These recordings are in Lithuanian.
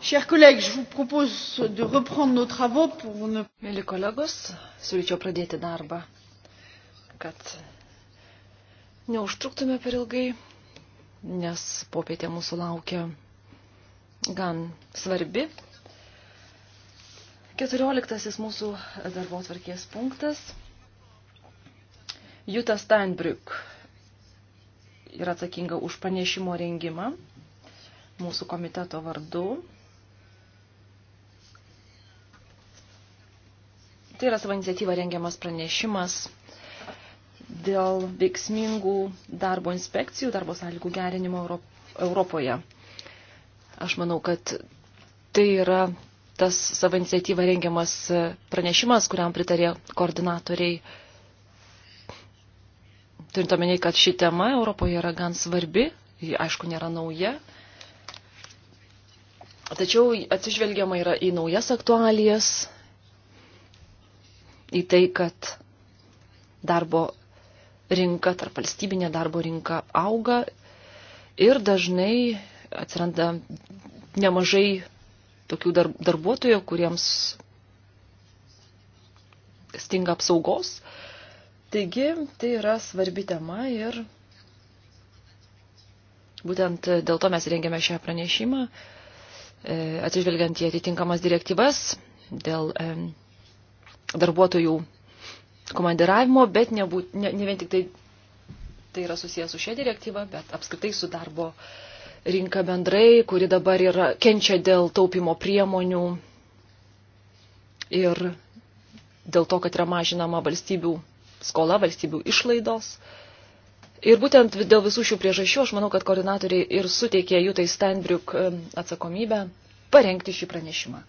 Chers collègues, je vous propose de reprendre nos travaux pour ne... Mėly kolegos, siūlyčiau pradėti darbą, kad neužtruktume per ilgai, nes popietė mūsų laukia gan svarbi. Keturioliktasis mūsų darbo tvarkės punktas. Jutta Steinbrück yra atsakinga už panešimo rengimą mūsų komiteto vardu. Tai yra savo iniciatyva rengiamas pranešimas dėl veiksmingų darbo inspekcijų, darbo sąlygų gerinimo Europoje. Aš manau, kad tai yra tas savo iniciatyva rengiamas pranešimas, kuriam pritarė koordinatoriai. Turint omenyje, kad ši tema Europoje yra gan svarbi, ji aišku nėra nauja, tačiau atsižvelgiama yra į naujas aktualijas į tai, kad darbo rinka, tarp valstybinė darbo rinka auga ir dažnai atsiranda nemažai tokių dar, darbuotojų, kuriems stinga apsaugos. Taigi tai yra svarbi tema ir būtent dėl to mes rengiame šią pranešimą, e, atsižvelgiant į atitinkamas direktyvas dėl darbuotojų komandiravimo, bet nebūt, ne, ne vien tik tai tai yra susijęs su šia direktyva, bet apskritai su darbo rinka bendrai, kuri dabar yra, kenčia dėl taupimo priemonių ir dėl to, kad yra mažinama valstybių skola, valstybių išlaidos. Ir būtent dėl visų šių priežasčių aš manau, kad koordinatoriai ir suteikė Jutai Steinbriuk atsakomybę parengti šį pranešimą.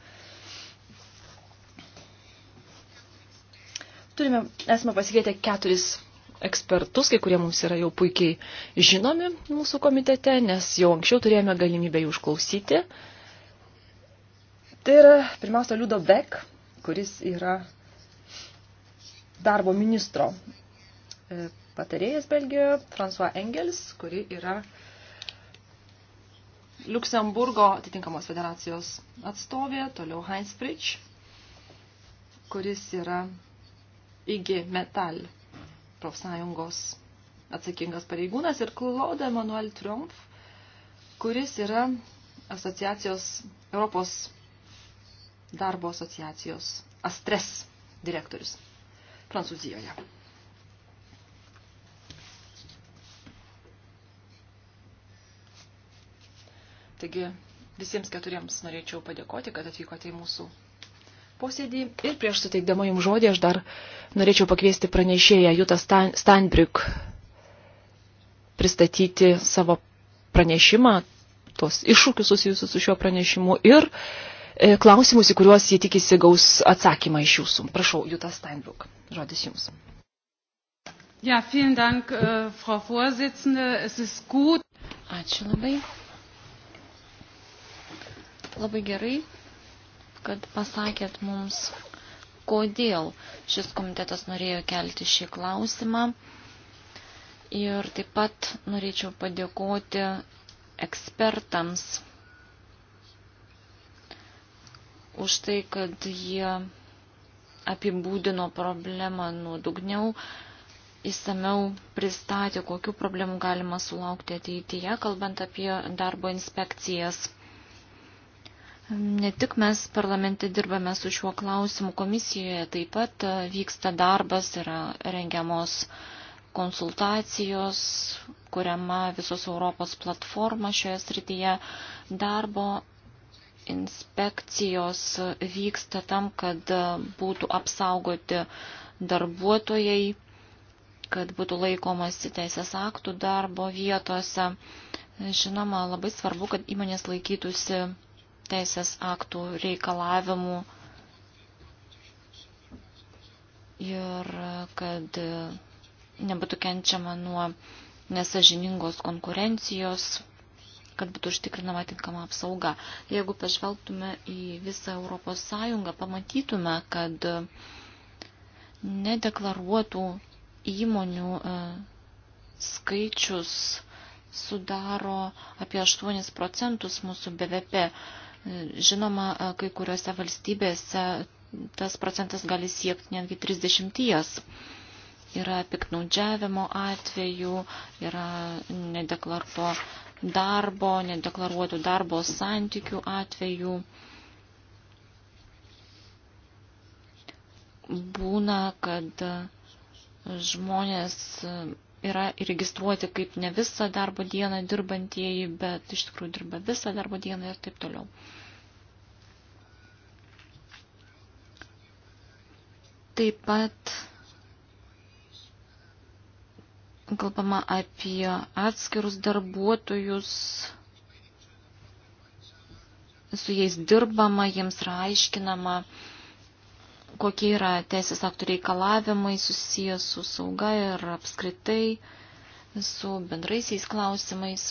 Turime, esame pasikvietę keturis ekspertus, kai kurie mums yra jau puikiai žinomi mūsų komitete, nes jau anksčiau turėjome galimybę jų užklausyti. Tai yra pirmiausia Liudo Beck, kuris yra darbo ministro e, patarėjas Belgijoje, François Engels, kuri yra Luksemburgo atitinkamos federacijos atstovė, toliau Heinz Fritsch, kuris yra IG Metal profsąjungos atsakingas pareigūnas ir Claude Emmanuel Triumph, kuris yra asociacijos, Europos darbo asociacijos Astres direktorius Prancūzijoje. Taigi visiems keturiems norėčiau padėkoti, kad atvykote į mūsų posėdį ir prieš suteikdama jums žodį aš dar norėčiau pakviesti pranešėją Jutą Stanbriuk pristatyti savo pranešimą, tos iššūkius susijusius su šiuo pranešimu ir e, klausimus, į kuriuos jie tikisi gaus atsakymą iš jūsų. Prašau, Jutą Steinbrück, žodis jums. Ja, vielen Dank, äh, Frau Vorsitzende. Es ist gut. Ačiū labai. Labai gerai, kad pasakėt mums, kodėl šis komitetas norėjo kelti šį klausimą. Ir taip pat norėčiau padėkoti ekspertams už tai, kad jie apibūdino problemą nuodugniau, įsameu pristatė, kokiu problemu galima sulaukti ateityje, kalbant apie darbo inspekcijas. Ne tik mes parlamente dirbame su šiuo klausimu, komisijoje taip pat e, vyksta darbas, yra rengiamos konsultacijos, kuriama visos Europos platforma šioje srityje. Darbo inspekcijos vyksta tam, kad e, būtų apsaugoti darbuotojai, kad būtų laikomasi teisės aktų darbo vietose. Žinoma, labai svarbu, kad įmonės laikytųsi teisės aktų reikalavimų ir kad nebūtų kenčiama nuo nesažiningos konkurencijos, kad būtų užtikrinama tinkama apsauga. Jeigu pažvelgtume į visą Europos Sąjungą, pamatytume, kad nedeklaruotų įmonių e, skaičius sudaro apie 8 procentus mūsų BVP. Žinoma, e, kai kuriuose valstybėse tas procentas gali siekti netgi 30. Yra piknaudžiavimo atvejų, yra nedeklarpo darbo, nedeklaruotų darbo santykių atvejų. Būna, kad žmonės yra įregistruoti kaip ne visą darbo dieną dirbantieji, bet iš tikrųjų dirba visą darbo dieną ir taip toliau. Taip pat kalbama apie atskirus darbuotojus, su jais dirbama, jiems yra aiškinama, kokie yra teisės aktų reikalavimai susijęs su sauga ir apskritai su bendraisiais klausimais.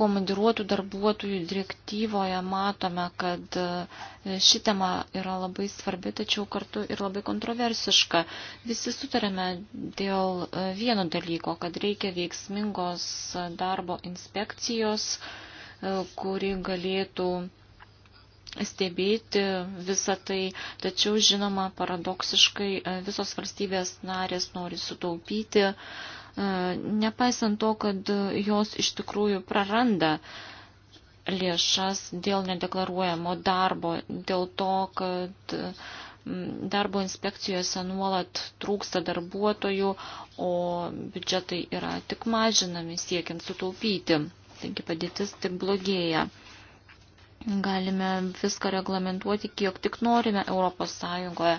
Komandiruotų darbuotojų direktyvoje matome, kad e, ši tema yra labai svarbi, tačiau kartu ir labai kontroversiška. Visi sutarėme dėl e, vieno dalyko, kad reikia veiksmingos darbo inspekcijos, e, kuri galėtų stebėti visą tai, tačiau žinoma, paradoksiškai e, visos valstybės narės nori sutaupyti, e, nepaisant to, kad jos iš tikrųjų praranda lėšas dėl nedeklaruojamo darbo, dėl to, kad darbo inspekcijose nuolat trūksta darbuotojų, o biudžetai yra tik mažinami siekiant sutaupyti. Taigi padėtis tik blogėja. Galime viską reglamentuoti, kiek tik norime Europos Sąjungoje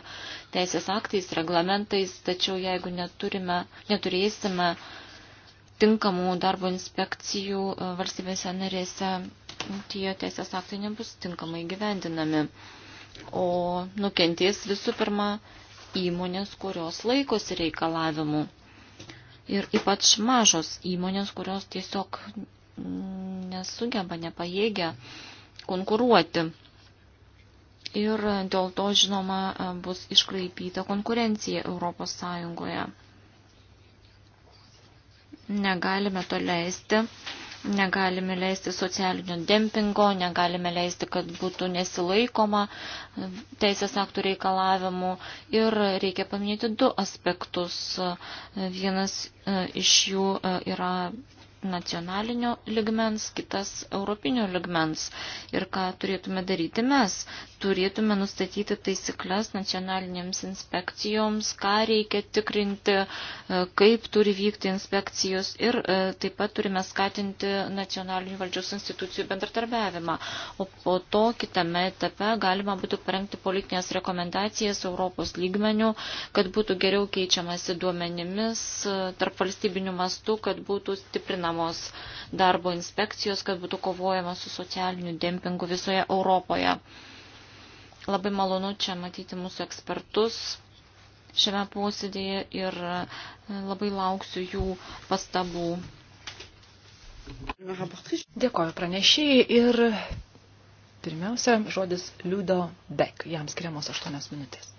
teisės aktais, reglamentais, tačiau jeigu neturime, neturėsime tinkamų darbo inspekcijų e, valstybėse narėse, tie teisės aktai nebus tinkamai gyvendinami. O nukentės visų pirma įmonės, kurios laikosi reikalavimų. Ir ypač mažos įmonės, kurios tiesiog mm, nesugeba, nepajėgia konkuruoti. Ir dėl to, žinoma, bus iškraipyta konkurencija Europos Sąjungoje. Negalime to leisti, negalime leisti socialinio dempingo, negalime leisti, kad būtų nesilaikoma teisės aktų reikalavimų. Ir reikia paminėti du aspektus. Vienas e, iš jų e, yra nacionalinio ligmens, kitas europinio ligmens. Ir ką turėtume daryti mes? Turėtume nustatyti taisyklės nacionalinėms inspekcijoms, ką reikia tikrinti, e, kaip turi vykti inspekcijos ir e, taip pat turime skatinti nacionalinių valdžios institucijų bendratarbiavimą. O po to kitame etape galima būtų parengti politinės rekomendacijas Europos lygmenių, kad būtų geriau keičiamasi duomenimis e, tarp valstybinių mastų, kad būtų stiprinama programos, darbo inspekcijos, kad būtų kovojama su socialiniu dempingu visoje Europoje. Labai malonu čia matyti mūsų ekspertus šiame posėdėje ir e, labai lauksiu jų pastabų. Dėkoju pranešėjai ir pirmiausia žodis Liudo Bek, jam skiriamos 8 minutės.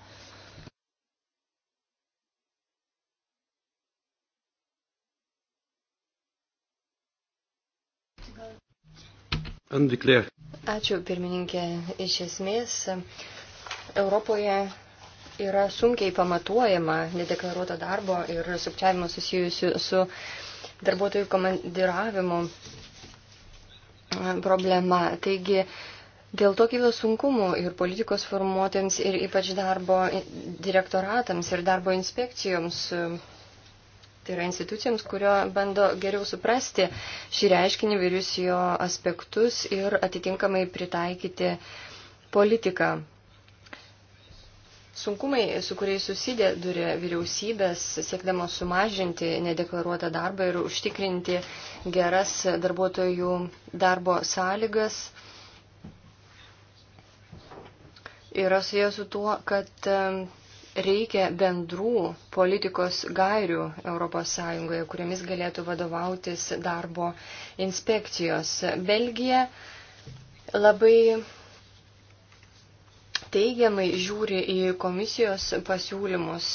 Andikler. Ačiū, pirmininkė. Iš esmės, Europoje yra sunkiai pamatuojama nedeklaruoto darbo ir sukčiavimo susijusiu su darbuotojų komandiravimu problema. Taigi, Dėl to kyla sunkumų ir politikos formuotėms, ir ypač darbo direktoratams, ir darbo inspekcijoms, Tai yra institucijoms, kurio bando geriau suprasti šį reiškinį, vairius jo aspektus ir atitinkamai pritaikyti politiką. Sunkumai, su kuriais susidėdurė vyriausybės, siekdamos sumažinti nedeklaruotą darbą ir užtikrinti geras darbuotojų darbo sąlygas, yra susiję su tuo, kad reikia bendrų politikos gairių ES, kuriamis galėtų vadovautis darbo inspekcijos. Belgija labai teigiamai žiūri į komisijos pasiūlymus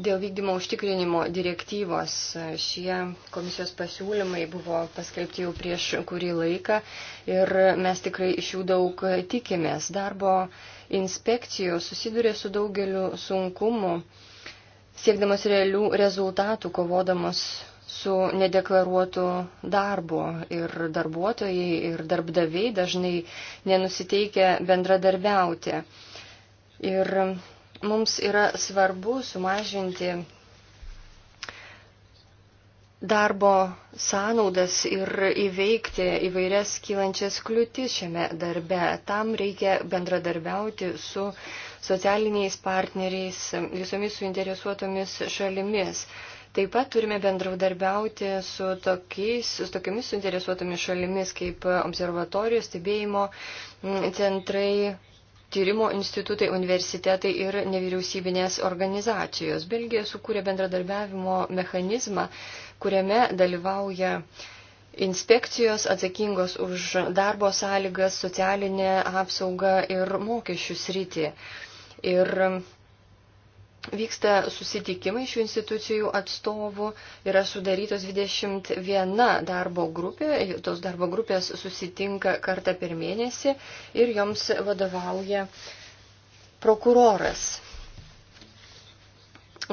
Dėl vykdymo užtikrinimo direktyvos e, šie komisijos pasiūlymai buvo paskelbti jau prieš kurį laiką ir mes tikrai iš jų daug tikimės. Darbo inspekcijų susidurė su daugeliu sunkumu, siekdamas realių rezultatų, kovodamos su nedeklaruotu darbu. Ir darbuotojai, ir darbdaviai dažnai nenusiteikia bendradarbiauti. Ir mums yra svarbu sumažinti darbo sąnaudas ir įveikti įvairias kylančias kliūtis šiame darbe. Tam reikia bendradarbiauti su socialiniais partneriais, visomis suinteresuotomis šalimis. Taip pat turime bendraudarbiauti su, tokiais, su tokiamis suinteresuotomis šalimis kaip observatorijos, stebėjimo centrai, tyrimo institutai, universitetai ir nevyriausybinės organizacijos. Belgija sukūrė bendradarbiavimo mechanizmą, kuriame dalyvauja inspekcijos atsakingos už darbo sąlygas, socialinę apsaugą ir mokesčių sritį. Ir vyksta susitikimai šių institucijų atstovų, yra sudarytos 21 darbo grupė, tos darbo grupės susitinka kartą per mėnesį ir joms vadovauja prokuroras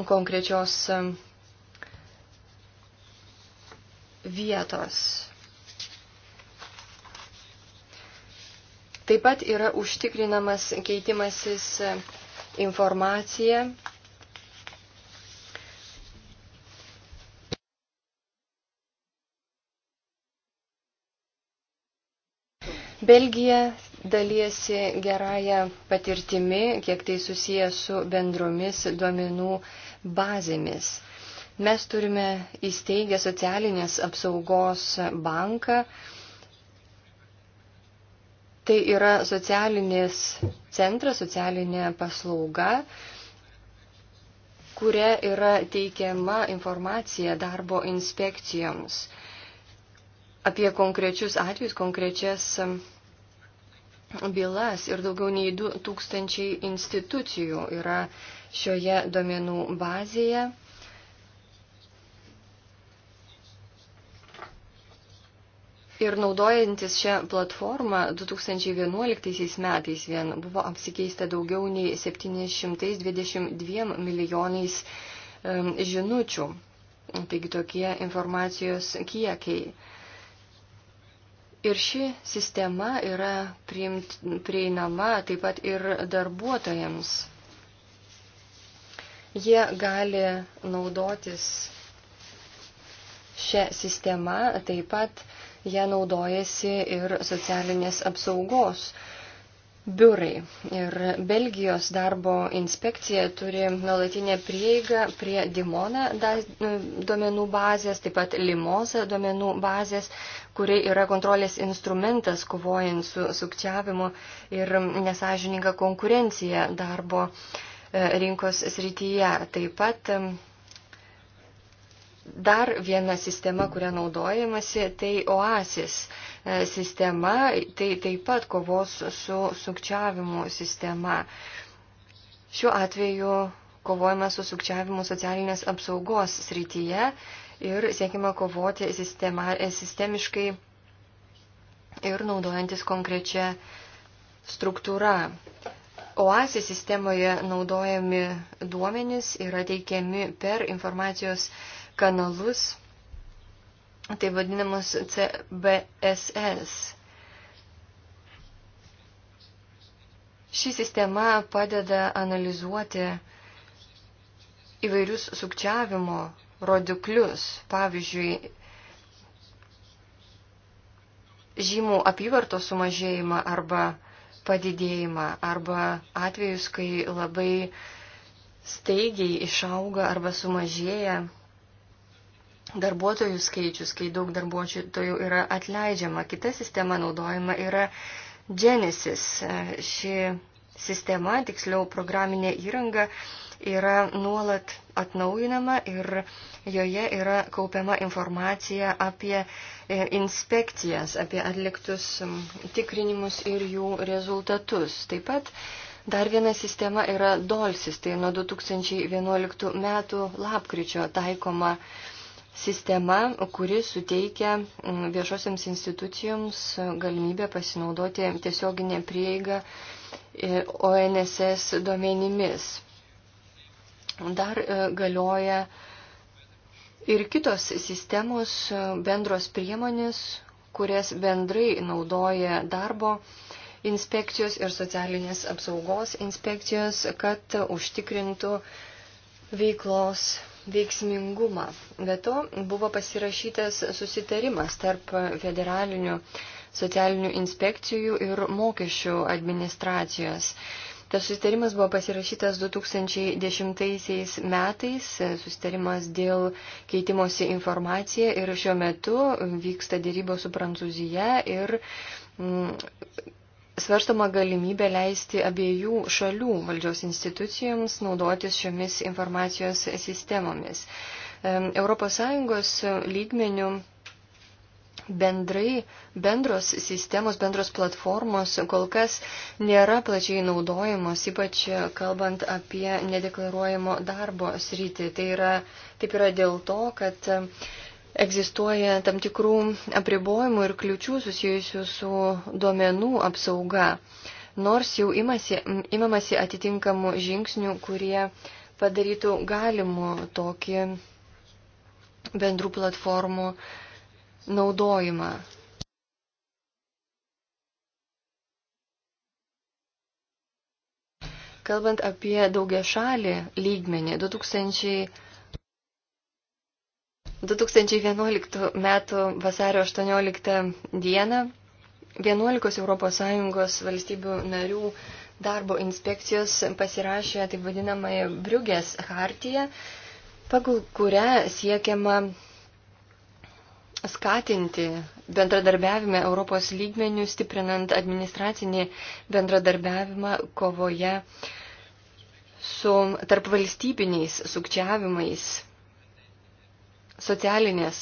konkrečios vietos. Taip pat yra užtikrinamas keitimasis informacija Belgija dalyjasi gerąją patirtimi, kiek tai susiję su bendromis duomenų bazėmis. Mes turime įsteigę socialinės apsaugos banką. Tai yra socialinis centras, socialinė paslauga, kuria yra teikiama informacija darbo inspekcijoms apie konkrečius atvejus, konkrečias bylas ir daugiau nei 2000 institucijų yra šioje domenų bazėje. Ir naudojantis šią platformą 2011 metais vien buvo apsikeista daugiau nei 722 milijonais žinučių. Taigi tokie informacijos kiekiai. Ir ši sistema yra priimt, prieinama taip pat ir darbuotojams. Jie gali naudotis šią sistemą, taip pat ją naudojasi ir socialinės apsaugos biurai. Ir Belgijos darbo inspekcija turi nuolatinę prieigą prie Dimona duomenų bazės, taip pat Limosa duomenų bazės, kuri yra kontrolės instrumentas kovojant su sukčiavimu ir nesažininga konkurencija darbo e, rinkos srityje. Taip pat Dar viena sistema, kurią naudojamasi, tai OASIS e, sistema, tai taip pat kovos su sukčiavimu sistema. Šiuo atveju kovojame su sukčiavimu socialinės apsaugos srityje ir siekime kovoti sistema, e, sistemiškai ir naudojantis konkrečią struktūrą. OASI sistemoje naudojami duomenys yra teikiami per informacijos kanalus, tai vadinamus CBSS. Ši sistema padeda analizuoti įvairius sukčiavimo rodiklius, pavyzdžiui, žymų apyvartos sumažėjimą arba padidėjimą, arba atvejus, kai labai staigiai išauga arba sumažėja darbuotojų skaičius, kai daug darbuotojų yra atleidžiama. Kita sistema naudojama yra Genesis. Ši sistema, tiksliau programinė įranga, yra nuolat atnaujinama ir joje yra kaupiama informacija apie e, inspekcijas, apie atliktus tikrinimus ir jų rezultatus. Taip pat dar viena sistema yra Dolsis, tai nuo 2011 metų lapkričio taikoma sistema, kuri suteikia mm, viešosiams institucijoms galimybę pasinaudoti tiesioginę prieigą e, ONSS duomenimis. Dar e, galioja ir kitos sistemos e, bendros priemonės, kurias bendrai naudoja darbo inspekcijos ir socialinės apsaugos inspekcijos, kad užtikrintų veiklos veiksmingumą. Be to buvo pasirašytas susitarimas tarp federalinių socialinių inspekcijų ir mokesčių administracijos. Tas susitarimas buvo pasirašytas 2010 metais, susitarimas dėl keitimosi informacija ir šiuo metu vyksta dėrybos su Prancūzija ir mm, svarstama galimybė leisti abiejų šalių valdžios institucijoms naudotis šiomis informacijos sistemomis. ES lygmenių bendrai bendros sistemos, bendros platformos kol kas nėra plačiai naudojamos, ypač kalbant apie nedeklaruojamo darbo sritį. Tai yra, taip yra dėl to, kad egzistuoja tam tikrų apribojimų ir kliučių susijusių su duomenų apsauga, nors jau imasi, imamasi atitinkamų žingsnių, kurie padarytų galimų tokį bendrų platformų naudojimą. Kalbant apie daugia šalį lygmenį, 2000 2011 m. vasario 18 d. 11 ES valstybių narių darbo inspekcijos pasirašė taip vadinamąją Briugės hartiją, pagal kurią siekiama skatinti bendradarbiavimą Europos lygmenių, stiprinant administracinį bendradarbiavimą kovoje su tarpvalstybiniais sukčiavimais socialinės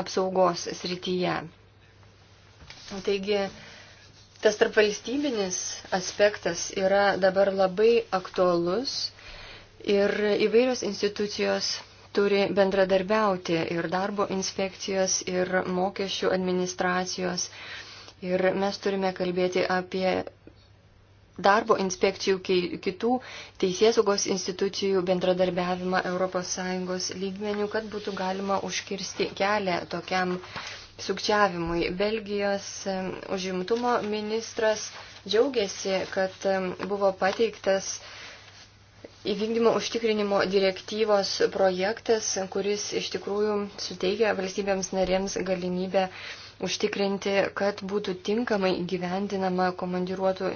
apsaugos srityje. Taigi, tas tarpvalstybinis aspektas yra dabar labai aktuolus ir įvairios institucijos turi bendradarbiauti ir darbo inspekcijos, ir mokesčių administracijos. Ir mes turime kalbėti apie darbo inspekcijų, kitų teisėsaugos institucijų bendradarbiavimą ES lygmenių, kad būtų galima užkirsti kelią tokiam sukčiavimui. Belgijos užimtumo ministras džiaugiasi, kad buvo pateiktas Įvykdymo užtikrinimo direktyvos projektas, kuris iš tikrųjų suteikia valstybėms narėms galimybę uh, užtikrinti, kad būtų tinkamai gyvendinama komandiruotų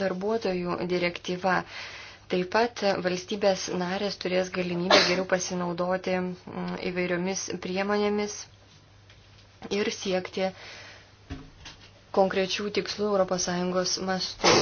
darbuotojų direktyva. Taip pat valstybės narės turės galimybę geriau pasinaudoti mm, įvairiomis priemonėmis ir siekti konkrečių tikslų ES mastu.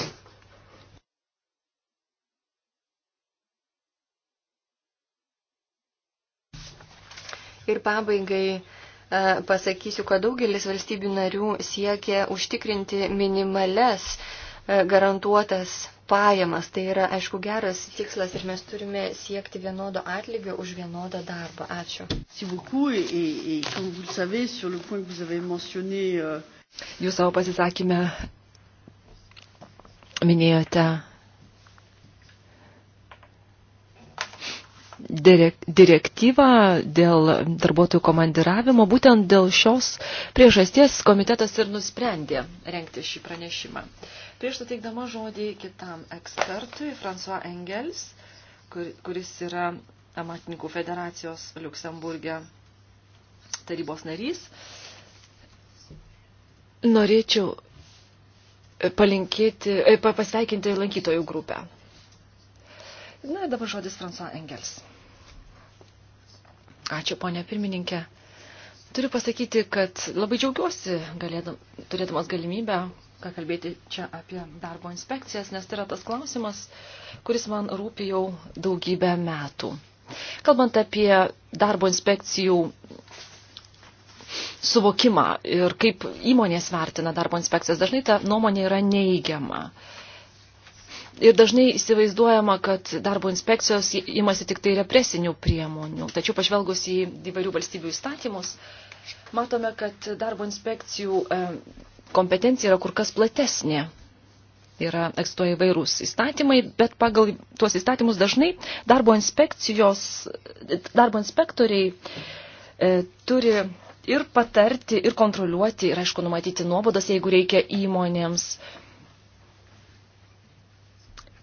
Ir pabaigai E, pasakysiu, kad daugelis valstybių narių siekia užtikrinti minimales e, garantuotas pajamas. Tai yra, aišku, geras tikslas ir mes turime siekti vienodo atlygio už vienodą darbą. Ačiū. Euh, Jūs savo pasisakymę minėjote direktyvą dėl darbuotojų komandiravimo. Būtent dėl šios priežasties komitetas ir nusprendė renkti šį pranešimą. Prieš suteikdama žodį kitam ekspertui, François Engels, kur, kuris yra amatininkų federacijos Luksemburgė tarybos narys, norėčiau palinkėti, e, pasveikinti lankytojų grupę. Na, dabar žodis François Engels. Ačiū, ponė pirmininkė. Turiu pasakyti, kad labai džiaugiuosi galėdam, turėdamas galimybę kalbėti čia apie darbo inspekcijas, nes tai yra tas klausimas, kuris man rūpi jau daugybę metų. Kalbant apie darbo inspekcijų suvokimą ir kaip įmonės vertina darbo inspekcijas, dažnai ta nuomonė yra neįgiama. Uh, Ir dažnai įsivaizduojama, kad darbo inspekcijos imasi tik tai represinių priemonių. Tačiau pažvelgus į įvairių valstybių įstatymus, matome, kad darbo inspekcijų e, kompetencija yra kur kas platesnė. Yra egzistuoja įvairūs įstatymai, bet pagal tuos įstatymus dažnai darbo inspekcijos, darbo inspektoriai e, turi ir patarti, ir kontroliuoti, ir aišku, numatyti nuobodas, jeigu reikia įmonėms,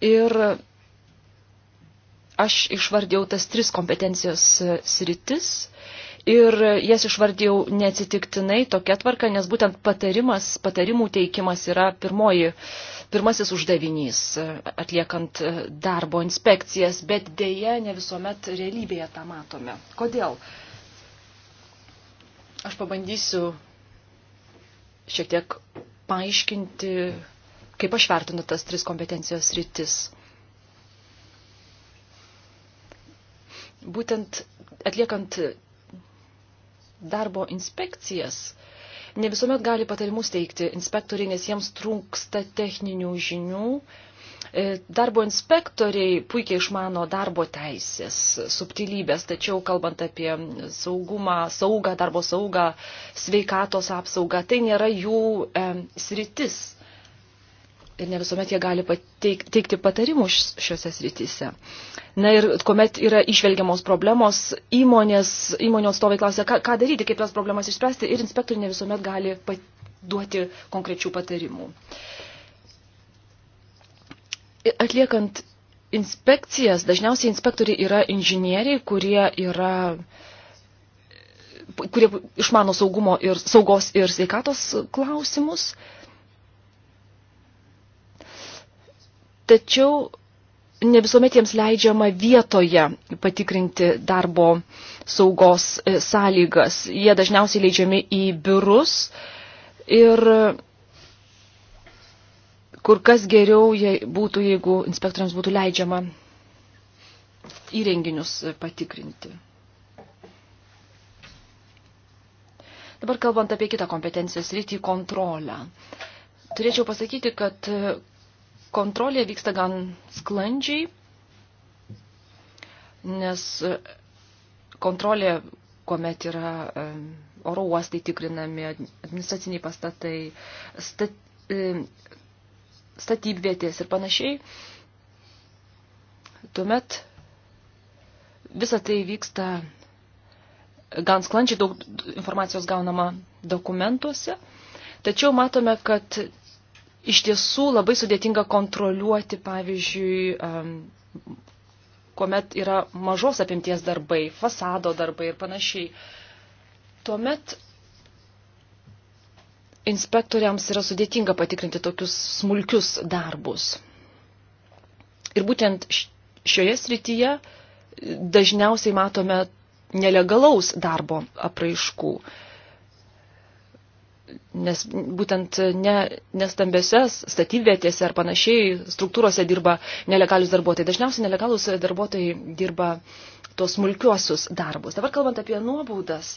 Ir aš išvardėjau tas tris kompetencijos e, sritis ir jas išvardėjau neatsitiktinai tokia tvarka, nes būtent patarimas, patarimų teikimas yra pirmoji, pirmasis uždavinys e, atliekant e, darbo inspekcijas, bet dėja ne visuomet realybėje tą matome. Kodėl? Aš pabandysiu šiek tiek paaiškinti kaip aš vertinu tas tris kompetencijos rytis. Būtent atliekant darbo inspekcijas, ne visuomet gali patarimus teikti inspektoriai, nes jiems trūksta techninių žinių. E, darbo inspektoriai puikiai išmano darbo teisės, subtilybės, tačiau kalbant apie saugumą, saugą, darbo saugą, sveikatos apsaugą, tai nėra jų e, sritis ir ne visuomet jie gali pateik, teikti patarimų šiuose srityse. Na ir kuomet yra išvelgiamos problemos, įmonės, įmonių atstovai klausia, ką, ką daryti, kaip tas problemas išspręsti ir inspektoriai ne visuomet gali duoti konkrečių patarimų. Atliekant inspekcijas, dažniausiai inspektoriai yra inžinieriai, kurie yra kurie išmano saugumo ir saugos ir sveikatos klausimus, tačiau ne visuomet jiems leidžiama vietoje patikrinti darbo saugos e, sąlygas. Jie dažniausiai leidžiami į biurus ir kur kas geriau jei būtų, jeigu inspektoriams būtų leidžiama įrenginius patikrinti. Dabar kalbant apie kitą kompetencijos rytį kontrolę. Turėčiau pasakyti, kad kontrolė vyksta gan sklandžiai, nes e, kontrolė, kuomet yra e, oro uostai tikrinami, administraciniai pastatai, stat, e, statybvietės ir panašiai, tuomet visa tai vyksta gan sklandžiai, daug informacijos gaunama dokumentuose, tačiau matome, kad iš tiesų labai sudėtinga kontroliuoti, pavyzdžiui, kuomet yra mažos apimties darbai, fasado darbai ir panašiai. Tuomet inspektoriams yra sudėtinga patikrinti tokius smulkius darbus. Ir būtent šioje srityje dažniausiai matome nelegalaus darbo apraiškų nes būtent ne, nestambiose statybvietėse ar panašiai struktūrose dirba nelegalius darbuotojai. Dažniausiai nelegalus darbuotojai dirba tuos smulkiuosius darbus. Dabar kalbant apie nuobaudas,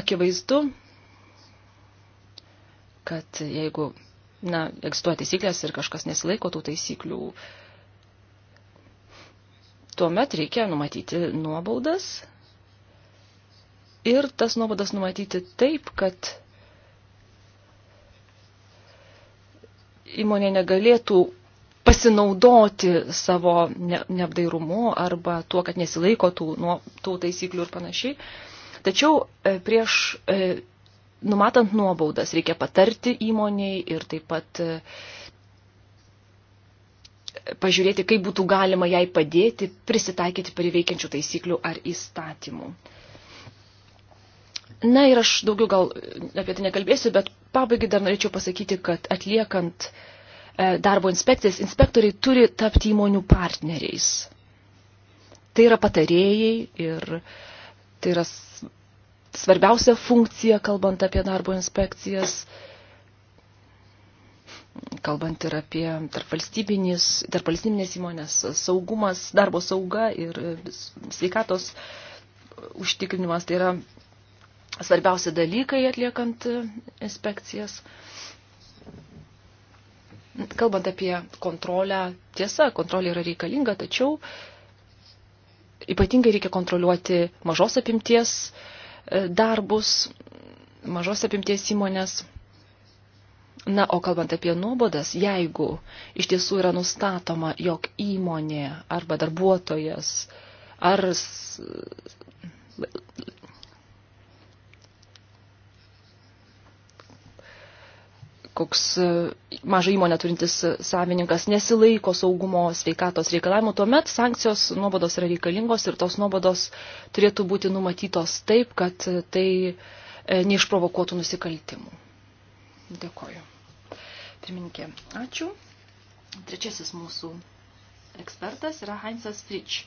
akivaizdu, kad jeigu na, egzistuoja taisyklės ir kažkas nesilaiko tų taisyklių, tuomet reikia numatyti nuobaudas ir tas nuobodas numatyti taip, kad įmonė negalėtų pasinaudoti savo ne, neapdairumu arba tuo, kad nesilaiko tų, nuo, tų taisyklių ir panašiai. Tačiau e, prieš e, numatant nuobaudas reikia patarti įmoniai ir taip pat e, pažiūrėti, kaip būtų galima jai padėti prisitaikyti prie veikiančių taisyklių ar įstatymų. Na ir aš daugiau gal apie tai nekalbėsiu, bet pabaigai dar norėčiau pasakyti, kad atliekant e, darbo inspekcijas, inspektoriai turi tapti įmonių partneriais. Tai yra patarėjai ir tai yra svarbiausia funkcija, kalbant apie darbo inspekcijas, kalbant ir apie tarpvalstybinės tarp įmonės saugumas, darbo sauga ir e, sveikatos užtikrinimas. Tai yra svarbiausi dalykai atliekant inspekcijas. Kalbant apie kontrolę, tiesa, kontrolė yra reikalinga, tačiau ypatingai reikia kontroliuoti mažos apimties e, darbus, mažos apimties įmonės. Na, o kalbant apie nuobodas, jeigu iš tiesų yra nustatoma, jog įmonė arba darbuotojas ar koks e, mažą įmonę turintis savininkas nesilaiko saugumo sveikatos reikalavimų, tuomet sankcijos nuobodos yra reikalingos ir tos nuobodos turėtų būti numatytos taip, kad tai e, neišprovokuotų nusikaltimų. Dėkoju. Pirmininkė, ačiū. Trečiasis mūsų ekspertas yra Heinzas Fritsch.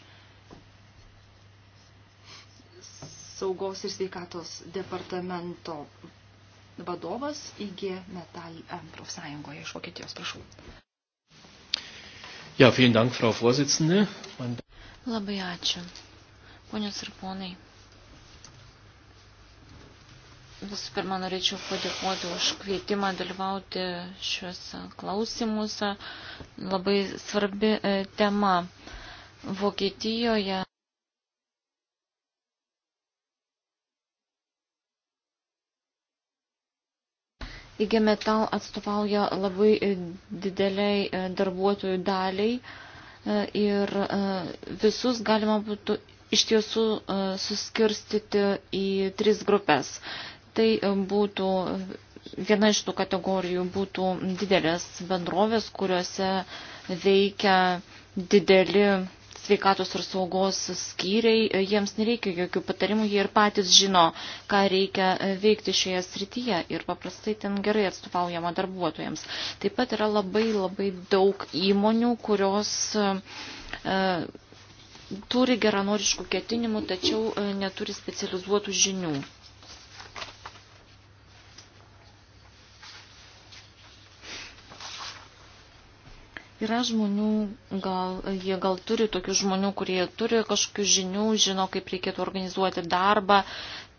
Saugos ir sveikatos departamento vadovas IG Metal profsąjungoje iš Vokietijos. Prašau. Ja, vielen Dank, Frau Vorsitzende. Man... Labai ačiū. Ponios ir ponai. Visų pirma, norėčiau padėkoti už kvietimą dalyvauti šiuose klausimuose. Labai svarbi e, tema. Vokietijoje IG Metal atstovauja labai e, dideliai e, darbuotojų daliai e, ir visus galima būtų iš tiesų suskirstyti į tris grupės. Tai būtų viena iš tų kategorijų būtų didelės bendrovės, kuriuose veikia dideli sveikatos ir saugos skyriai, e, jiems nereikia jokių patarimų, jie ir patys žino, ką reikia e, veikti šioje srityje ir paprastai ten gerai atstovaujama darbuotojams. Taip pat yra labai labai daug įmonių, kurios e, e turi geranoriškų ketinimų, tačiau neturi specializuotų žinių. Yra žmonių, gal, jie gal turi tokių žmonių, kurie turi kažkokių žinių, žino, kaip reikėtų organizuoti darbą,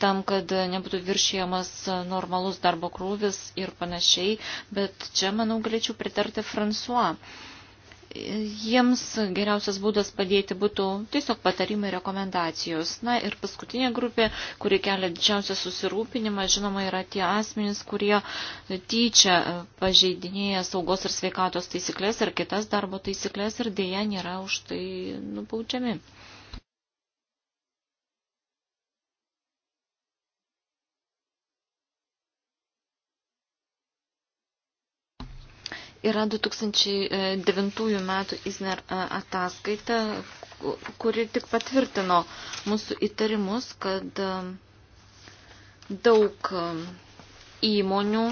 tam, kad nebūtų viršijamas normalus darbo krūvis ir panašiai, bet čia, manau, galėčiau pritarti Fransuo jiems geriausias būdas padėti būtų tiesiog patarimai rekomendacijos. Na ir paskutinė grupė, kuri kelia didžiausią susirūpinimą, žinoma, yra tie asmenys, kurie tyčia pažeidinėja saugos ir sveikatos taisyklės ir kitas darbo taisyklės ir dėja nėra už tai nubaudžiami. Yra 2009 e, metų Isner e, ataskaita, kuri tik patvirtino mūsų įtarimus, kad e, daug įmonių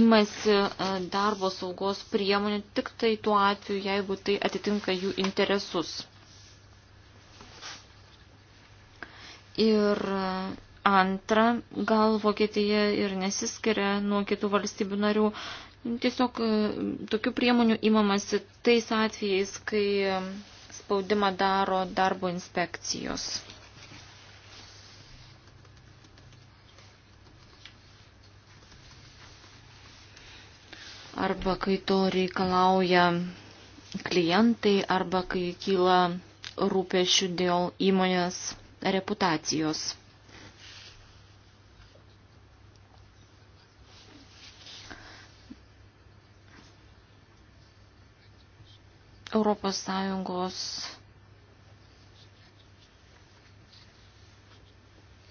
imasi darbo saugos priemonių tik tai tuo atveju, jeigu tai atitinka jų interesus. Ir Antra, gal Vokietija ir nesiskiria nuo kitų valstybių narių. Tiesiog e, tokių priemonių įmamasi tais atvejais, kai e, spaudimą daro darbo inspekcijos. Arba kai to reikalauja klientai, arba kai kyla rūpešių dėl įmonės reputacijos. Europos Sąjungos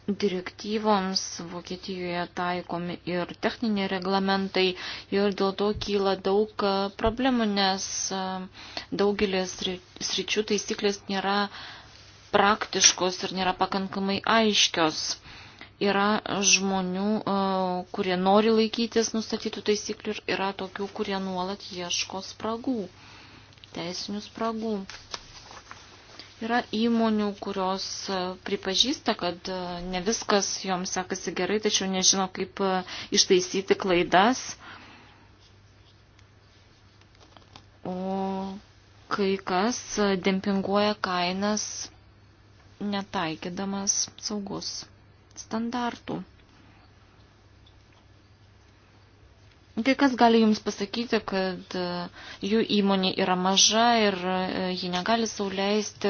direktyvoms Vokietijoje taikomi ir techniniai reglamentai ir dėl to kyla daug e, problemų, nes e, daugelis sričių taisyklės nėra praktiškos ir nėra pakankamai aiškios. Yra žmonių, e, kurie nori laikytis nustatytų taisyklių ir yra tokių, kurie nuolat ieško spragų teisinių spragų. Yra įmonių, kurios e, pripažįsta, kad e, ne viskas joms sekasi gerai, tačiau nežino, kaip e, ištaisyti klaidas. O kai kas dempinguoja kainas netaikydamas saugus standartų. Kai kas gali jums pasakyti, kad e, jų įmonė yra maža ir e, ji negali sauliaisti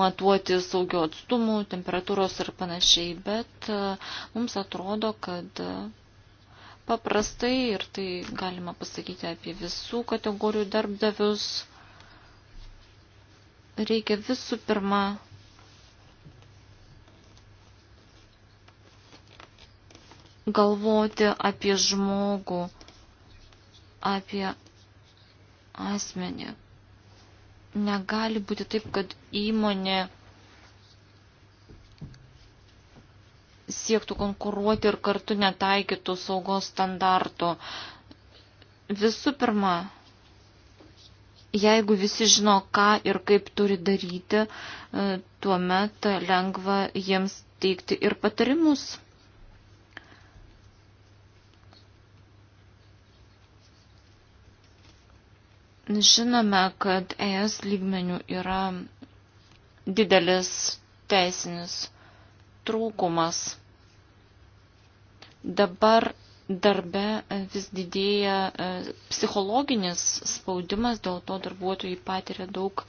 matuoti saugio atstumų, temperatūros ir panašiai, bet e, mums atrodo, kad paprastai ir tai galima pasakyti apie visų kategorijų darbdavius. Reikia visų pirma galvoti apie žmogų apie asmenį. Negali būti taip, kad įmonė siektų konkuruoti ir kartu netaikytų saugos standarto. Visų pirma, jeigu visi žino, ką ir kaip turi daryti, e, tuomet lengva jiems teikti ir patarimus. Žinome, kad ES lygmenių yra didelis teisinis trūkumas. Dabar darbe vis didėja e, psichologinis spaudimas, dėl to darbuotojai patiria daug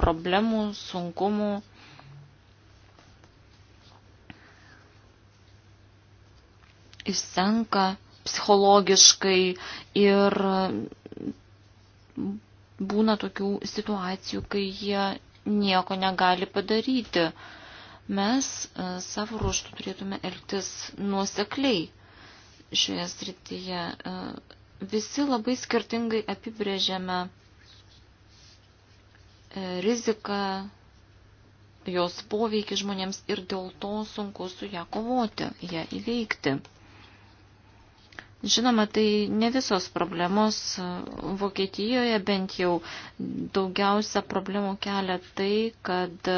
problemų, sunkumų. Išsenka psichologiškai ir būna tokių situacijų, kai jie nieko negali padaryti. Mes e, savo ruoštų turėtume elgtis nuosekliai šioje srityje. E, visi labai skirtingai apibrėžiame e, riziką, jos poveikį žmonėms ir dėl to sunku su ją kovoti, ją įveikti. Žinoma, tai ne visos problemos e, Vokietijoje, bent jau daugiausia problemų kelia tai, kad e,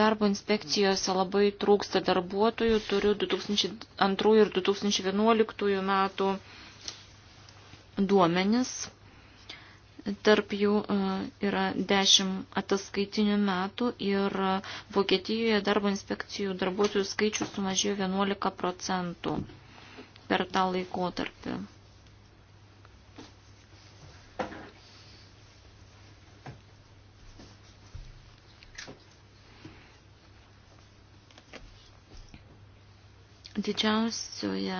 darbo inspekcijose labai trūksta darbuotojų, turiu 2002 ir 2011 metų duomenis. Tarp jų e, yra 10 ataskaitinių metų ir Vokietijoje darbo inspekcijų darbuotojų skaičius sumažėjo 11 procentų per tą laikotarpį. Didžiausioje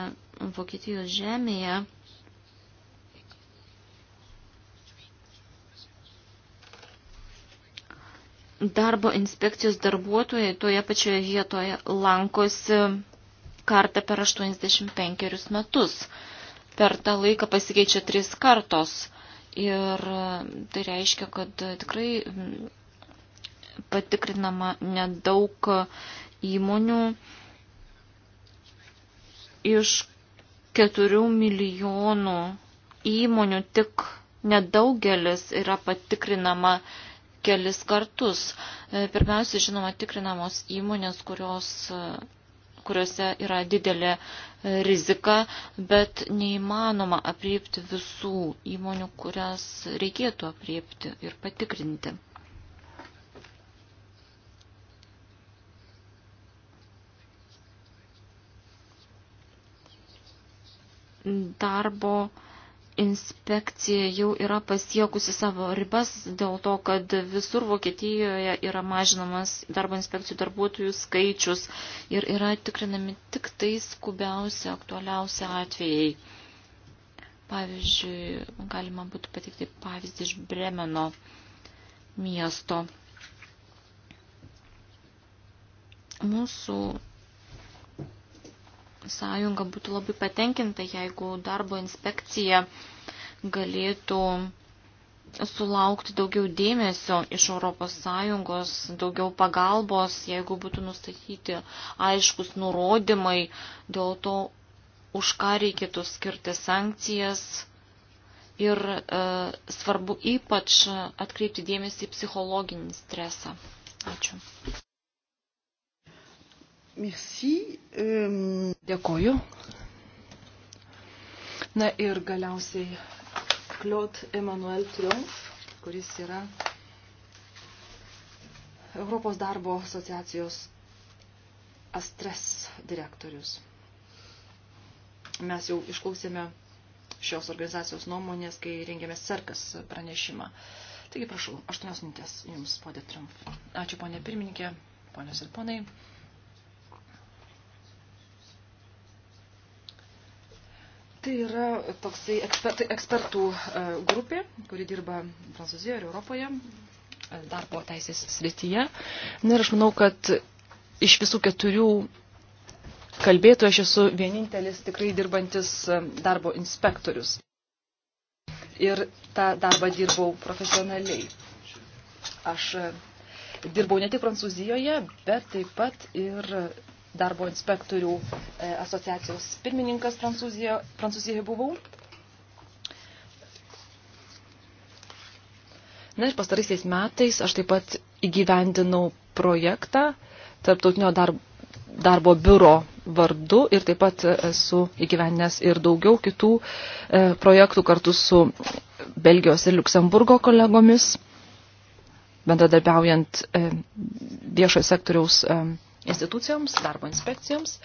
Vokietijos žemėje darbo inspekcijos darbuotojai toje pačioje vietoje lankosi kartą per 85 metus. Per tą laiką pasikeičia tris kartos ir e, tai reiškia, kad e, tikrai patikrinama nedaug e, įmonių iš 4 milijonų įmonių tik nedaugelis yra patikrinama kelis kartus. Pirmiausia, žinoma, tikrinamos įmonės, kurios kuriuose yra didelė e, rizika, bet neįmanoma apriepti visų įmonių, kurias reikėtų apriepti ir patikrinti. Darbo inspekcija jau yra pasiekusi savo ribas dėl to, kad visur Vokietijoje yra mažinamas darbo inspekcijų darbuotojų skaičius ir yra tikrinami tik tai skubiausi, aktualiausi atvejai. Pavyzdžiui, galima būtų patikti pavyzdį iš Bremeno miesto. Mūsų sąjunga būtų labai patenkinta, jeigu darbo inspekcija galėtų sulaukti daugiau dėmesio iš ES, daugiau pagalbos, jeigu būtų nustatyti aiškus nurodymai dėl to, už ką reikėtų skirti sankcijas. Ir e, svarbu ypač atkreipti dėmesį į psichologinį stresą. Ačiū. Merci. Um... Dėkoju. Na ir galiausiai Claude Emmanuel Triumf, kuris yra Europos darbo asociacijos Astres direktorius. Mes jau išklausėme šios organizacijos nuomonės, kai rengėme Serkas pranešimą. Taigi prašau, aštuonios minutės jums, podė Triumf. Ačiū, ponė pirmininkė, ponios ir ponai. Tai yra toksai ekspertų, ekspertų grupė, kuri dirba Prancūzijoje ir Europoje e, darbo teisės srityje. Na ir aš manau, kad iš visų keturių kalbėtų aš esu vienintelis tikrai dirbantis e, darbo inspektorius. Ir tą darbą dirbau profesionaliai. Aš e, dirbau ne tik Prancūzijoje, bet taip pat ir darbo inspektorių e, asociacijos pirmininkas Prancūzijoje, Prancūzijoje buvau. Na ir pastaraisiais metais aš taip pat įgyvendinau projektą tarptautinio darbo, darbo biuro vardu ir taip pat esu įgyvendinęs ir daugiau kitų e, projektų kartu su Belgijos ir Luksemburgo kolegomis, bendradarbiaujant e, viešojo sektoriaus institucijoms, darbo inspekcijoms.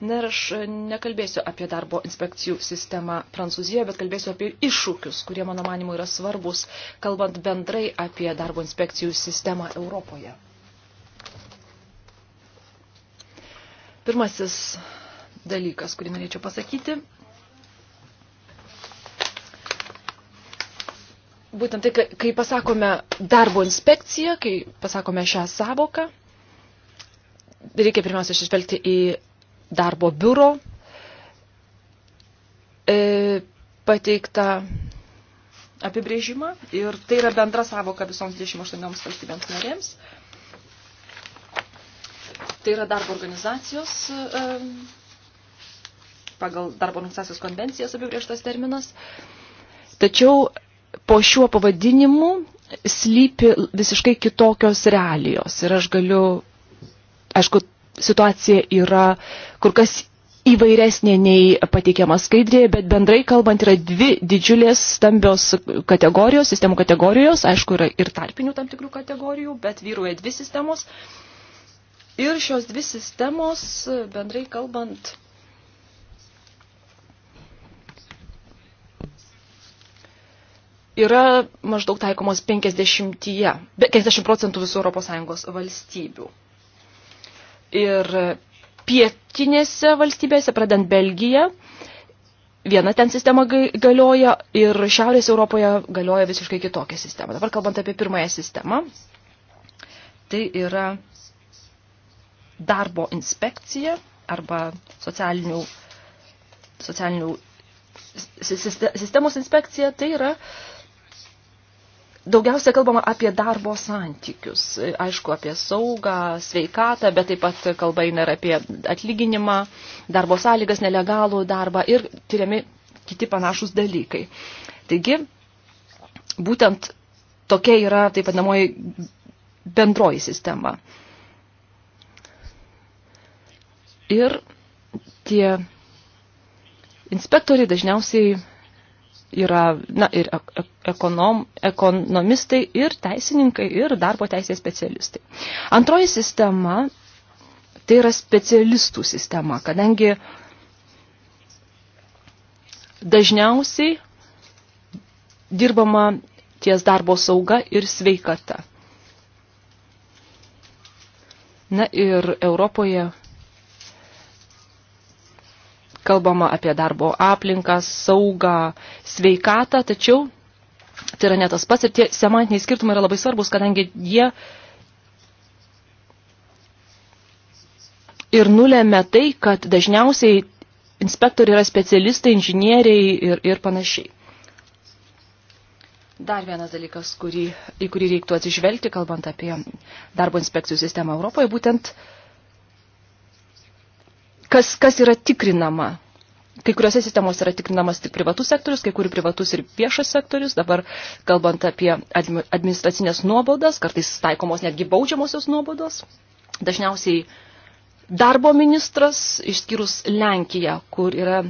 Na ir aš e, nekalbėsiu apie darbo inspekcijų sistemą Prancūzijoje, bet kalbėsiu apie iššūkius, kurie mano manimu yra svarbus, kalbant bendrai apie darbo inspekcijų sistemą Europoje. Pirmasis dalykas, kurį norėčiau pasakyti, būtent tai, kai pasakome darbo inspekciją, kai pasakome šią savoką, reikia pirmiausia išvelgti į darbo biuro e, pateiktą apibrėžimą ir tai yra bendra savoka visoms 28 valstybėms narėms. Tai yra darbo organizacijos e, pagal darbo organizacijos konvencijas apibrėžtas terminas. Tačiau po šiuo pavadinimu slypi visiškai kitokios realijos ir aš galiu Aišku, situacija yra kur kas įvairesnė nei pateikiama skaidrėje, bet bendrai kalbant yra dvi didžiulės stambios kategorijos, sistemų kategorijos, aišku, yra ir tarpinių tam tikrų kategorijų, bet vyruoja dvi sistemos. Ir šios dvi sistemos, bendrai kalbant, yra maždaug taikomos 50, 50 procentų visų ES valstybių ir pietinėse valstybėse, pradant Belgiją, viena ten sistema galioja ir Šiaurės Europoje galioja visiškai kitokia sistema. Dabar kalbant apie pirmąją sistemą, tai yra darbo inspekcija arba socialinių, socialinių sistemos inspekcija, tai yra uh, Daugiausia kalbama apie darbo santykius, aišku, apie saugą, sveikatą, bet taip pat kalba eina ir apie atlyginimą, darbo sąlygas, nelegalų darbą ir tyriami kiti panašus dalykai. Taigi, būtent tokia yra taip vadinamoji bendroji sistema. Ir tie inspektoriai dažniausiai yra na, ir ekonom, ekonomistai, ir teisininkai, ir darbo teisės specialistai. Antroji sistema tai yra specialistų sistema, kadangi dažniausiai dirbama ties darbo sauga ir sveikata. Na ir Europoje kalbama apie darbo aplinką, saugą, sveikatą, tačiau tai yra ne tas pats ir tie semantiniai skirtumai yra labai svarbus, kadangi jie ir nulėmė tai, kad dažniausiai inspektoriai yra specialistai, inžinieriai ir, ir panašiai. Dar vienas dalykas, kurį, į kurį reiktų atsižvelgti, kalbant apie darbo inspekcijų sistemą Europoje, būtent uh, kas, kas yra tikrinama. Kai kuriuose sistemos yra tikrinamas tik privatus sektorius, kai kurių privatus ir viešas sektorius. Dabar, kalbant apie administracinės nuobodas, kartais taikomos netgi baudžiamosios nuobodos. Dažniausiai darbo ministras, išskyrus Lenkiją, kur yra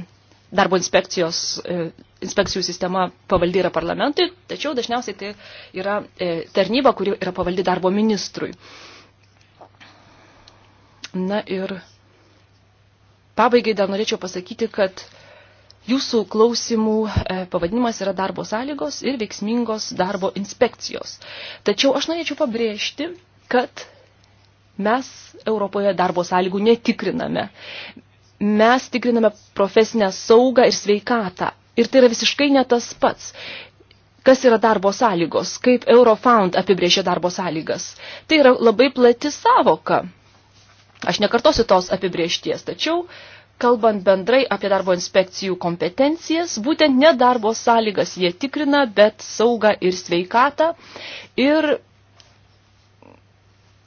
darbo inspekcijos, e, inspekcijų sistema pavaldi yra parlamentui, tačiau dažniausiai tai yra e, tarnyba, kuri yra pavaldi darbo ministrui. Na ir Pabaigai dar norėčiau pasakyti, kad jūsų klausimų e, pavadinimas yra darbo sąlygos ir veiksmingos darbo inspekcijos. Tačiau aš norėčiau pabrėžti, kad mes Europoje darbo sąlygų netikriname. Mes tikriname profesinę saugą ir sveikatą. Ir tai yra visiškai ne tas pats. Kas yra darbo sąlygos? Kaip Eurofound apibrėžia darbo sąlygas? Tai yra labai plati savoka. Aš nekartosiu tos apibriešties, tačiau kalbant bendrai apie darbo inspekcijų kompetencijas, būtent ne darbo sąlygas jie tikrina, bet saugą ir sveikatą. Ir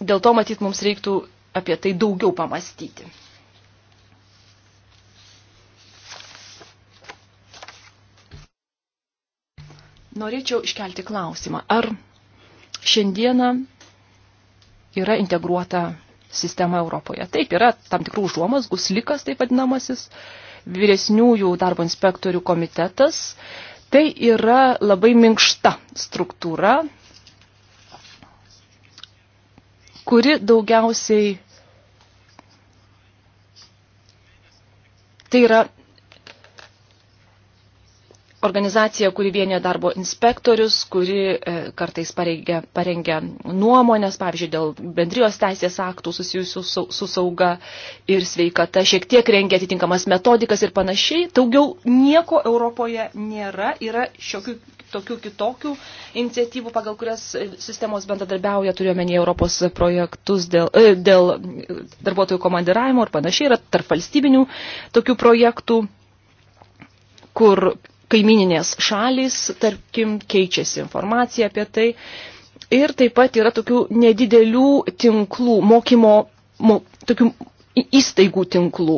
dėl to matyt mums reiktų apie tai daugiau pamastyti. Norėčiau iškelti klausimą, ar šiandieną yra integruota sistema Europoje. Taip, yra tam tikrų užuomas, guslikas taip vadinamasis, vyresniųjų darbo inspektorių komitetas. Tai yra labai minkšta struktūra, kuri daugiausiai tai yra organizacija, kuri vienė darbo inspektorius, kuri e, kartais pareigia, parengia nuomonės, pavyzdžiui, dėl bendrijos teisės aktų susijusių su, su sauga ir sveikata, šiek tiek rengia atitinkamas metodikas ir panašiai. Daugiau nieko Europoje nėra, yra šiokių tokių kitokių iniciatyvų, pagal kurias sistemos bendradarbiauja, turiuomenį Europos projektus dėl, e, dėl darbuotojų komandiravimo ir panašiai, yra tarp valstybinių tokių projektų kur kaimininės šalys, tarkim, keičiasi informacija apie tai. Ir taip pat yra tokių nedidelių tinklų, mokymo, mo, tokių įstaigų tinklų,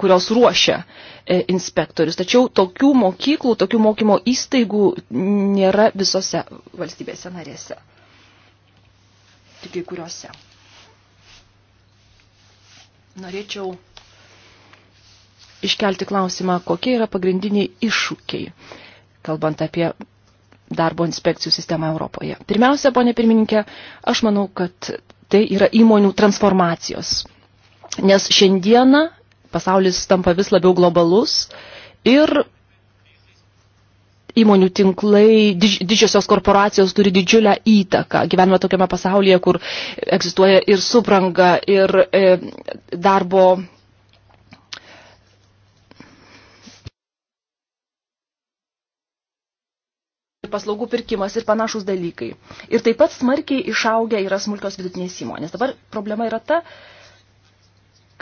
kurios ruošia e, inspektorius. Tačiau tokių mokyklų, tokių mokymo įstaigų nėra visose valstybėse narėse. Tik kai kuriuose. Norėčiau iškelti klausimą, kokie yra pagrindiniai iššūkiai, kalbant apie darbo inspekcijų sistemą Europoje. Pirmiausia, ponė pirmininkė, aš manau, kad tai yra įmonių transformacijos. Nes šiandieną pasaulis tampa vis labiau globalus ir įmonių tinklai, diž, didžiosios korporacijos turi didžiulę įtaką. Gyvename tokiame pasaulyje, kur egzistuoja ir supranga, ir e, darbo paslaugų pirkimas ir panašus dalykai. Ir taip pat smarkiai išaugę yra smulkios vidutinės įmonės. Dabar problema yra ta,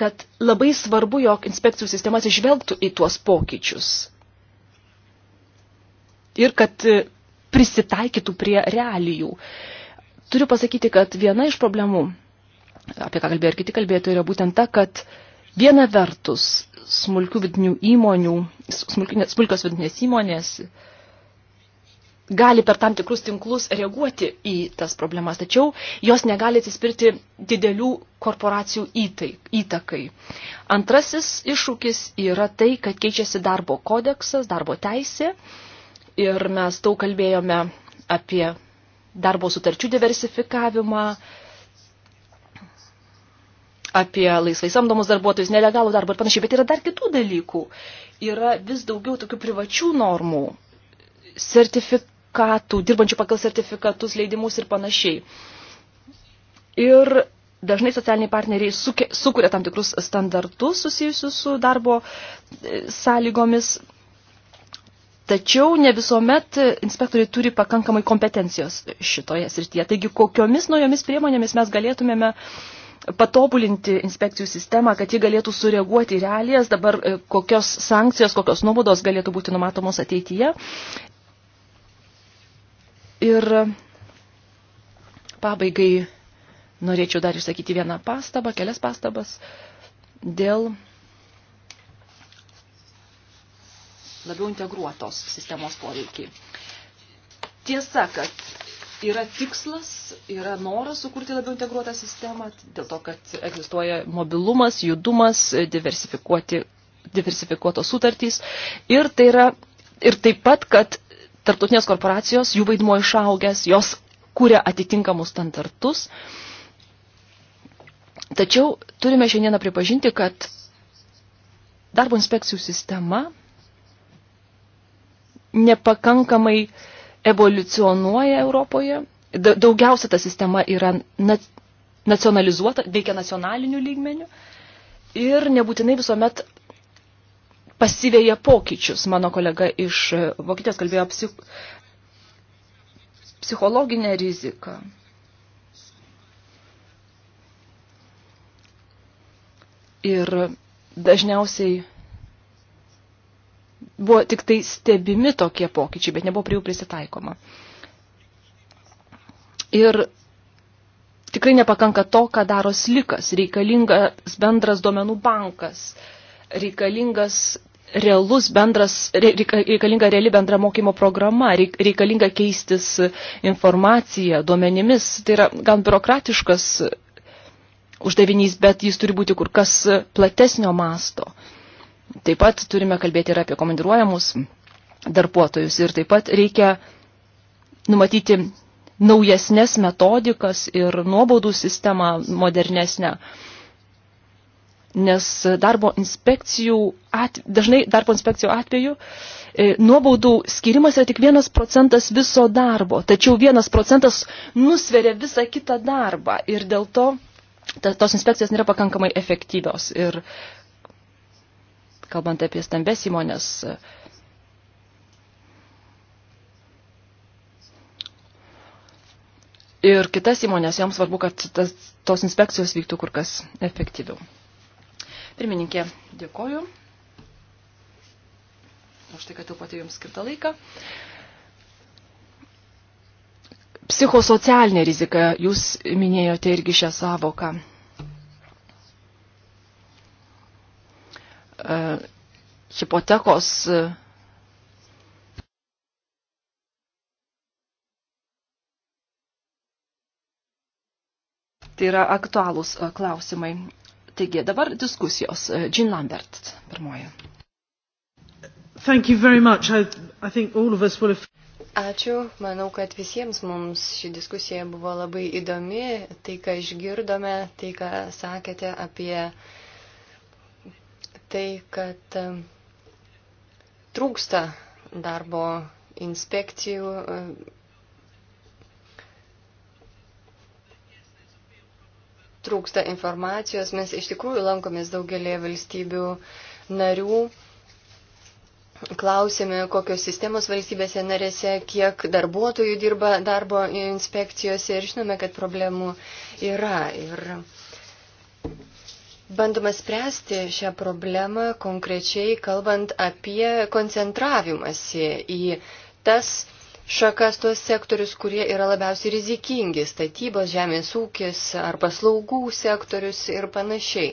kad labai svarbu, jog inspekcijų sistemas išvelgtų į tuos pokyčius. Ir kad e, prisitaikytų prie realijų. Turiu pasakyti, kad viena iš problemų, apie ką kalbėjo ir kiti kalbėtojai, yra būtent ta, kad viena vertus smulkių vidinių įmonių, smulkios vidinės įmonės, gali per tam tikrus tinklus reaguoti į tas problemas, tačiau jos negali atsispirti didelių korporacijų įtakai. Antrasis iššūkis yra tai, kad keičiasi darbo kodeksas, darbo teisė ir mes daug kalbėjome apie darbo sutarčių diversifikavimą, apie laisvai samdomus darbuotojus, nelegalų darbą ir panašiai, bet yra dar kitų dalykų. Yra vis daugiau tokių privačių normų, sertifik sertifikatų, dirbančių pagal sertifikatus, leidimus ir panašiai. Ir dažnai socialiniai partneriai suke, sukuria tam tikrus standartus susijusius su darbo e, sąlygomis, tačiau ne visuomet inspektoriai turi pakankamai kompetencijos šitoje srityje. Taigi, kokiomis naujomis priemonėmis mes galėtumėme patobulinti inspekcijų sistemą, kad ji galėtų sureaguoti į realijas, dabar e, kokios sankcijos, kokios nuobodos galėtų būti numatomos ateityje. Ir pabaigai norėčiau dar išsakyti vieną pastabą, kelias pastabas dėl labiau integruotos sistemos poreikiai. Tiesa, kad yra tikslas, yra noras sukurti labiau integruotą sistemą, dėl to, kad egzistuoja mobilumas, judumas, diversifikuoti, diversifikuotos sutartys ir tai yra ir taip pat, kad tarptautinės korporacijos, jų vaidmuo išaugęs, jos kūrė atitinkamus standartus. Tačiau turime šiandieną pripažinti, kad darbo inspekcijų sistema nepakankamai evoliucionuoja Europoje. Daugiausia ta sistema yra nacionalizuota, veikia nacionaliniu lygmeniu ir nebūtinai visuomet pasiveja pokyčius. Mano kolega iš e, Vokietijos kalbėjo psich... psichologinę riziką. Ir dažniausiai buvo tik tai stebimi tokie pokyčiai, bet nebuvo prie jų prisitaikoma. Ir tikrai nepakanka to, ką daro slikas, reikalingas bendras duomenų bankas, reikalingas realus bendras, reikalinga reali bendra mokymo programa, reikalinga keistis informacija, duomenimis. Tai yra gan biurokratiškas uždavinys, bet jis turi būti kur kas platesnio masto. Taip pat turime kalbėti ir apie komandiruojamus darbuotojus ir taip pat reikia numatyti naujesnės metodikas ir nuobaudų sistemą modernesnę. Uh, nes darbo inspekcijų at, dažnai darbo inspekcijų atveju e, nuobaudų skirimas yra tik vienas procentas viso darbo, tačiau vienas procentas nusveria visą kitą darbą ir dėl to ta, tos inspekcijos nėra pakankamai efektyvios. Ir kalbant apie stambes įmonės, ir kitas įmonės, joms svarbu, kad tas, tos inspekcijos vyktų kur kas efektyviau. Pirmininkė, dėkoju už tai, kad jau pati jums skirtą laiką. Psichosocialinė rizika, jūs minėjote irgi šią savoką. E, hipotekos e, tai yra aktualūs e, klausimai. Taigi, dabar diskusijos. E, Jean Lambert, pirmoji. Thank you very much. I, I think all of us will have... Ačiū. Manau, kad visiems mums ši diskusija buvo labai įdomi. Tai, ką išgirdome, tai, ką sakėte apie tai, kad e, trūksta darbo inspekcijų e, trūksta informacijos. Mes iš tikrųjų lankomės daugelėje valstybių narių. Klausėme, kokios sistemos valstybėse narėse, kiek darbuotojų dirba darbo inspekcijose ir žinome, kad problemų yra. Ir bandoma spręsti šią problemą konkrečiai kalbant apie koncentravimąsi į tas šakas, tuos sektorius, kurie yra labiausiai rizikingi - statybos, žemės ūkis ar paslaugų sektorius ir panašiai.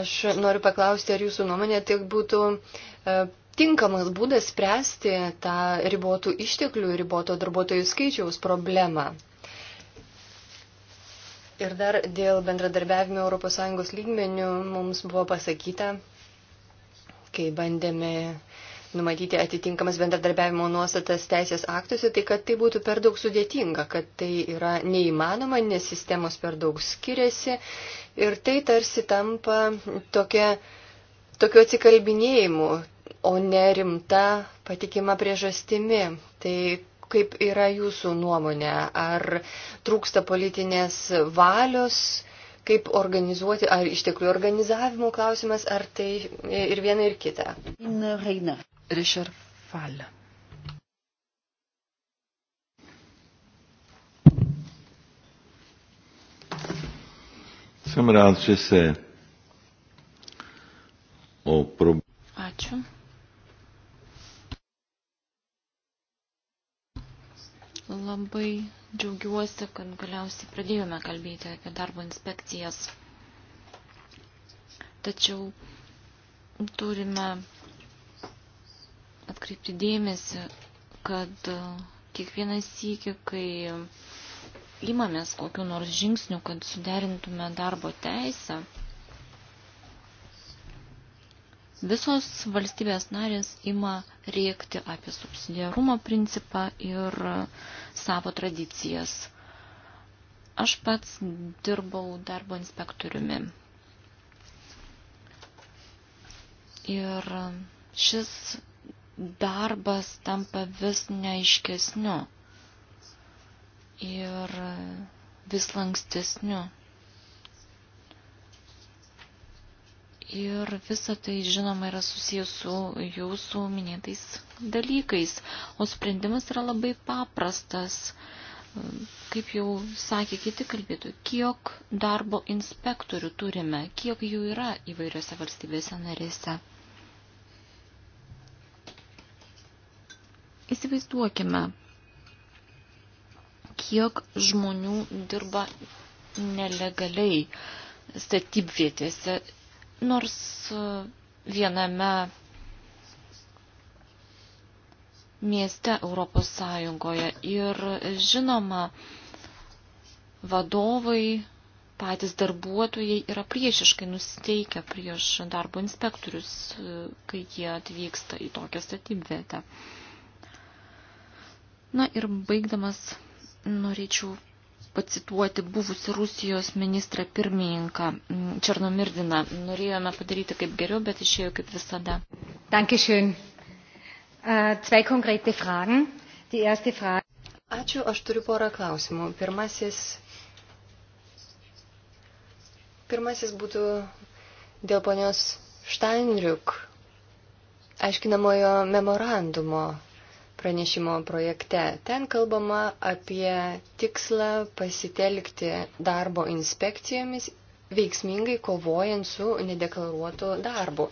Aš noriu paklausti, ar jūsų nuomonė tai būtų e, tinkamas būdas spręsti tą ribotų išteklių, riboto darbuotojų skaičiaus problemą. Ir dar dėl bendradarbiavimo ES lygmenių mums buvo pasakyta, kai bandėme uh, numatyti atitinkamas bendradarbiavimo nuostatas teisės aktuose, tai kad tai būtų per daug sudėtinga, kad tai yra neįmanoma, nes sistemos per daug skiriasi ir tai tarsi tampa tokia, tokiu atsikalbinėjimu, o ne rimta patikima priežastimi. Tai kaip yra jūsų nuomonė, ar trūksta politinės valios? kaip organizuoti, ar iš tikrųjų organizavimo klausimas, ar tai ir viena ir kita. Reina. Richard Fall. Jsem rád, že se o pro... Ačiū. Labai džiaugiuosi, kad galiausiai pradėjome kalbėti apie darbo inspekcijas. Tačiau turime atkreipti dėmesį, kad e, kiekvienas sykį, kai imamės kokiu nors žingsniu, kad suderintume darbo teisę, visos valstybės narės ima rėkti apie subsidiarumo principą ir savo tradicijas. Aš pats dirbau darbo inspektoriumi. Ir šis darbas tampa vis neaiškesniu ir vis lankstesniu. Ir visa tai, žinoma, yra susijęs su jūsų minėtais dalykais. O sprendimas yra labai paprastas. Kaip jau sakė kiti kalbėtojai, kiek darbo inspektorių turime, kiek jų yra įvairiose valstybėse narėse. Įsivaizduokime, kiek žmonių dirba nelegaliai statybvietėse, nors e, viename mieste Europos Sąjungoje. Ir žinoma, vadovai, patys darbuotojai yra priešiškai nusiteikę prieš darbo inspektorius, e, kai jie atvyksta į tokią statybvietę. vietą. Na ir baigdamas norėčiau pacituoti buvusi Rusijos ministrą pirmininką Černomirdiną. Norėjome padaryti kaip geriau, bet išėjo kaip visada. Dankeschön. Uh, zwei konkrete Fragen. Die erste Frage. Ačiū, aš turiu porą klausimų. Pirmasis, pirmasis būtų dėl ponios Steinriuk aiškinamojo memorandumo pranešimo projekte. Ten kalbama apie tikslą pasitelkti darbo inspekcijomis veiksmingai kovojant su nedeklaruotu darbu.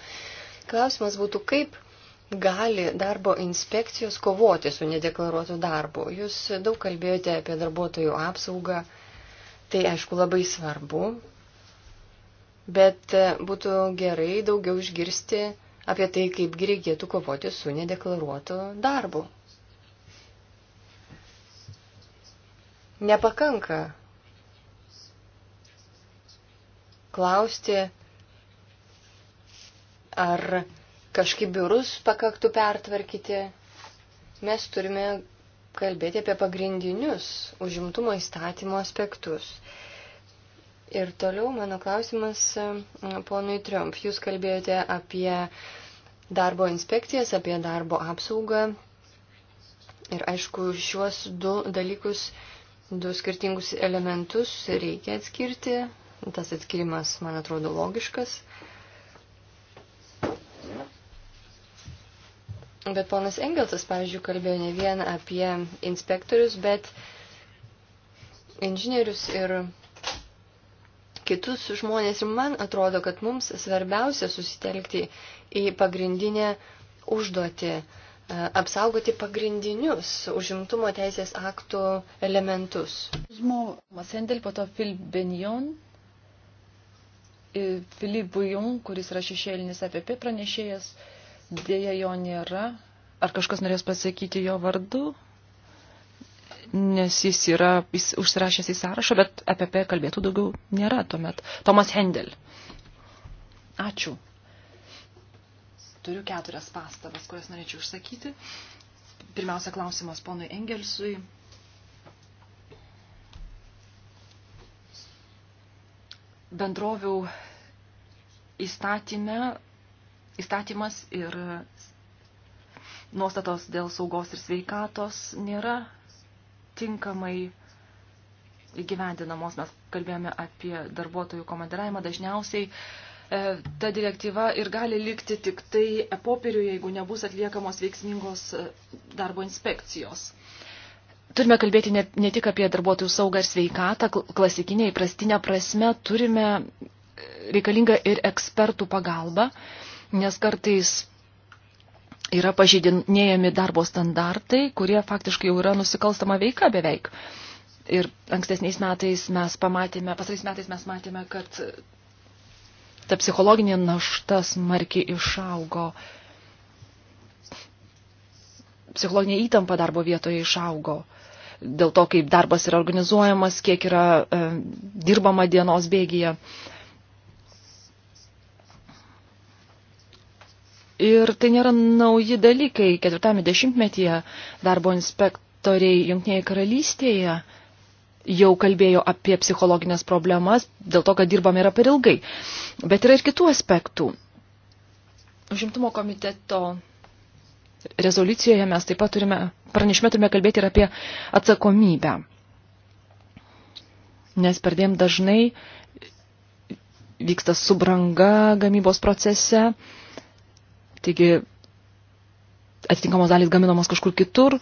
Klausimas būtų, kaip gali darbo inspekcijos kovoti su nedeklaruotu darbu. Jūs daug kalbėjote apie darbuotojų apsaugą, tai aišku labai svarbu, bet būtų gerai daugiau išgirsti apie tai, kaip reikėtų kovoti su nedeklaruotu darbu. Nepakanka klausti, ar kažkaip biurus pakaktų pertvarkyti. Mes turime kalbėti apie pagrindinius užimtumo įstatymo aspektus. Ir toliau mano klausimas ponui Triumf. Jūs kalbėjote apie darbo inspekcijas, apie darbo apsaugą. Ir aišku, šiuos du dalykus Du skirtingus elementus reikia atskirti. Tas atskirimas, man atrodo, logiškas. Bet ponas Engelsas, pavyzdžiui, kalbėjo ne vien apie inspektorius, bet inžinierius ir kitus žmonės. Ir man atrodo, kad mums svarbiausia susitelkti į pagrindinę užduotį. E, apsaugoti pagrindinius užimtumo teisės aktų elementus. Masendel, po to Phil Benjon, Filip Bujon, kuris yra šešėlinis APP e pranešėjas, dėja jo nėra. Ar kažkas norės pasakyti jo vardu? nes jis yra jis užsirašęs į sąrašą, bet apie P kalbėtų daugiau nėra tuomet. Tomas Hendel. Ačiū. Turiu keturias pastabas, kurias norėčiau užsakyti. Pirmiausia, klausimas ponui Engelsui. Bendrovių įstatyme, įstatymas ir nuostatos dėl saugos ir sveikatos nėra tinkamai įgyvendinamos. Mes kalbėjome apie darbuotojų komandiravimą. Dažniausiai uh, E, ta direktyva ir gali likti tik tai e, popieriuje, jeigu nebus atliekamos veiksmingos e, darbo inspekcijos. Turime kalbėti ne, ne tik apie darbuotojų saugą ir sveikatą, klasikinė įprastinė prasme, turime reikalinga ir ekspertų pagalba, nes kartais yra pažydinėjami darbo standartai, kurie faktiškai jau yra nusikalstama veika beveik. Ir ankstesniais metais mes pamatėme, pasarais metais mes matėme, kad ta psichologinė našta smarkiai išaugo. Psichologinė įtampa darbo vietoje išaugo. Dėl to, kaip darbas yra organizuojamas, kiek yra e, dirbama dienos bėgyje. Ir tai nėra nauji dalykai. Ketvirtame dešimtmetyje darbo inspektoriai Junktinėje karalystėje e, jau kalbėjo apie psichologinės problemas, dėl to, kad dirbame yra per ilgai. Bet yra ir kitų aspektų. Užimtumo komiteto rezoliucijoje mes taip pat turime, pranešime turime kalbėti ir apie atsakomybę. Nes perdėm dažnai vyksta subranga gamybos procese, taigi atitinkamos dalys gaminamos kažkur kitur,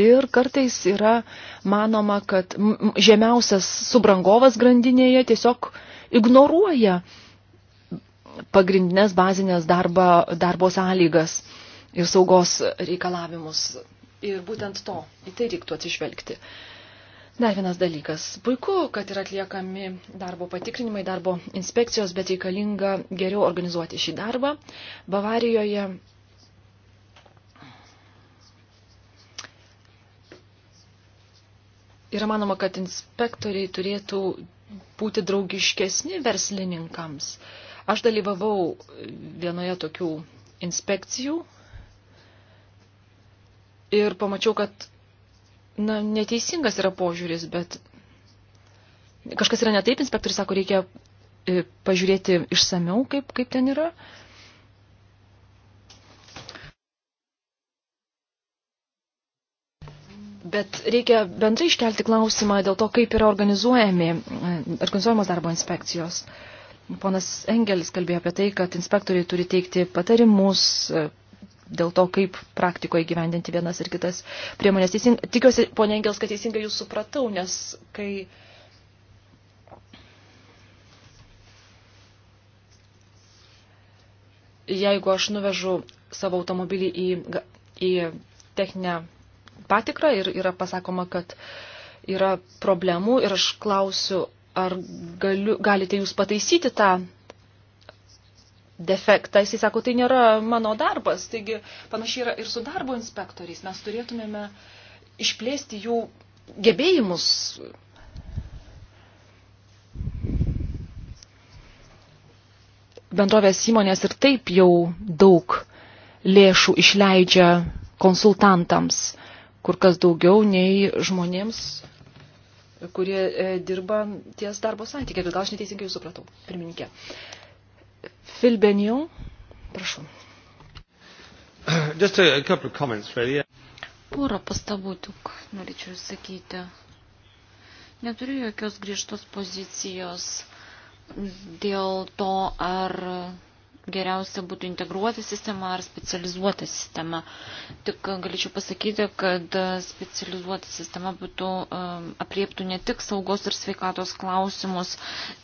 ir kartais yra manoma, kad žemiausias subrangovas grandinėje tiesiog ignoruoja pagrindinės bazinės darba, darbo sąlygas ir saugos reikalavimus. Ir būtent to, į tai reiktų atsižvelgti. Dar vienas dalykas. Puiku, kad yra atliekami darbo patikrinimai, darbo inspekcijos, bet reikalinga geriau organizuoti šį darbą. Bavarijoje Yra manoma, kad inspektoriai turėtų būti draugiškesni verslininkams. Aš dalyvavau vienoje tokių inspekcijų ir pamačiau, kad na, neteisingas yra požiūris, bet kažkas yra netaip, inspektorius sako, reikia e, pažiūrėti išsameu, kaip, kaip ten yra. Uh, Bet reikia bendrai iškelti klausimą dėl to, kaip yra organizuojamos darbo inspekcijos. Ponas Engelis kalbėjo apie tai, kad inspektoriai turi teikti patarimus e, dėl to, kaip praktikoje gyvendinti vienas ir kitas priemonės. Teising... Tikiuosi, ponė Engels, kad teisingai jūs supratau, nes kai jeigu aš nuvežu savo automobilį į, į techninę patikrą ir yra pasakoma, kad yra problemų ir aš klausiu, ar galiu, galite jūs pataisyti tą defektą. Jisai sako, tai nėra mano darbas. Taigi panašiai yra ir su darbo inspektoriais. Mes turėtumėme išplėsti jų gebėjimus. Bendrovės įmonės ir taip jau daug lėšų išleidžia konsultantams kur kas daugiau nei žmonėms, kurie e, dirba ties darbo santykiai. Bet gal aš neteisingai jūs supratau, pirmininkė. Filbenion, prašau. Just a, a couple of comments, really. Porą pastabų tik norėčiau sakyti. Neturiu jokios griežtos pozicijos dėl to, ar geriausia būtų integruota sistema ar specializuota sistema. Tik uh, galėčiau pasakyti, kad uh, specializuota sistema būtų um, apriektų ne tik saugos ir sveikatos klausimus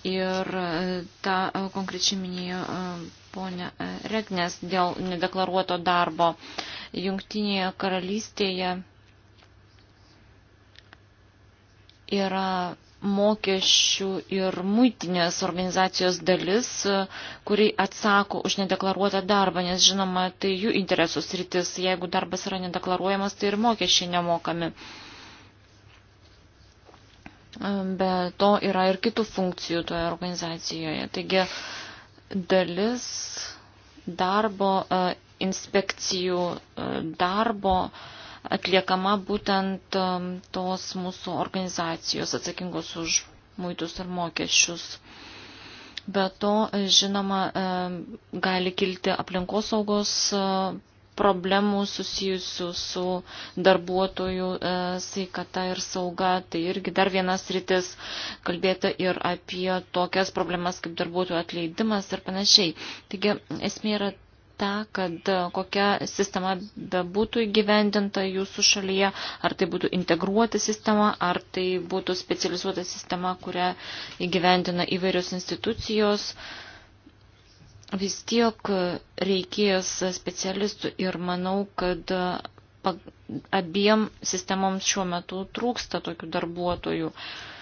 ir uh, tą konkrečiai minėjo um, ponė Regnės dėl nedeklaruoto darbo. Jungtinėje karalystėje yra mokesčių ir muitinės organizacijos dalis, kuri atsako už nedeklaruotą darbą, nes žinoma, tai jų interesų sritis, jeigu darbas yra nedeklaruojamas, tai ir mokesčiai nemokami. Be to yra ir kitų funkcijų toje organizacijoje. Taigi dalis darbo, e, inspekcijų e, darbo atliekama būtent um, tos mūsų organizacijos atsakingos už muitus ir mokesčius. Be to, žinoma, um, gali kilti aplinkosaugos uh, problemų susijusių su darbuotojų uh, sveikata ir sauga. Tai irgi dar vienas rytis kalbėta ir apie tokias problemas kaip darbuotojų atleidimas ir panašiai. Taigi esmė yra ta, kad e, kokia sistema bebūtų įgyvendinta jūsų šalyje, ar tai būtų integruota sistema, ar tai būtų specializuota sistema, kurią įgyvendina įvairios institucijos, vis tiek reikės specialistų ir manau, kad e, abiem sistemoms šiuo metu trūksta tokių darbuotojų. Uh,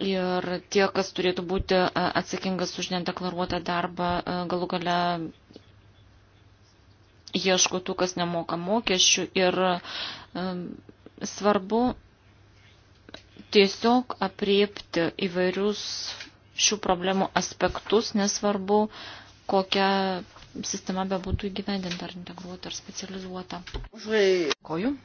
Ir tie, kas turėtų būti e, atsakingas už nedeklaruotą darbą, e, galų gale ieško tų, kas nemoka mokesčių. Ir e, svarbu tiesiog apriepti įvairius šių problemų aspektus, nesvarbu, kokia sistema bebūtų įgyvendinta, ar integruota, ar specializuota. Koju?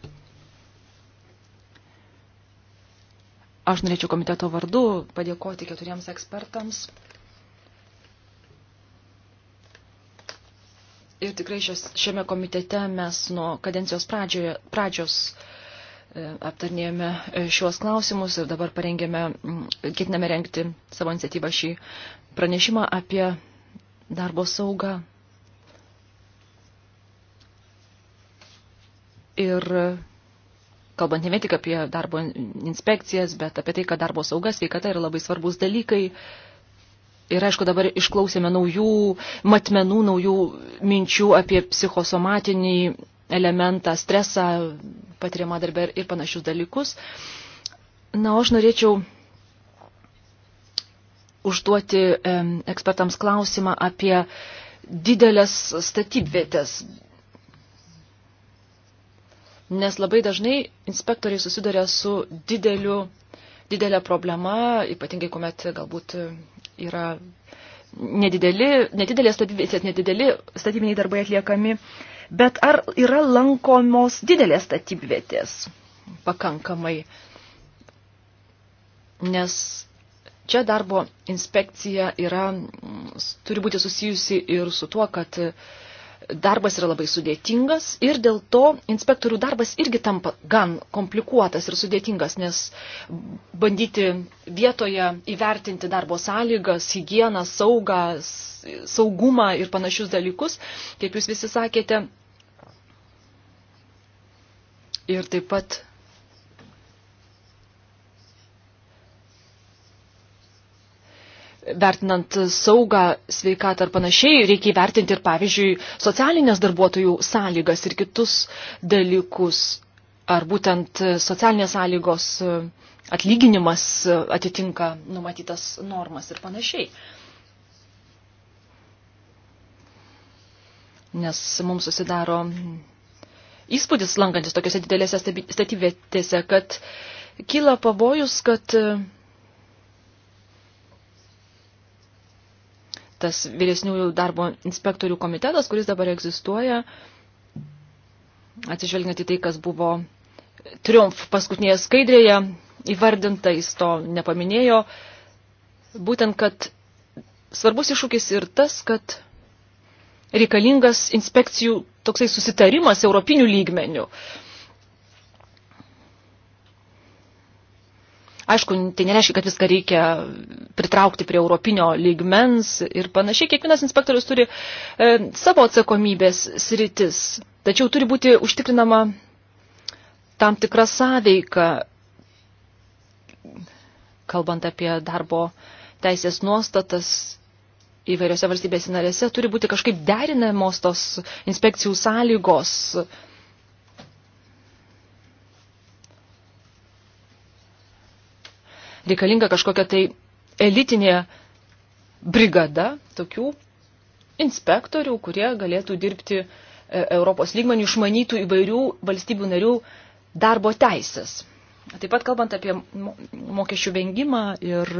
Aš norėčiau komiteto vardu padėkoti keturiems ekspertams. Ir tikrai šios, šiame komitete mes nuo kadencijos pradžioje, pradžios e, aptarnėjome e, šiuos klausimus ir dabar parengėme, ketiname rengti savo iniciatyvą šį pranešimą apie darbo saugą. Ir kalbant ne tik apie darbo inspekcijas, bet apie tai, kad darbo saugas, sveikata yra labai svarbus dalykai. Ir aišku, dabar išklausėme naujų matmenų, naujų minčių apie psichosomatinį elementą, stresą, patiriamą darbę ir panašius dalykus. Na, o aš norėčiau užduoti ekspertams klausimą apie didelės statybvietės, nes labai dažnai inspektoriai susiduria su dideliu, didelė problema, ypatingai kuomet galbūt yra nedideli, nedidelės statybės, nedideli statybiniai darbai atliekami, bet ar yra lankomos didelės statybvietės pakankamai? Nes čia darbo inspekcija yra, turi būti susijusi ir su tuo, kad uh, darbas yra labai sudėtingas ir dėl to inspektorių darbas irgi tampa gan komplikuotas ir sudėtingas, nes bandyti vietoje įvertinti darbo sąlygas, higieną, saugą, saugumą ir panašius dalykus, kaip jūs visi sakėte. Ir taip pat vertinant saugą, sveikatą ar panašiai, reikia įvertinti ir, pavyzdžiui, socialinės darbuotojų sąlygas ir kitus dalykus. Ar būtent socialinės sąlygos atlyginimas atitinka numatytas normas ir panašiai. Nes mums susidaro įspūdis lankantis tokiuose didelėse statybvietėse, kad kyla pavojus, kad tas vyresniųjų darbo inspektorių komitetas, kuris dabar egzistuoja, atsižvelgiant į tai, kas buvo triumf paskutinėje skaidrėje įvardinta, jis to nepaminėjo, būtent, kad svarbus iššūkis ir tas, kad reikalingas inspekcijų toksai susitarimas europinių lygmenių. Uh, Aišku, tai nereiškia, kad viską reikia pritraukti prie europinio lygmens ir panašiai. Kiekvienas inspektorius turi e, savo atsakomybės sritis, tačiau turi būti užtikrinama tam tikra sąveika, kalbant apie darbo teisės nuostatas įvairiose valstybėse narėse, turi būti kažkaip derinamos tos inspekcijų sąlygos reikalinga kažkokia tai elitinė brigada tokių inspektorių, kurie galėtų dirbti e, Europos lygmenių, išmanytų įvairių valstybių narių darbo teisės. Taip pat kalbant apie mokesčių vengimą ir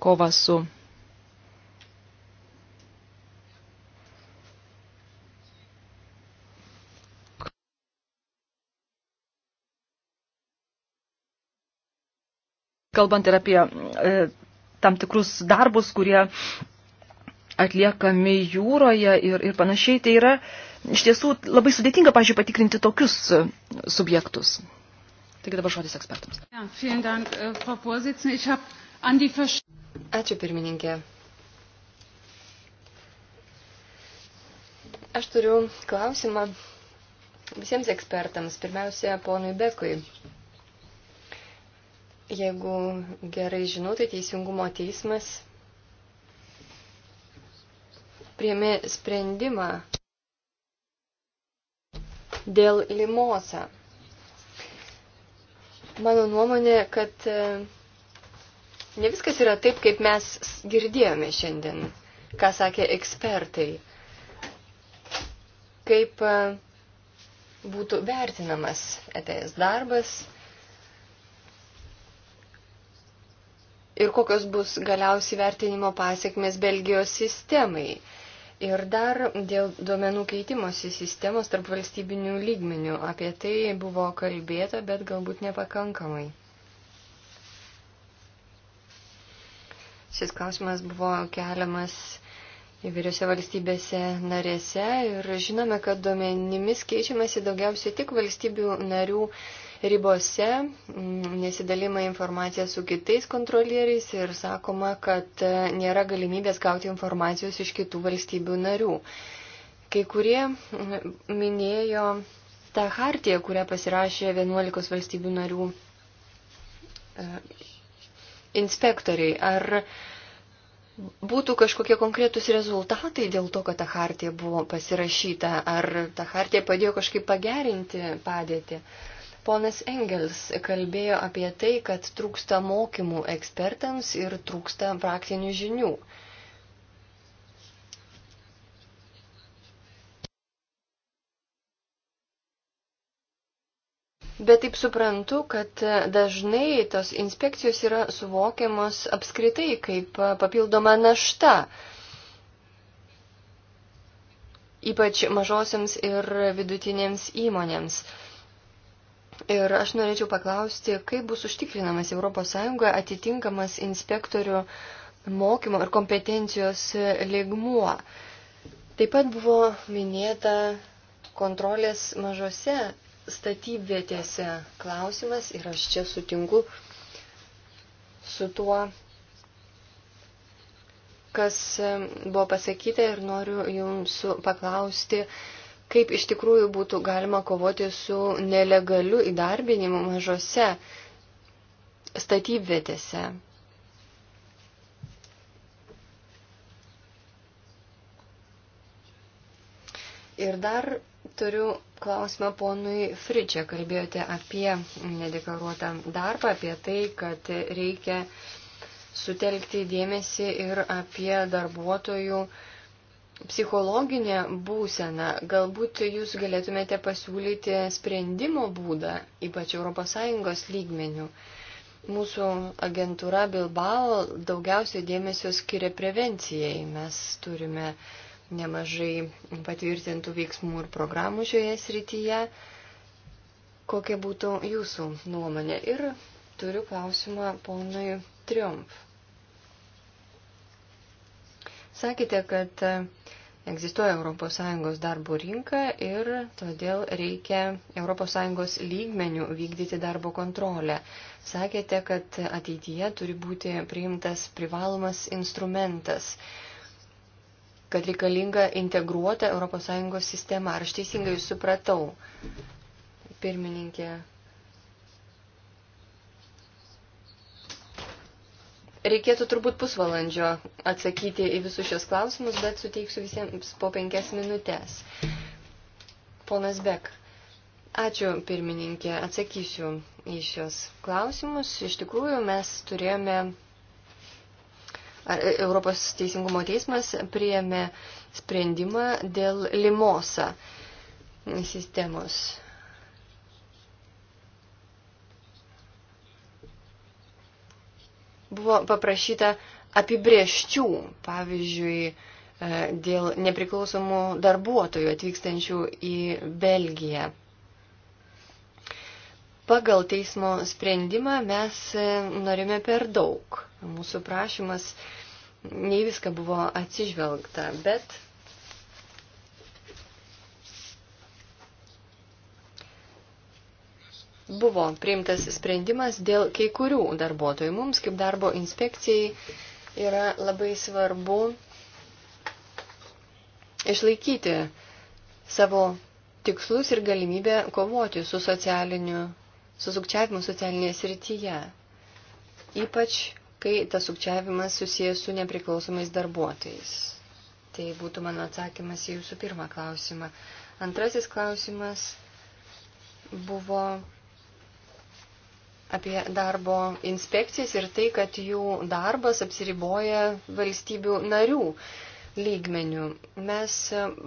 kovą su kalbant ir apie e, tam tikrus darbus, kurie atliekami jūroje ir, ir panašiai, tai yra iš tiesų labai sudėtinga, pažiūrėjau, patikrinti tokius subjektus. Taigi dabar žodis ekspertams. Äh, Ačiū pirmininkė. Aš turiu klausimą visiems ekspertams, pirmiausia, ponui Bekui. Jeigu gerai žinau, tai Teisingumo teismas priemi sprendimą dėl limosa. Mano nuomonė, kad e, ne viskas yra taip, kaip mes girdėjome šiandien, ką sakė ekspertai, kaip e, būtų vertinamas ETS darbas ir kokios bus galiausiai vertinimo pasiekmes Belgijos sistemai. Ir dar dėl duomenų keitimosi sistemos tarp valstybinių lygmenių. Apie tai buvo kalbėta, bet galbūt nepakankamai. Šis klausimas buvo keliamas įvairiose valstybėse narėse ir žinome, kad duomenimis keičiamasi daugiausiai tik valstybių narių ribose, mm, nesidalima informacija su kitais kontrolieriais ir sakoma, kad e, nėra galimybės gauti informacijos iš kitų valstybių narių. Kai kurie mm, minėjo tą hartiją, kurią pasirašė 11 valstybių narių e, inspektoriai. Ar būtų kažkokie konkretūs rezultatai dėl to, kad ta hartija buvo pasirašyta, ar ta hartija padėjo kažkaip pagerinti padėtį. Ponas Engels kalbėjo apie tai, kad trūksta mokymų ekspertams ir trūksta praktinių žinių. Bet taip suprantu, kad dažnai tos inspekcijos yra suvokiamos apskritai kaip papildoma našta ypač mažosiams ir vidutinėms įmonėms. Ir aš norėčiau paklausti, kaip bus užtikrinamas ES atitinkamas inspektorių mokymo ir kompetencijos lygmuo. Taip pat buvo minėta kontrolės mažose statybvietėse klausimas ir aš čia sutinku su tuo, kas buvo pasakyta ir noriu jums paklausti, kaip iš tikrųjų būtų galima kovoti su nelegaliu įdarbinimu mažose statybvietėse. Ir dar turiu klausimą ponui Fričia. Kalbėjote apie nedeklaruotą darbą, apie tai, kad reikia sutelkti dėmesį ir apie darbuotojų uh, psichologinė būsena. Galbūt jūs galėtumėte pasiūlyti sprendimo būdą, ypač ES lygmenių. Mūsų agentūra Bilbao daugiausiai dėmesio skiria prevencijai. Mes turime nemažai patvirtintų veiksmų ir programų šioje srityje. Kokia būtų jūsų nuomonė? Ir turiu klausimą ponui Triumf. Sakėte, kad e, egzistuoja ES darbo rinka ir todėl reikia ES lygmenių vykdyti darbo kontrolę. Sakėte, kad ateityje turi būti priimtas privalomas instrumentas kad reikalinga integruota ES sistema. Ar aš teisingai jūs supratau? Pirmininkė Reikėtų turbūt pusvalandžio atsakyti į visus šios klausimus, bet suteiksiu visiems po penkias minutės. Ponas Bek, ačiū pirmininkė, atsakysiu į šios klausimus. Iš tikrųjų, mes turėjome, e, Europos Teisingumo teismas priėmė sprendimą dėl limosa sistemos buvo paprašyta apibrieščių, pavyzdžiui, e, dėl nepriklausomų darbuotojų atvykstančių į Belgiją. Pagal teismo sprendimą mes e, norime per daug. Mūsų prašymas nei viską buvo atsižvelgta, bet buvo priimtas sprendimas dėl kai kurių darbuotojų. Mums kaip darbo inspekcijai yra labai svarbu išlaikyti savo tikslus ir galimybę kovoti su socialiniu, su sukčiavimu socialinėje srityje. Ypač, kai tas sukčiavimas susijęs su nepriklausomais darbuotojais. Tai būtų mano atsakymas į jūsų pirmą klausimą. Antrasis klausimas buvo apie darbo inspekcijas ir tai, kad jų darbas apsiriboja valstybių narių lygmenių. Mes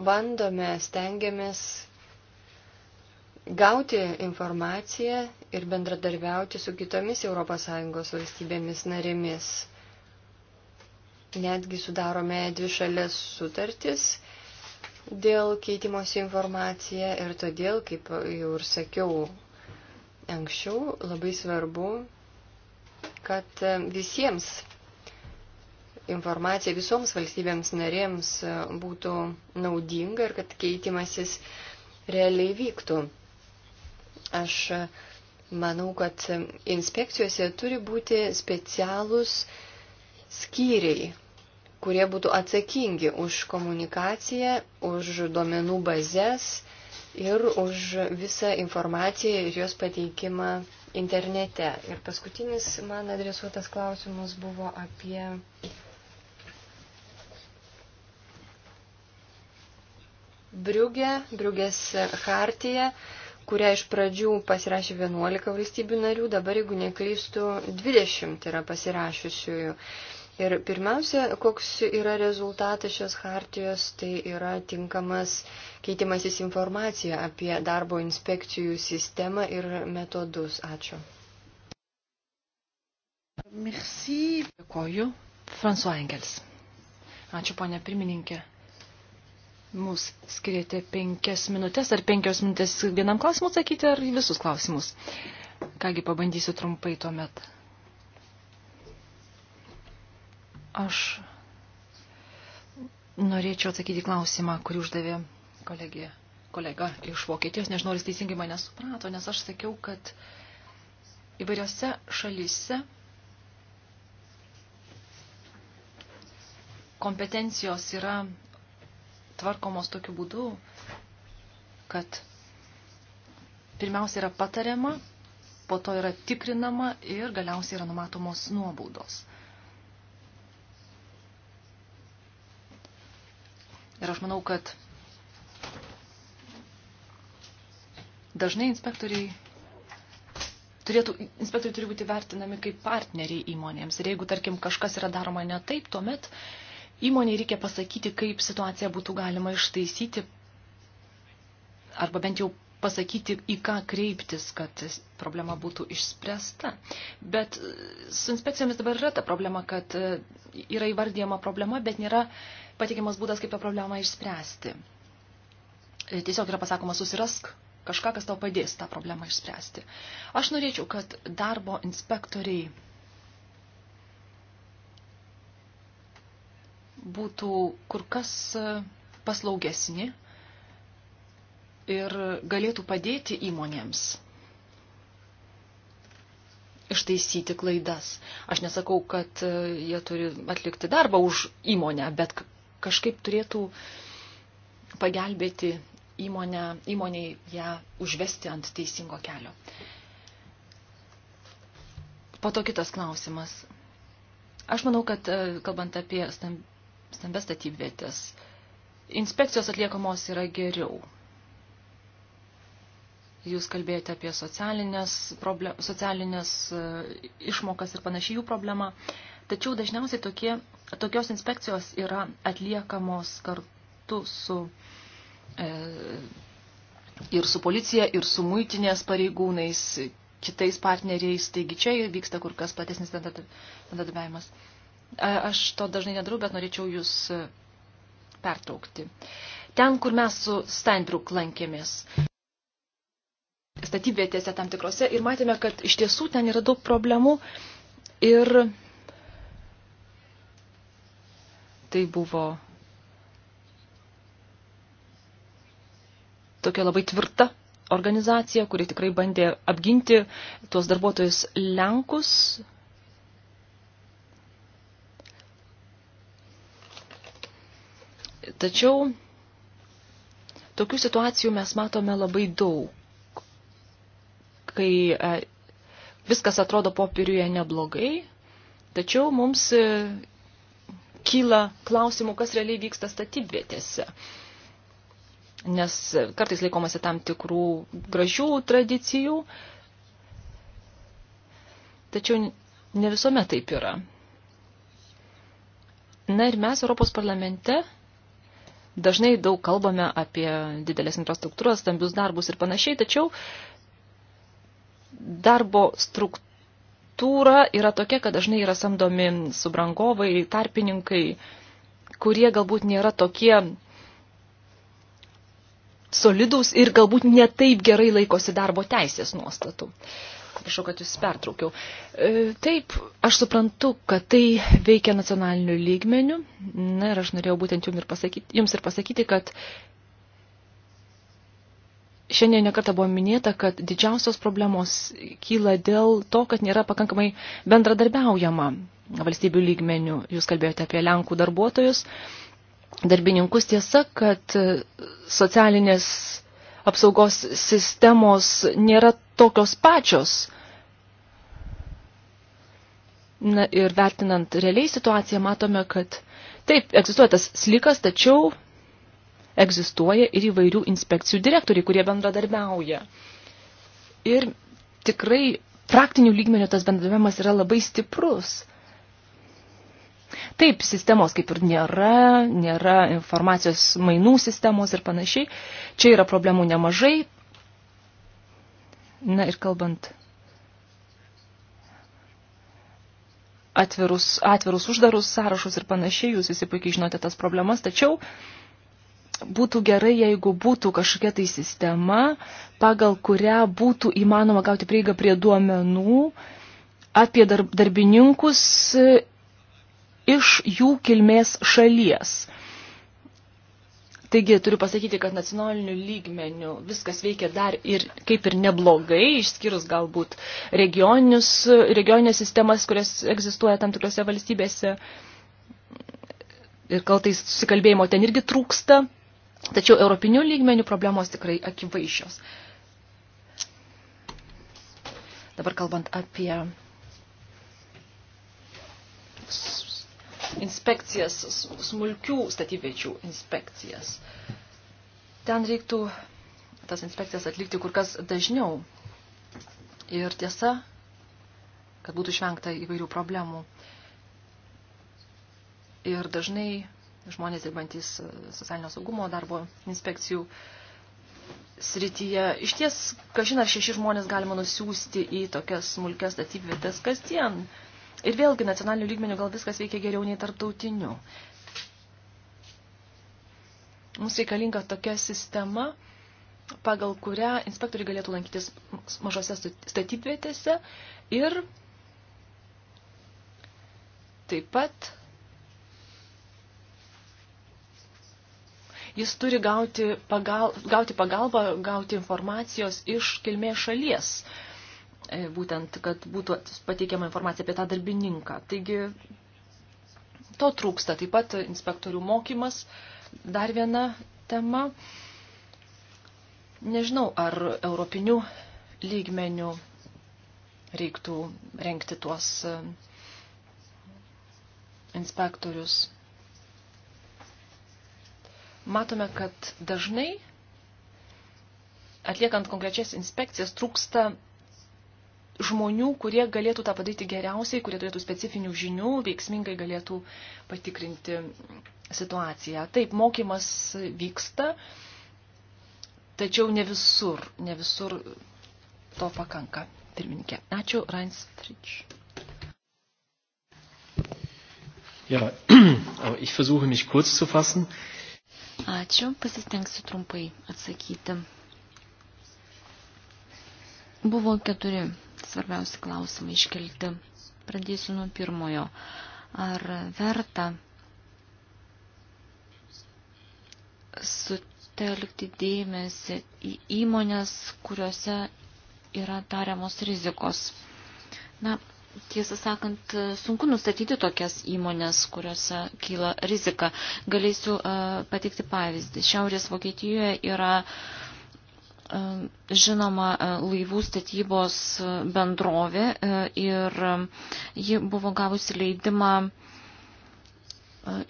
bandome, stengiamės gauti informaciją ir bendradarbiauti su kitomis ES valstybėmis narėmis. Netgi sudarome dvi šalės sutartis dėl keitimosi informacija ir todėl, kaip jau ir sakiau, anksčiau, labai svarbu, kad e, visiems informacija visoms valstybėms narėms e, būtų naudinga ir kad keitimasis realiai vyktų. Aš e, manau, kad inspekcijose turi būti specialūs skyriai, kurie būtų atsakingi už komunikaciją, už duomenų bazės, ir už visą informaciją ir jos pateikimą internete. Ir paskutinis man adresuotas klausimas buvo apie Briugė, Briugės hartija, kurią iš pradžių pasirašė 11 valstybių narių, dabar, jeigu neklystu, 20 yra pasirašiusiųjų. Ir pirmiausia, koks yra rezultatas šios hartijos, tai yra tinkamas keitimasis informacija apie darbo inspekcijų sistemą ir metodus. Ačiū. Merci. Dėkoju. François Engels. Ačiū, ponė pirmininkė. Mūs skiriate penkias minutės ar penkios minutės vienam klausimui atsakyti ar visus klausimus. Kągi pabandysiu trumpai tuomet. Aš norėčiau atsakyti klausimą, kurį uždavė kolegija, kolega iš Vokietijos. Nežinau, ar jis teisingai mane suprato, nes aš sakiau, kad įvairiose šalyse kompetencijos yra tvarkomos tokiu būdu, kad pirmiausia yra patariama, po to yra tikrinama ir galiausiai yra numatomos nuobaudos. Ir aš manau, kad dažnai inspektoriai turėtų, inspektoriai turi būti vertinami kaip partneriai įmonėms. Ir jeigu, tarkim, kažkas yra daroma ne taip, tuomet įmonėje reikia pasakyti, kaip situaciją būtų galima ištaisyti arba bent jau pasakyti, į ką kreiptis, kad problema būtų išspręsta. Bet e, su inspekcijomis dabar yra ta problema, kad e, yra įvardyjama problema, bet nėra patikimas būdas, kaip tą problemą išspręsti. E, tiesiog yra pasakoma, susirask kažką, kas tau padės tą problemą išspręsti. Aš norėčiau, kad darbo inspektoriai būtų kur kas paslaugesni, ir galėtų padėti įmonėms ištaisyti klaidas. Aš nesakau, kad e, jie turi atlikti darbą už įmonę, bet kažkaip turėtų pagelbėti įmonę, įmoniai ją užvesti ant teisingo kelio. Po to kitas klausimas. Aš manau, kad e, kalbant apie stambes statybvietės, inspekcijos atliekamos yra geriau. Jūs kalbėjote apie socialinės, problem, socialinės e, išmokas ir panašiai jų problemą. Tačiau dažniausiai tokie, tokios inspekcijos yra atliekamos kartu su e, ir su policija, ir su muitinės pareigūnais, kitais partneriais. Taigi čia vyksta kur kas platesnis bendradarbiavimas. Aš to dažnai nedarau, bet norėčiau jūs e, pertraukti. Ten, kur mes su Steinbrück lankėmės statybvietėse tam tikrose ir matėme, kad iš tiesų ten yra daug problemų ir tai buvo tokia labai tvirta organizacija, kuri tikrai bandė apginti tuos darbuotojus Lenkus. Tačiau tokių situacijų mes matome labai daug kai e, viskas atrodo popieriuje neblogai, tačiau mums e, kyla klausimų, kas realiai vyksta statybvietėse. Nes e, kartais laikomasi tam tikrų gražių tradicijų, tačiau ne visuomet taip yra. Na ir mes Europos parlamente dažnai daug kalbame apie didelės infrastruktūros, stambius darbus ir panašiai, tačiau uh, darbo struktūra yra tokia, kad dažnai yra samdomi subrangovai, tarpininkai, kurie galbūt nėra tokie solidus ir galbūt netaip gerai laikosi darbo teisės nuostatų. Prašau, kad jūs pertraukiau. E, taip, aš suprantu, kad tai veikia nacionaliniu lygmeniu. Na ir aš norėjau būtent jums ir pasakyti, jums ir pasakyti kad Šiandien nekarta buvo minėta, kad didžiausios problemos kyla dėl to, kad nėra pakankamai bendradarbiaujama valstybių lygmenių. Jūs kalbėjote apie Lenkų darbuotojus, darbininkus tiesa, kad socialinės apsaugos sistemos nėra tokios pačios. Na ir vertinant realiai situaciją, matome, kad taip, egzistuoja tas slikas, tačiau egzistuoja ir įvairių inspekcijų direktoriai, kurie bendradarbiauja. Ir tikrai praktinių lygmenių tas bendradarbiavimas yra labai stiprus. Taip, sistemos kaip ir nėra, nėra informacijos mainų sistemos ir panašiai. Čia yra problemų nemažai. Na ir kalbant atvirus, atvirus uždarus sąrašus ir panašiai, jūs visi puikiai žinote tas problemas, tačiau uh, būtų gerai, jeigu būtų kažkokia tai sistema, pagal kurią būtų įmanoma gauti prieigą prie duomenų apie darbininkus e, iš jų kilmės šalies. Taigi turiu pasakyti, kad nacionaliniu lygmeniu viskas veikia dar ir kaip ir neblogai, išskyrus galbūt regioninės sistemas, kurios egzistuoja tam tikrose valstybėse. Ir kaltais susikalbėjimo ten irgi trūksta. Tačiau europinių lygmenių problemos tikrai akivaizdžios. Dabar kalbant apie inspekcijas, smulkių statybviečių inspekcijas. Ten reiktų tas inspekcijas atlikti kur kas dažniau. Ir tiesa, kad būtų išvengta įvairių problemų. Ir dažnai žmonės dirbantys socialinio saugumo darbo inspekcijų srityje. Iš ties, kažin ar šeši žmonės galima nusiųsti į tokias smulkias statybvietės kasdien. Ir vėlgi nacionaliniu lygmeniu gal viskas veikia geriau nei tarptautiniu. Mums reikalinga tokia sistema, pagal kurią inspektoriai galėtų lankytis mažose statybvietėse ir taip pat jis turi gauti, pagal, gauti pagalbą, gauti informacijos iš kilmės šalies, e, būtent, kad būtų pateikiama informacija apie tą darbininką. Taigi, to trūksta. Taip pat inspektorių mokymas, dar viena tema. Nežinau, ar europinių lygmenių reiktų renkti tuos e, inspektorius matome, kad dažnai atliekant konkrečias inspekcijas trūksta žmonių, kurie galėtų tą padaryti geriausiai, kurie turėtų specifinių žinių, veiksmingai galėtų patikrinti situaciją. Taip, mokymas vyksta, tačiau ne visur, ne visur to pakanka. Pirmininkė. Ačiū, Reinstrič. Ja, aber ich versuche mich kurz zu fassen. Ačiū, pasistengsiu trumpai atsakyti. Buvo keturi svarbiausi klausimai iškelti. Pradėsiu nuo pirmojo. Ar verta sutelkti dėmesį į įmonės, kuriuose yra tariamos rizikos? Na, Tiesą sakant, sunku nustatyti tokias įmonės, kuriuose kyla rizika. Galėsiu e, pateikti pavyzdį. Šiaurės Vokietijoje yra e, žinoma e, laivų statybos bendrovė ir ji buvo gavusi leidimą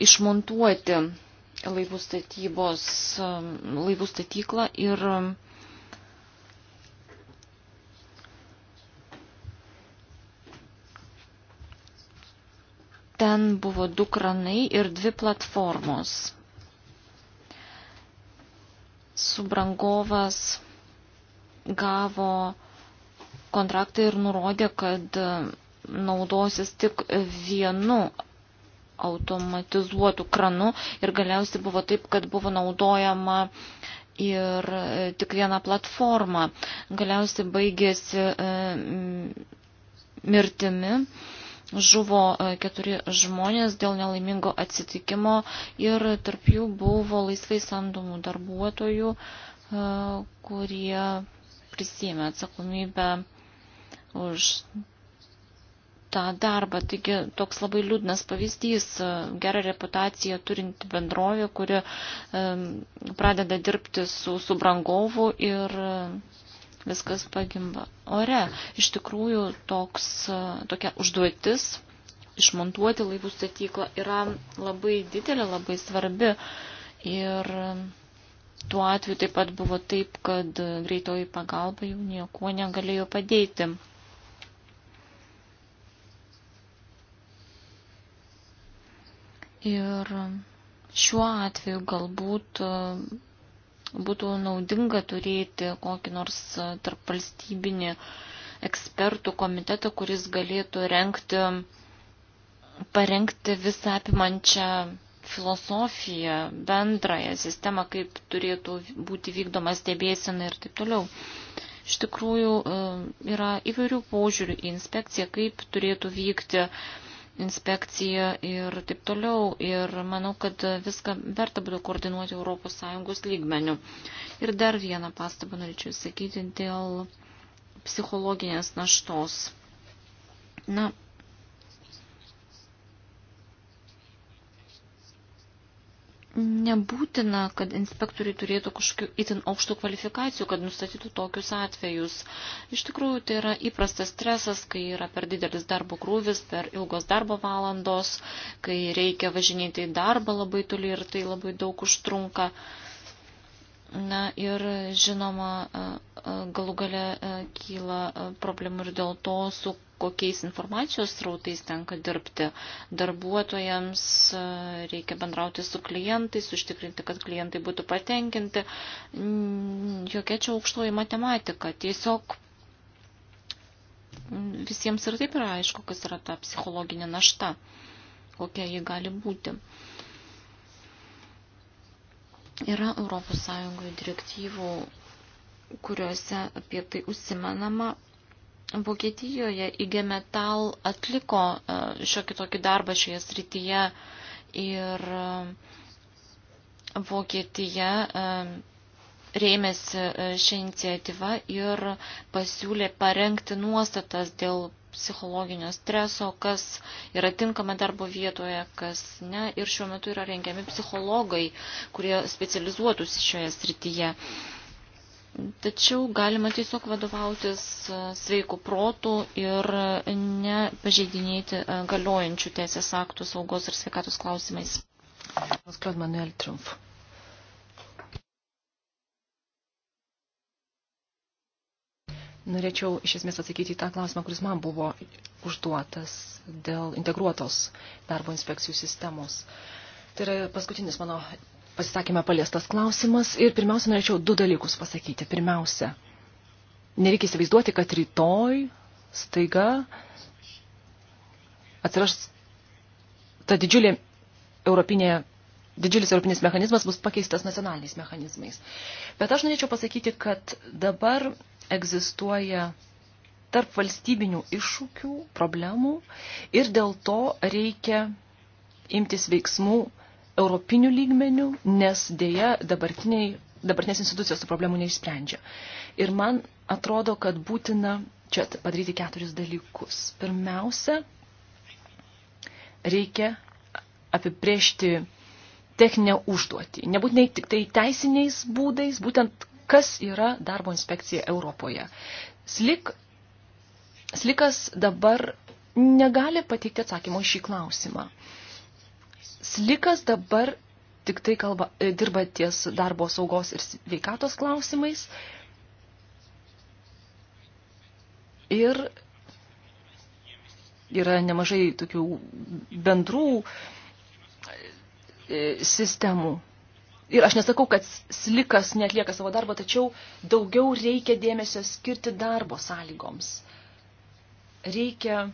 išmontuoti laivų, statybos, laivų statyklą ir Ten buvo du kranai ir dvi platformos. Subrangovas gavo kontraktą ir nurodė, kad naudosis tik vienu automatizuotų kranų ir galiausiai buvo taip, kad buvo naudojama ir e, tik viena platforma. Galiausiai baigėsi e, mirtimi žuvo e, keturi žmonės dėl nelaimingo atsitikimo ir tarp jų buvo laisvai samdomų darbuotojų, e, kurie prisėmė atsakomybę už tą darbą. Taigi toks labai liūdnas pavyzdys, e, gerą reputaciją turinti bendrovė, kuri pradeda dirbti su subrangovu ir viskas pagimba ore. Iš tikrųjų, toks, e, tokia užduotis išmontuoti laivų statyklą yra labai didelė, labai svarbi. Ir e, tuo atveju taip pat buvo taip, kad greitoji pagalba jau nieko negalėjo padėti. Ir e, šiuo atveju galbūt būtų naudinga turėti kokį nors tarp valstybinį ekspertų komitetą, kuris galėtų renkti, parengti visą apimančią filosofiją, bendrąją sistemą, kaip turėtų būti vykdoma stebėsena ir taip toliau. Iš tikrųjų e, yra įvairių požiūrių į inspekciją, kaip turėtų vykti uh, inspekcija ir taip toliau. Ir manau, kad viską verta būtų koordinuoti ES lygmenių. Ir dar vieną pastabą norėčiau sakyti dėl psichologinės naštos. Na, nebūtina, kad inspektoriai turėtų kažkokių itin aukštų kvalifikacijų, kad nustatytų tokius atvejus. Iš tikrųjų, tai yra įprastas stresas, kai yra per didelis darbo krūvis, per ilgos darbo valandos, kai reikia važinėti į darbą labai toli ir tai labai daug užtrunka. Na ir žinoma, galų gale e, kyla e, problemų ir dėl to, su kokiais informacijos rautais tenka dirbti. Darbuotojams e, reikia bendrauti su klientais, užtikrinti, kad klientai būtų patenkinti. Jokia čia aukštoji matematika. Tiesiog visiems ir taip yra aišku, kas yra ta psichologinė našta, kokia ji gali būti. Yra ES direktyvų kuriuose apie tai užsimenama, Vokietijoje IG Metal atliko e, šiokį tokį darbą šioje srityje ir e, Vokietija e, rėmėsi šią iniciatyvą ir pasiūlė parengti nuostatas dėl psichologinio streso, kas yra tinkama darbo vietoje, kas ne. Ir šiuo metu yra rengiami psichologai, kurie specializuotųsi šioje srityje. Uh, Tačiau galima tiesiog vadovautis e, sveiku protu ir nepažeidinėti e, galiojančių teisės aktų saugos ir sveikatos klausimais. Claude Manuel Trump. Norėčiau iš esmės atsakyti į tą klausimą, kuris man buvo užduotas dėl integruotos darbo inspekcijų sistemos. Tai yra paskutinis mano pasisakymę paliestas klausimas ir pirmiausia norėčiau du dalykus pasakyti. Pirmiausia, nereikia įsivaizduoti, kad rytoj staiga atsiras ta didžiulė europinė, didžiulis europinis mechanizmas bus pakeistas nacionaliniais mechanizmais. Bet aš norėčiau pasakyti, kad dabar egzistuoja tarp valstybinių iššūkių, problemų ir dėl to reikia imtis veiksmų europinių lygmenių, nes dėja dabartinės institucijos tų problemų neišsprendžia. Ir man atrodo, kad būtina čia padaryti keturis dalykus. Pirmiausia, reikia apibrėžti techninę užduotį. Nebūtinai tik tai teisiniais būdais, būtent kas yra darbo inspekcija Europoje. Slik, slikas dabar negali pateikti atsakymo šį klausimą. Slikas dabar tik tai kalba, e, dirba ties darbo saugos ir veikatos klausimais. Ir yra nemažai tokių bendrų e, sistemų. Ir aš nesakau, kad slikas netlieka savo darbo, tačiau daugiau reikia dėmesio skirti darbo sąlygoms. Reikia,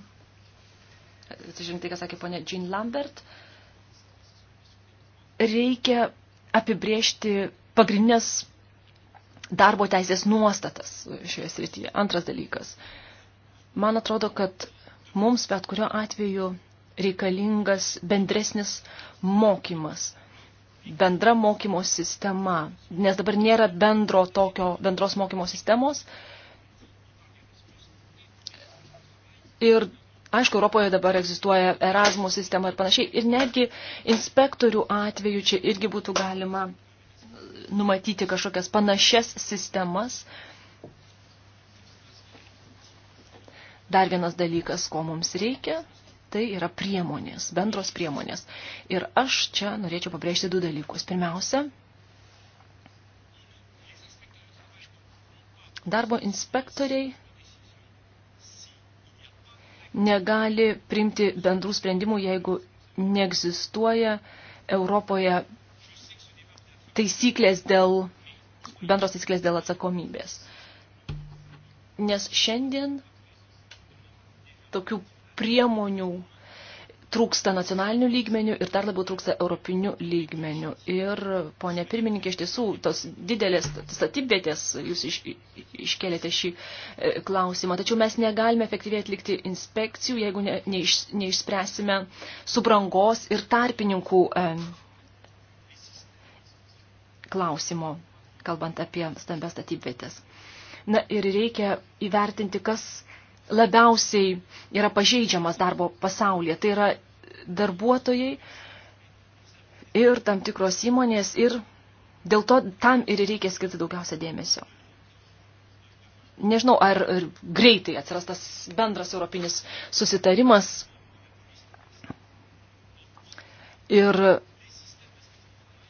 atsižiūrint tai, ką sakė ponė Jean Lambert, uh, reikia apibriežti pagrindinės darbo teisės nuostatas šioje srityje. Antras dalykas. Man atrodo, kad mums bet kurio atveju reikalingas bendresnis mokymas, bendra mokymo sistema, nes dabar nėra bendro tokio, bendros mokymo sistemos. Ir Aišku, Europoje dabar egzistuoja Erasmus sistema ir panašiai. Ir netgi inspektorių atveju čia irgi būtų galima numatyti kažkokias panašias sistemas. Dar vienas dalykas, ko mums reikia, tai yra priemonės, bendros priemonės. Ir aš čia norėčiau pabrėžti du dalykus. Pirmiausia, darbo inspektoriai negali priimti bendrų sprendimų, jeigu neegzistuoja Europoje taisyklės dėl, bendros taisyklės dėl atsakomybės. Nes šiandien tokių priemonių trūksta nacionalinių lygmenių ir dar labiau trūksta europinių lygmenių. Ir, ponė pirmininkė, iš tiesų, tos didelės statybvietės, jūs iš, iškelėte šį e, klausimą, tačiau mes negalime efektyviai atlikti inspekcijų, jeigu ne, neiš, neišspręsime subrangos ir tarpininkų e, klausimo, kalbant apie stambės statybvietės. Na ir reikia įvertinti, kas labiausiai yra pažeidžiamas darbo pasaulyje. Tai yra darbuotojai ir tam tikros įmonės ir dėl to tam ir reikia skirti daugiausia dėmesio. Nežinau, ar greitai atsiras tas bendras europinis susitarimas. Ir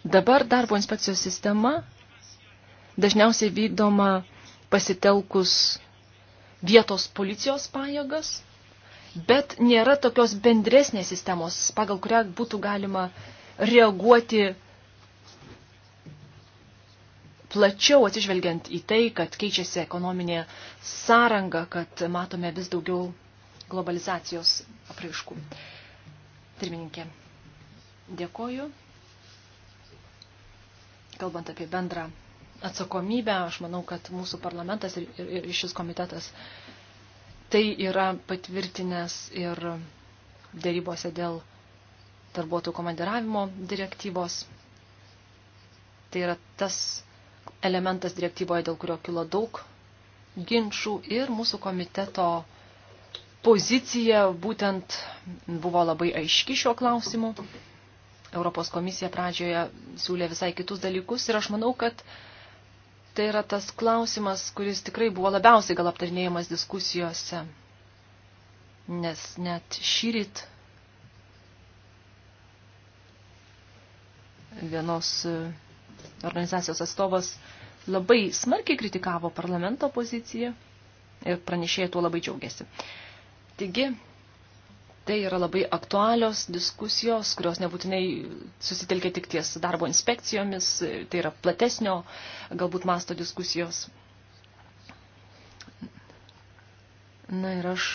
dabar darbo inspekcijos sistema dažniausiai vykdoma pasitelkus vietos policijos pajėgas, bet nėra tokios bendresnės sistemos, pagal kurią būtų galima reaguoti plačiau atsižvelgiant į tai, kad keičiasi ekonominė sąranga, kad matome vis daugiau globalizacijos apraiškų. Pirmininkė, dėkoju. Kalbant apie bendrą atsakomybę, aš manau, kad mūsų parlamentas ir, ir, ir šis komitetas tai yra patvirtinęs ir dėrybose dėl darbuotojų komandiravimo direktyvos. Tai yra tas elementas direktyvoje, dėl kurio kilo daug ginčių ir mūsų komiteto pozicija būtent buvo labai aiški šiuo klausimu. Europos komisija pradžioje siūlė visai kitus dalykus ir aš manau, kad uh, tai yra tas klausimas, kuris tikrai buvo labiausiai gal aptarnėjimas diskusijose. Nes net šyrit vienos e, organizacijos atstovas labai smarkiai kritikavo parlamento poziciją ir pranešėjai tuo labai džiaugiasi. Taigi, Tai yra labai aktualios diskusijos, kurios nebūtinai susitelkia tik ties darbo inspekcijomis, tai yra platesnio galbūt masto diskusijos. Na ir aš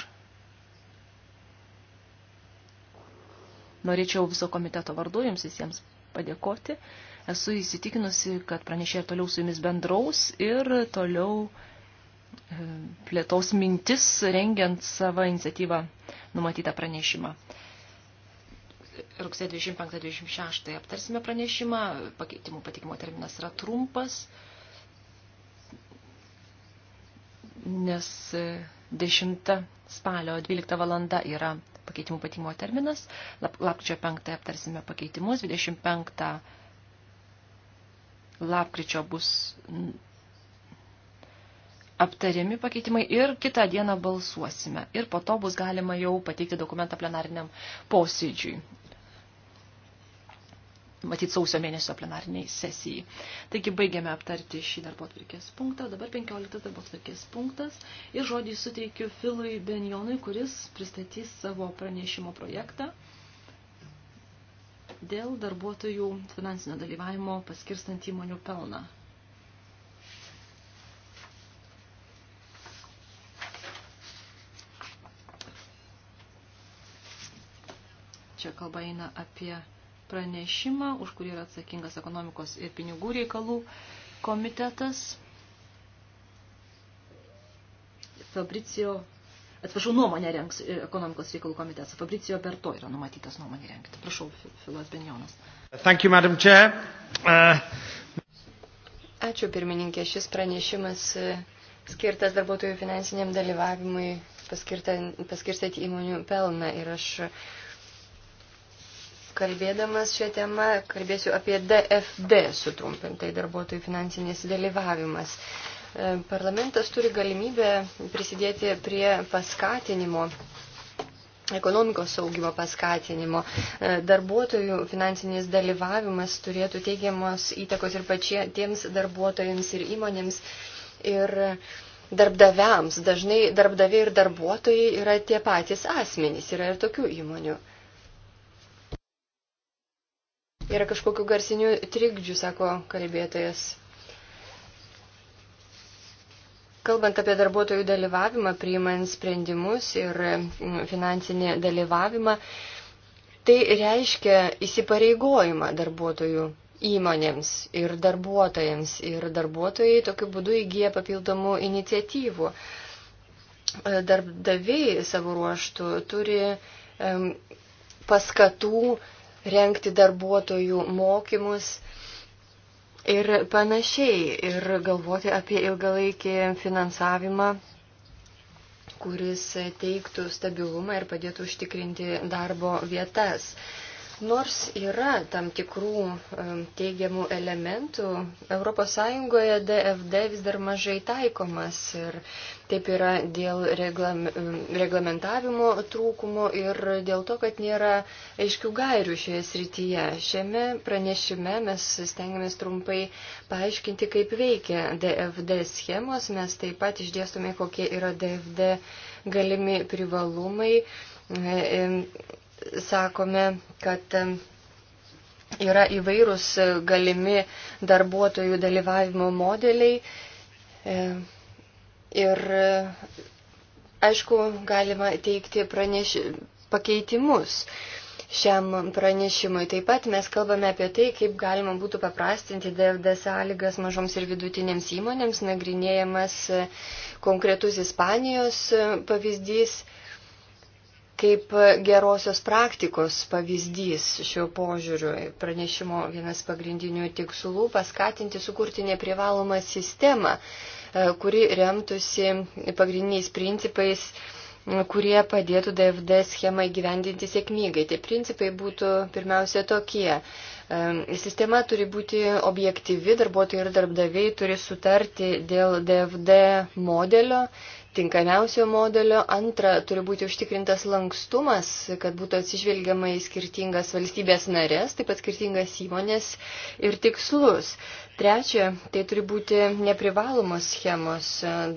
norėčiau viso komiteto vardu jums visiems padėkoti. Esu įsitikinusi, kad pranešė toliau su jumis bendraus ir toliau e, plėtaus mintis rengiant savo iniciatyvą numatytą pranešimą. Rugsėjo 25-26 aptarsime pranešimą, pakeitimų patikimo terminas yra trumpas, nes 10 spalio 12 valanda yra pakeitimų patikimo terminas, lapkričio 5 aptarsime pakeitimus, 25 lapkričio bus aptariami pakeitimai ir kitą dieną balsuosime. Ir po to bus galima jau pateikti dokumentą plenariniam posėdžiui. Matyt, sausio mėnesio plenariniai sesijai. Taigi baigiame aptarti šį darbo atvirkės punktą. Dabar 15 darbo atvirkės punktas. Ir žodį suteikiu Filui Benjonui, kuris pristatys savo pranešimo projektą dėl darbuotojų finansinio dalyvavimo paskirstant įmonių pelną. Čia kalba eina apie pranešimą, už kurį yra atsakingas ekonomikos ir pinigų reikalų komitetas. Fabricio, atsiprašau, nuomonę rengs ekonomikos reikalų komitetas. Fabricio Berto yra numatytas nuomonė rengti. Prašau, Filas Benjonas. Thank you, Madam Chair. Uh... Ačiū, pirmininkė. Šis pranešimas uh, skirtas darbuotojų finansiniam dalyvavimui paskirstyti įmonių pelną ir aš uh, Kalbėdamas šią temą kalbėsiu apie DFD, sutrumpintai darbuotojų finansinis dalyvavimas. E, Parlamentas turi galimybę prisidėti prie paskatinimo ekonomikos saugimo paskatinimo. E, darbuotojų finansinis dalyvavimas turėtų teigiamos įtakos ir pačiems darbuotojams ir įmonėms ir darbdaviams. Dažnai darbdaviai ir darbuotojai yra tie patys asmenys, yra ir tokių įmonių yra kažkokiu garsiniu trikdžiu, sako kalbėtojas. Kalbant apie darbuotojų dalyvavimą, priimant sprendimus ir mm, finansinį dalyvavimą, tai reiškia įsipareigojimą darbuotojų įmonėms ir darbuotojams. Ir darbuotojai tokiu būdu įgyja papildomų iniciatyvų. E, darbdaviai savo ruoštų turi paskatų renkti darbuotojų mokymus ir panašiai, ir galvoti apie ilgalaikį finansavimą, kuris teiktų stabilumą ir padėtų užtikrinti darbo vietas. Nors yra tam tikrų teigiamų elementų, ES DFD vis dar mažai taikomas ir taip yra dėl reglam, reglamentavimo trūkumo ir dėl to, kad nėra aiškių gairių šioje srityje. Šiame pranešime mes stengiamės trumpai paaiškinti, kaip veikia DFD schemos, mes taip pat išdėstume, kokie yra DFD galimi privalumai e, sakome, kad yra įvairūs e, galimi darbuotojų dalyvavimo modeliai. E, ir e, aišku, galima teikti praneš... pakeitimus šiam pranešimui. Taip pat mes kalbame apie tai, kaip galima būtų paprastinti DFD sąlygas mažoms ir vidutinėms įmonėms, nagrinėjamas konkretus Ispanijos pavyzdys kaip gerosios praktikos pavyzdys šiuo požiūriu. Pranešimo vienas pagrindinių tikslų - paskatinti sukurti neprivalomą sistemą, e, kuri remtųsi pagrindiniais principais kurie padėtų DFD schemai gyvendinti sėkmingai. Tie principai būtų pirmiausia tokie. E, sistema turi būti objektyvi, darbuotojai ir darbdaviai turi sutarti dėl DFD modelio tinkamiausio modelio. Antra, turi būti užtikrintas lankstumas, kad būtų atsižvelgiama į skirtingas valstybės narės, taip pat skirtingas įmonės ir tikslus. Trečia, tai turi būti neprivalomos schemos.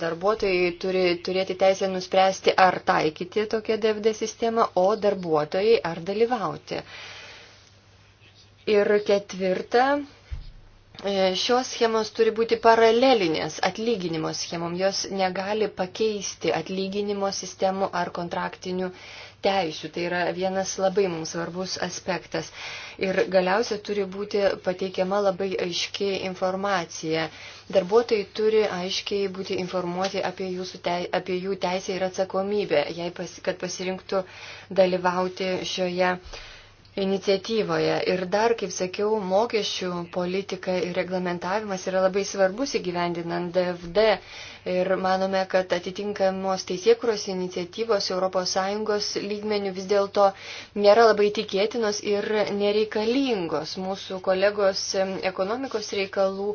Darbuotojai turi turėti teisę nuspręsti, ar taikyti tokią DFD sistemą, o darbuotojai ar dalyvauti. Ir ketvirta, E, šios schemos turi būti paralelinės atlyginimo schemom, jos negali pakeisti atlyginimo sistemų ar kontraktinių teisių. Tai yra vienas labai mums svarbus aspektas. Ir galiausia turi būti pateikiama labai aiški informacija. Darbuotojai turi aiškiai būti informuoti apie, tei, apie jų teisę ir atsakomybę, jei pas, kad pasirinktų dalyvauti šioje uh, iniciatyvoje. Ir dar, kaip sakiau, mokesčių politika ir reglamentavimas yra labai svarbus įgyvendinant DFD Ir manome, kad atitinkamos teisėkuros iniciatyvos ES lygmenių vis dėlto nėra labai tikėtinos ir nereikalingos. Mūsų kolegos ekonomikos reikalų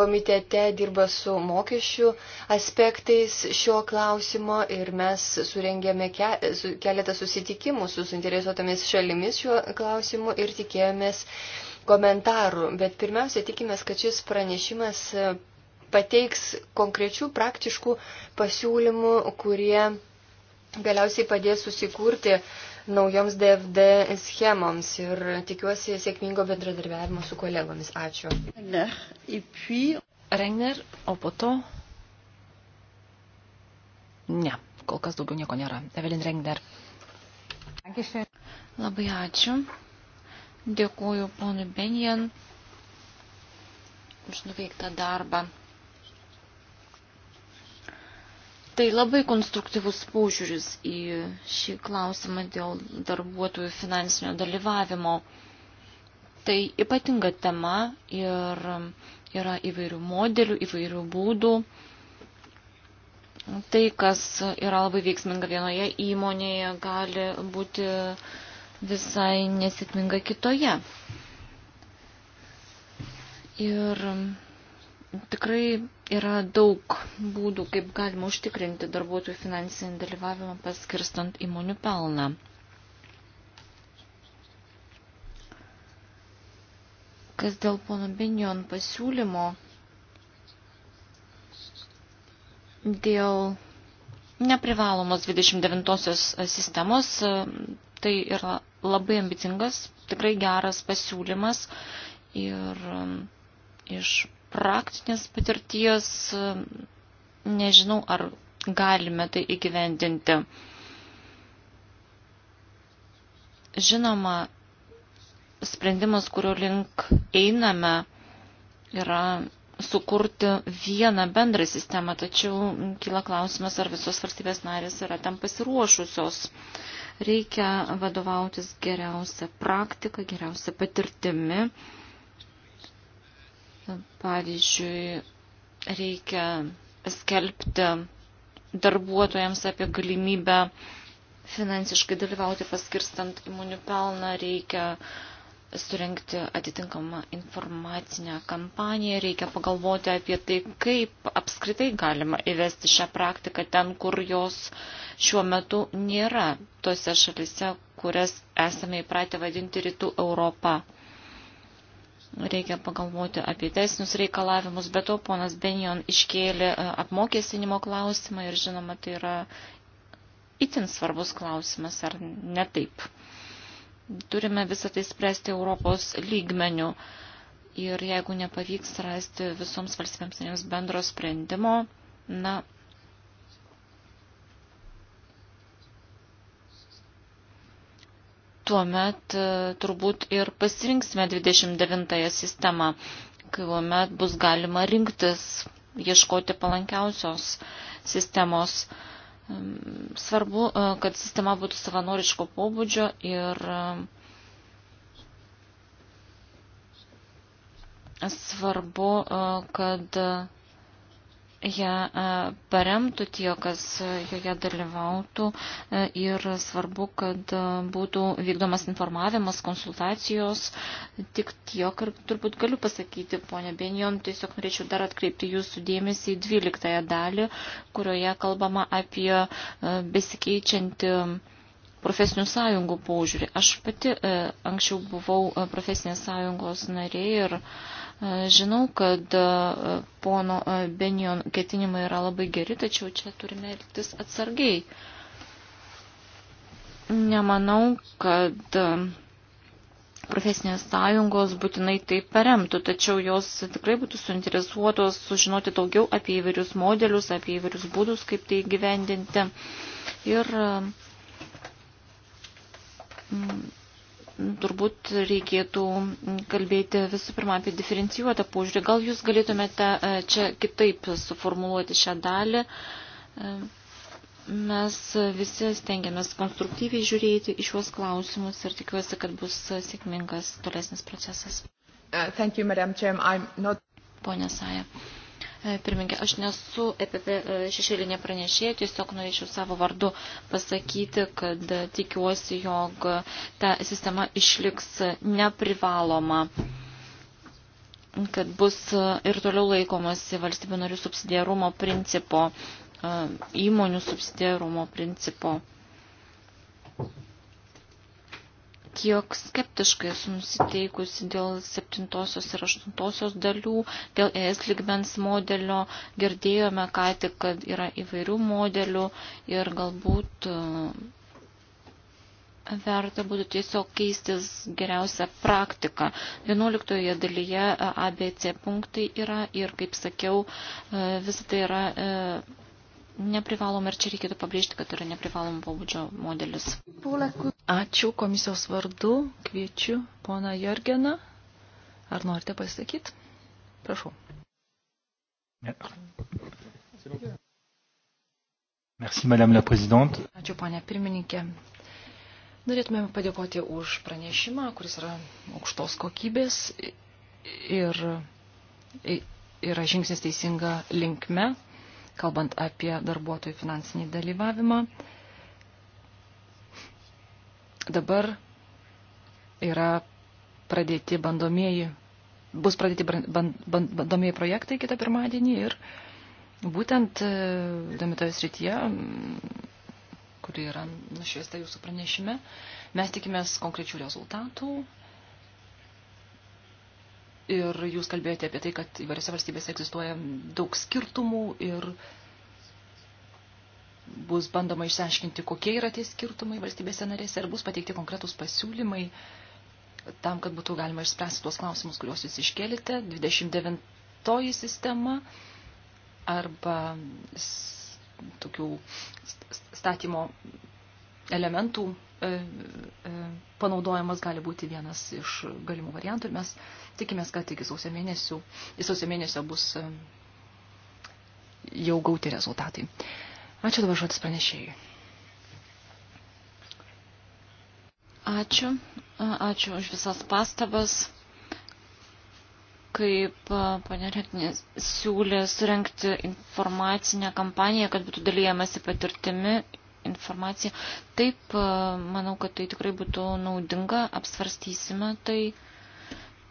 komitete dirba su mokesčių aspektais šio klausimo ir mes surengėme keletą susitikimų su suinteresuotomis šalimis šiuo klausimu ir tikėjomės komentarų, bet pirmiausia tikimės, kad šis pranešimas pateiks konkrečių praktiškų pasiūlymų, kurie galiausiai padės susikurti naujoms DFD schemoms ir tikiuosi sėkmingo bendradarbiavimo su kolegomis. Ačiū. Regner, o po to. Ne, kol kas daugiau nieko nėra. Evelin Regner. Labai ačiū. Dėkuoju ponui Benjan už nuveiktą darbą. Tai labai konstruktyvus paužiūris į šį klausimą dėl darbuotojų finansinio dalyvavimo. Tai ypatinga tema ir yra įvairių modelių, įvairių būdų. Tai, kas yra labai veiksminga vienoje įmonėje, gali būti visai nesėkminga kitoje. Ir tikrai yra daug būdų, kaip galima užtikrinti darbuotojų finansinį dalyvavimą paskirstant įmonių pelną. Kas dėl pono Binion pasiūlymo dėl neprivalomos 29-osios sistemos, tai yra labai ambicingas, tikrai geras pasiūlymas ir um, iš praktinės patirties, nežinau, ar galime tai įgyvendinti. Žinoma, sprendimas, kurio link einame, yra sukurti vieną bendrą sistemą, tačiau kyla klausimas, ar visos valstybės narės yra tam pasiruošusios. Reikia vadovautis geriausią praktiką, geriausią patirtimi Pavyzdžiui, reikia skelbti darbuotojams apie galimybę finansiškai dalyvauti paskirstant įmonių pelną, reikia surinkti atitinkamą informacinę kampaniją, reikia pagalvoti apie tai, kaip apskritai galima įvesti šią praktiką ten, kur jos šiuo metu nėra, tose šalise, kurias esame įpratę vadinti Rytų Europą. Reikia pagalvoti apie teisinius reikalavimus, bet to ponas Benjon iškėlė e, apmokėsinimo klausimą ir žinoma, tai yra itin svarbus klausimas, ar ne taip. Turime visą tai spręsti Europos lygmenių ir jeigu nepavyks rasti visoms valstybėms bendro sprendimo, na, tuomet e, turbūt ir pasirinksime 29 sistemą, kuomet bus galima rinktis, ieškoti palankiausios sistemos. Svarbu, e, kad sistema būtų savanoriško pobūdžio ir e, svarbu, kad ją e, paremtų tie, kas joje dalyvautų e, ir svarbu, kad e, būtų vykdomas informavimas, konsultacijos. Tik tiek ir turbūt galiu pasakyti, ponė Benjon, tiesiog norėčiau dar atkreipti jūsų dėmesį į 12 dalį, kurioje kalbama apie besikeičiantį profesinių sąjungų požiūrį. Aš pati anksčiau buvau profesinės sąjungos narė ir uh, Žinau, kad pono Benion ketinimai yra labai geri, tačiau čia turime elgtis atsargiai. Nemanau, kad profesinės sąjungos būtinai tai paremtų, tačiau jos tikrai būtų suinteresuotos sužinoti daugiau apie įvairius modelius, apie įvairius būdus, kaip tai gyvendinti. Ir turbūt reikėtų kalbėti visų pirma apie diferencijuotą požiūrį. Gal jūs galėtumėte e, čia kitaip suformuluoti šią dalį. E, mes visi stengiamės konstruktyviai žiūrėti į šiuos klausimus ir tikiuosi, kad bus sėkmingas tolesnis procesas. Uh, thank you, Madam Chair. I'm not... Pone Saja. Uh, E, Pirminkė, aš nesu EPP e, šešėlinė pranešėja, tiesiog norėčiau savo vardu pasakyti, kad e, tikiuosi, jog ta sistema išliks neprivaloma kad bus ir toliau laikomasi valstybių narių subsidiarumo principo, įmonių subsidiarumo principo kiek skeptiškai esu nusiteikusi dėl septintosios ir aštuntosios dalių, dėl ES ligmens modelio. Girdėjome ką tik, kad yra įvairių modelių ir galbūt e, verta būtų tiesiog keistis geriausią praktiką. Vienuoliktoje dalyje e, ABC punktai yra ir, kaip sakiau, e, visą tai yra neprivaloma ir čia reikėtų pabrėžti, kad yra neprivaloma pobūdžio modelis. Ačiū komisijos vardu, kviečiu poną Jorgeną. Ar norite pasakyti? Prašau. Merci, madame la présidente. Ačiū, ponė pirmininkė. Norėtumėm padėkoti už pranešimą, kuris yra aukštos kokybės ir yra žingsnis teisinga linkme, kalbant apie darbuotojų finansinį dalyvavimą. Dabar yra pradėti bandomieji, bus pradėti bandomieji projektai kitą pirmadienį ir būtent e, domitoje srityje, kuri yra nušviesta jūsų pranešime, mes tikimės konkrečių rezultatų Ir jūs kalbėjote apie tai, kad įvairiose valstybėse egzistuoja daug skirtumų ir bus bandoma išsiaiškinti, kokie yra tie skirtumai valstybėse narėse ir bus pateikti konkretūs pasiūlymai tam, kad būtų galima išspręsti tuos klausimus, kuriuos jūs iškėlite. 29 sistema arba tokių statymo elementų E, e, panaudojimas gali būti vienas iš galimų variantų ir mes tikimės, kad iki sausio mėnesio, į sausio mėnesio bus e, jau gauti rezultatai. Ačiū dabar žodis pranešėjui. Ačiū. Ačiū už visas pastabas. Kaip panė Reknė siūlė surenkti informacinę kampaniją, kad būtų dalyjamasi patirtimi informaciją. Taip, e, manau, kad tai tikrai būtų naudinga, apsvarstysime tai.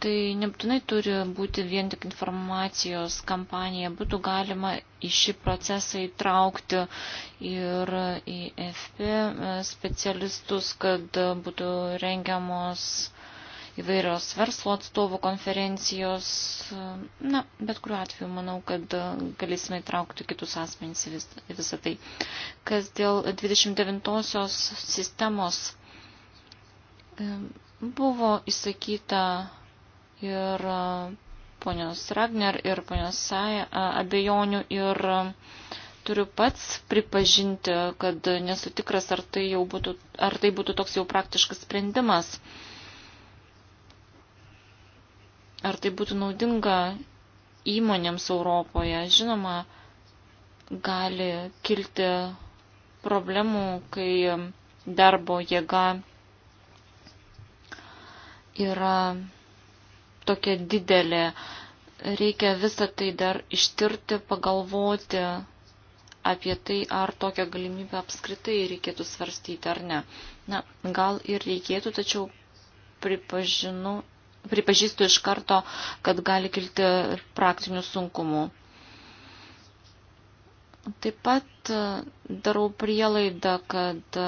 Tai nebūtinai turi būti vien tik informacijos kampanija, būtų galima į šį procesą įtraukti ir į FP e, specialistus, kad būtų rengiamos įvairios verslo atstovų konferencijos. Na, bet kuriuo atveju manau, kad galėsime įtraukti kitus asmenys į vis, visą tai. Kas dėl 29-osios sistemos buvo įsakyta ir ponios Ragner ir ponios Saja abejonių ir turiu pats pripažinti, kad nesu tikras, ar tai, būtų, ar tai būtų toks jau praktiškas sprendimas. Uh, Ar tai būtų naudinga įmonėms Europoje? Žinoma, gali kilti problemų, kai darbo jėga yra tokia didelė. Reikia visą tai dar ištirti, pagalvoti apie tai, ar tokią galimybę apskritai reikėtų svarstyti ar ne. Na, gal ir reikėtų, tačiau pripažinu pripažįstu iš karto, kad gali kilti praktinių sunkumų. Taip pat e, darau prielaidą, kad e,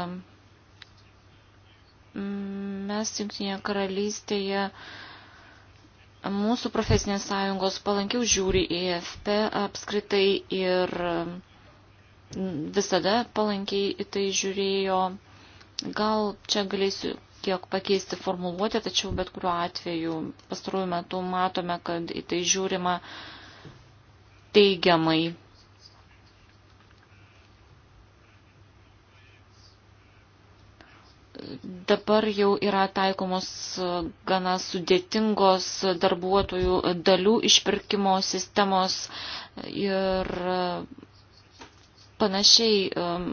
mes Junktinėje karalystėje mūsų profesinės sąjungos palankiau žiūri į EFP apskritai ir visada palankiai į tai žiūrėjo. Gal čia galėsiu kiek pakeisti formuluotę, tačiau bet kuriuo atveju pastarųjų metų matome, kad į tai žiūrima teigiamai. Dabar jau yra taikomos gana sudėtingos darbuotojų dalių išpirkimo sistemos ir panašiai um,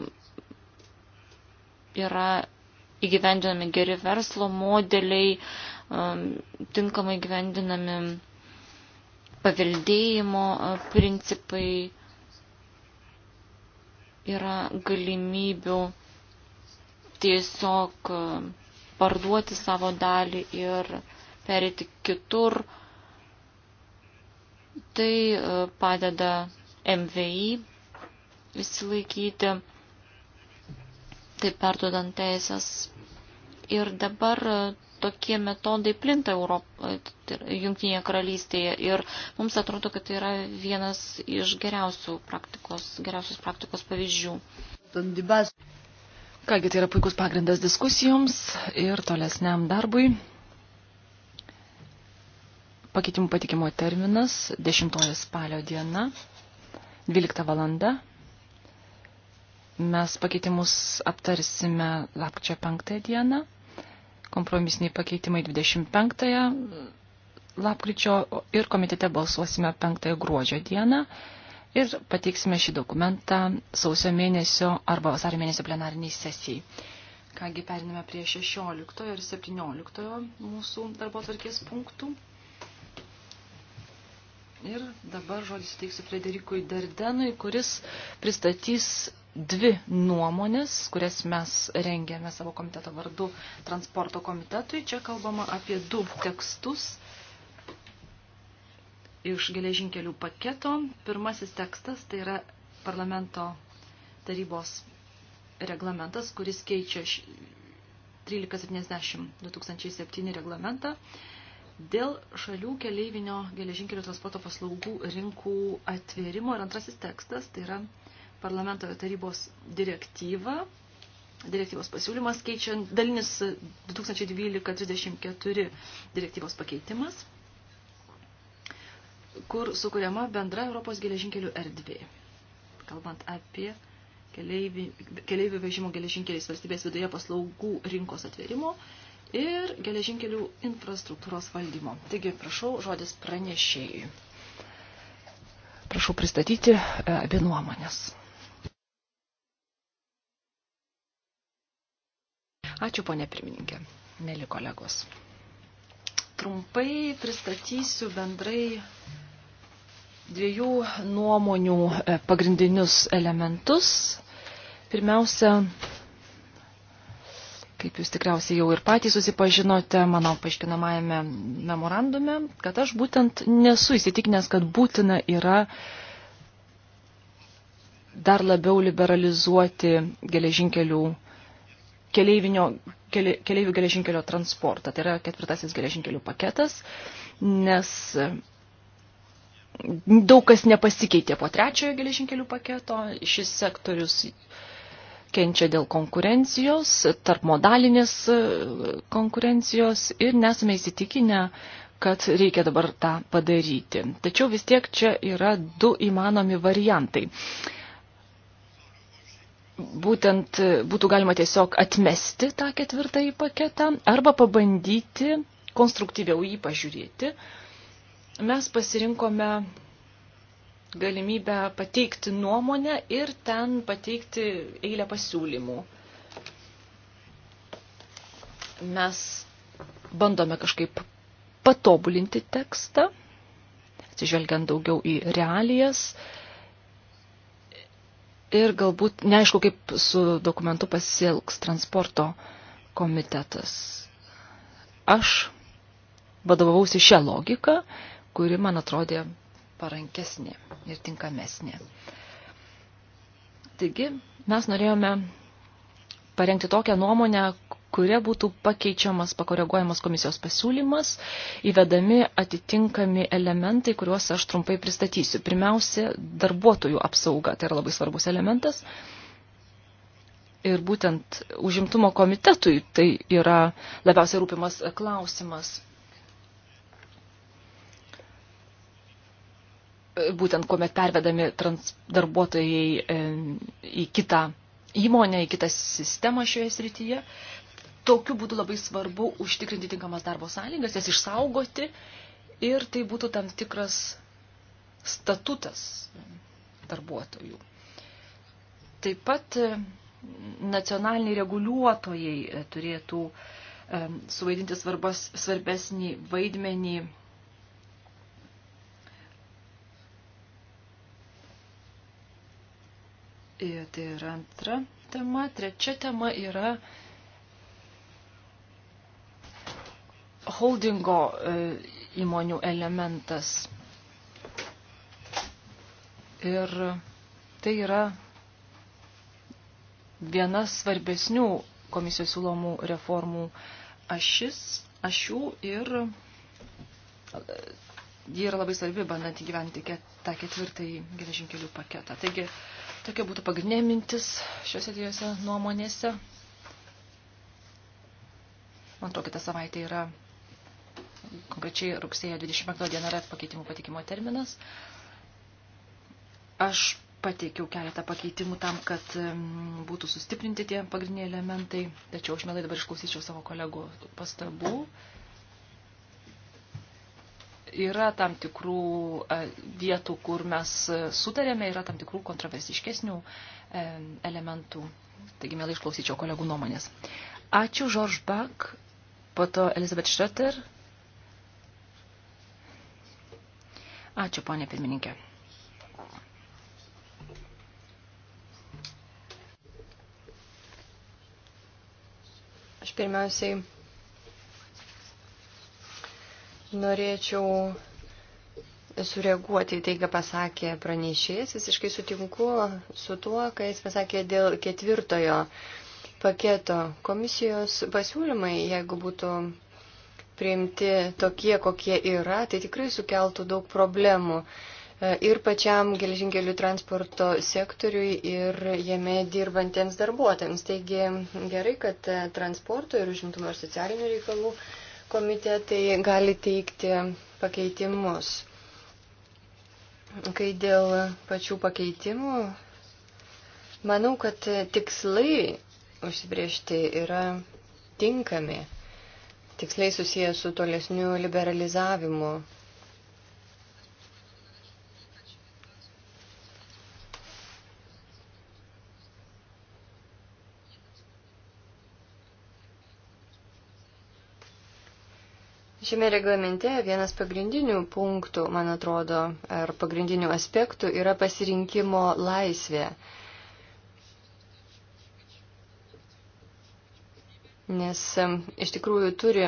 yra įgyvendinami geri verslo modeliai, um, tinkamai įgyvendinami paveldėjimo uh, principai, yra galimybių tiesiog uh, parduoti savo dalį ir perėti kitur. Tai uh, padeda MVI įsilaikyti taip perdodant teisės. Ir dabar e, tokie metodai plinta Europoje, tai Junktinėje karalystėje ir mums atrodo, kad tai yra vienas iš geriausių praktikos, geriausios praktikos pavyzdžių. Kągi, tai yra puikus pagrindas diskusijoms ir tolesniam darbui. Pakeitimų patikimo terminas 10 spalio diena, 12 valanda. Mes pakeitimus aptarsime lapkričio 5 dieną, kompromisiniai pakeitimai 25 lapkričio ir komitete balsuosime 5 gruodžio dieną ir pateiksime šį dokumentą sausio mėnesio arba vasario mėnesio plenariniai sesijai. Kągi periname prie 16 ir 17 mūsų darbo tvarkės punktų. Ir dabar žodį suteiksiu Frederikui Derdenui, kuris pristatys dvi nuomonės, kurias mes rengėme savo komiteto vardu transporto komitetui. Čia kalbama apie du tekstus iš geležinkelių paketo. Pirmasis tekstas tai yra parlamento tarybos reglamentas, kuris keičia 1370-2007 reglamentą dėl šalių keleivinio geležinkelio transporto paslaugų rinkų atvėrimo. Ir antrasis tekstas tai yra parlamento tarybos direktyva, direktyvos pasiūlymas keičiant dalinis 2012-34 direktyvos pakeitimas, kur sukuriama bendra Europos geležinkelių erdvė. Kalbant apie keleivių vežimo geležinkeliais valstybės viduje paslaugų rinkos atverimo ir geležinkelių infrastruktūros valdymo. Taigi, prašau, žodis pranešėjui. Prašau pristatyti e, abi nuomonės. Ačiū, ponė pirmininkė, mėly kolegos. Trumpai pristatysiu bendrai dviejų nuomonių e, pagrindinius elementus. Pirmiausia, kaip jūs tikriausiai jau ir patys susipažinote mano paaiškinamajame memorandume, kad aš būtent nesu įsitikinęs, kad būtina yra dar labiau liberalizuoti geležinkelių keleivinio, keli, keleivių geležinkelio transportą. Tai yra ketvirtasis geležinkelių paketas, nes e, daug kas nepasikeitė po trečiojo geležinkelių paketo. Šis sektorius kenčia dėl konkurencijos, tarp modalinės e, konkurencijos ir nesame įsitikinę, kad reikia dabar tą padaryti. Tačiau vis tiek čia yra du įmanomi variantai. Uh, būtent e, būtų galima tiesiog atmesti tą ketvirtąjį paketą arba pabandyti konstruktyviau jį pažiūrėti. Mes pasirinkome galimybę pateikti nuomonę ir ten pateikti eilę pasiūlymų. Mes bandome kažkaip patobulinti tekstą, atsižvelgiant daugiau į realijas, uh, ir galbūt neaišku, kaip su dokumentu pasilgs transporto komitetas. Aš vadovavausi šią logiką, kuri man atrodė parankesnė ir tinkamesnė. Taigi, mes norėjome parengti tokią nuomonę, kuria būtų pakeičiamas, pakoreguojamas komisijos pasiūlymas, įvedami atitinkami elementai, kuriuos aš trumpai pristatysiu. Pirmiausia, darbuotojų apsauga, tai yra labai svarbus elementas. Ir būtent užimtumo komitetui tai yra labiausiai rūpimas klausimas. Būtent kuomet pervedami darbuotojai į kitą įmonę, į kitą sistemą šioje srityje tokiu būdu labai svarbu užtikrinti tinkamas darbo sąlygas, jas išsaugoti ir tai būtų tam tikras statutas darbuotojų. Taip pat e, nacionaliniai reguliuotojai e, turėtų e, suvaidinti svarbas, svarbesnį vaidmenį Ir tai yra antra tema. Trečia tema yra holdingo e, įmonių elementas. Ir tai yra viena svarbesnių komisijos siūlomų reformų ašis, ašių ir e, ji yra labai svarbi, bandant įgyventi tą ketvirtąjį geležinkelių paketą. Taigi, tokia būtų pagrindinė mintis šiuose dviejose nuomonėse. Man atrodo, kitą savaitę yra konkrečiai rugsėjo 25 diena yra pakeitimų patikimo terminas. Aš pateikiau keletą pakeitimų tam, kad būtų sustiprinti tie pagrindiniai elementai, tačiau aš mielai dabar išklausyčiau savo kolegų pastabų. Yra tam tikrų e, vietų, kur mes e, sutarėme, yra tam tikrų kontroversiškesnių e, elementų. Taigi, mielai išklausyčiau kolegų nuomonės. Ačiū, Žorž Bak, po to Elizabeth Schroeder, Ačiū, ponė pirmininkė. Aš pirmiausiai norėčiau sureaguoti į tai, ką pasakė pranešėjas. Visiškai sutinku su tuo, ką jis pasakė dėl ketvirtojo paketo. Komisijos pasiūlymai, jeigu būtų priimti tokie, kokie yra, tai tikrai sukeltų daug problemų e, ir pačiam gelžinkelių transporto sektoriui ir jame dirbantiems darbuotojams. Taigi gerai, kad e, transporto ir užimtumo ir socialinių reikalų komitetai gali teikti pakeitimus. Kai dėl pačių pakeitimų, manau, kad tikslai užsibriežti yra tinkami tiksliai susijęs su tolesniu liberalizavimu. Šiame reglamente vienas pagrindinių punktų, man atrodo, ar pagrindinių aspektų yra pasirinkimo laisvė. Uh, nes iš tikrųjų turi,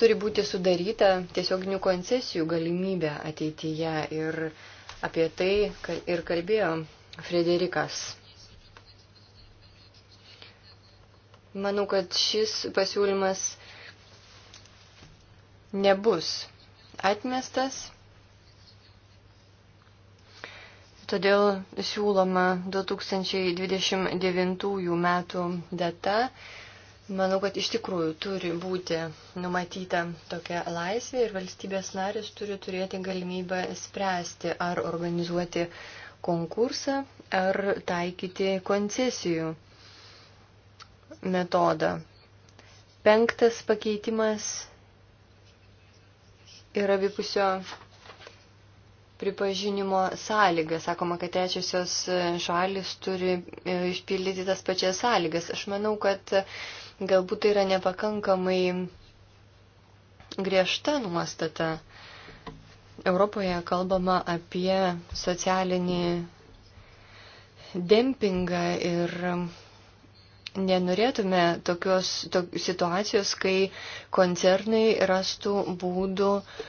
turi būti sudaryta tiesioginių koncesijų galimybė ateityje ir apie tai ir kalbėjo Frederikas. Manau, kad šis pasiūlymas nebus atmestas Todėl siūloma 2029 metų data. Manau, kad iš tikrųjų turi būti numatyta tokia laisvė ir valstybės narės turi turėti galimybę spręsti ar organizuoti konkursą ar taikyti koncesijų metodą. Penktas pakeitimas yra abipusio pripažinimo sąlygas. Sakoma, kad trečiosios šalis turi e, išpildyti tas pačias sąlygas. Aš manau, kad galbūt tai yra nepakankamai griežta nuostata. Europoje kalbama apie socialinį dempingą ir nenorėtume tokios tok, situacijos, kai koncernai rastų būdų uh,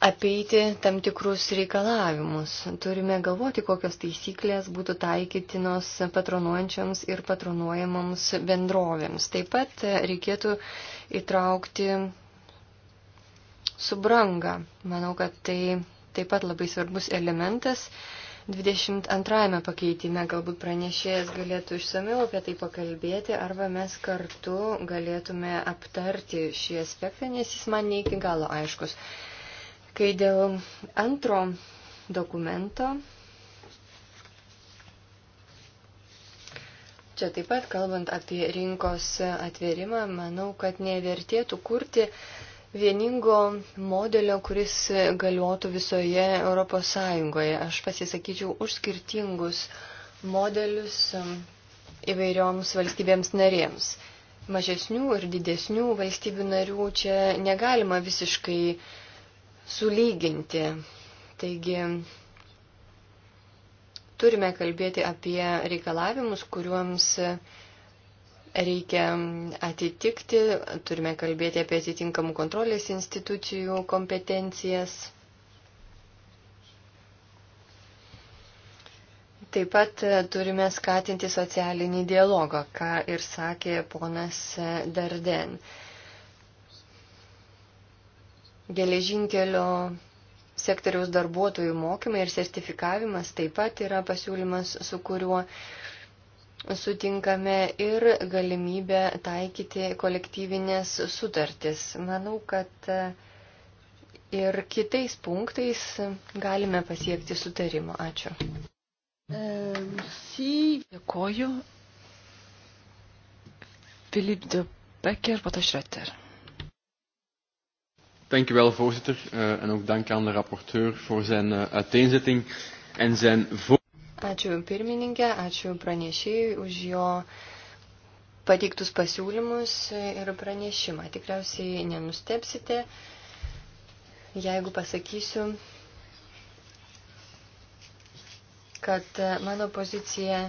apeiti tam tikrus reikalavimus. Turime galvoti, kokios taisyklės būtų taikytinos patronuojančiams ir patronuojamams bendrovėms. Taip pat reikėtų įtraukti subrangą. Manau, kad tai taip pat labai svarbus elementas. 22 pakeitime galbūt pranešėjas galėtų išsameu apie tai pakalbėti, arba mes kartu galėtume aptarti šį aspektą, nes jis man ne iki galo aiškus. Kai dėl antro dokumento, čia taip pat kalbant apie rinkos atvėrimą, manau, kad nevertėtų kurti vieningo modelio, kuris galiotų visoje Europos Sąjungoje. Aš pasisakyčiau už skirtingus modelius įvairioms valstybėms narėms. Mažesnių ir didesnių valstybių narių čia negalima visiškai uh, sulyginti. Taigi turime kalbėti apie reikalavimus, kuriuoms reikia atitikti, turime kalbėti apie atitinkamų kontrolės institucijų kompetencijas. Taip pat turime skatinti socialinį dialogą, ką ir sakė ponas Darden. Uh, Geležinkelio sektoriaus darbuotojų mokymai ir sertifikavimas taip pat yra pasiūlymas, su kuriuo sutinkame ir galimybę taikyti kolektyvinės sutartis. Manau, kad e, ir kitais punktais galime pasiekti sutarimo. Ačiū. E, si. Dėkoju. Filip de Becker, Patašreter. Dank u wel, voorzitter. Uh, en ook dank aan de rapporteur voor zijn uh, uiteenzetting en zijn voor. Ačiū pirmininkė, ačiū pranešėjui už jo pateiktus pasiūlymus ir pranešimą. Tikriausiai nenustepsite, jeigu pasakysiu, kad mano pozicija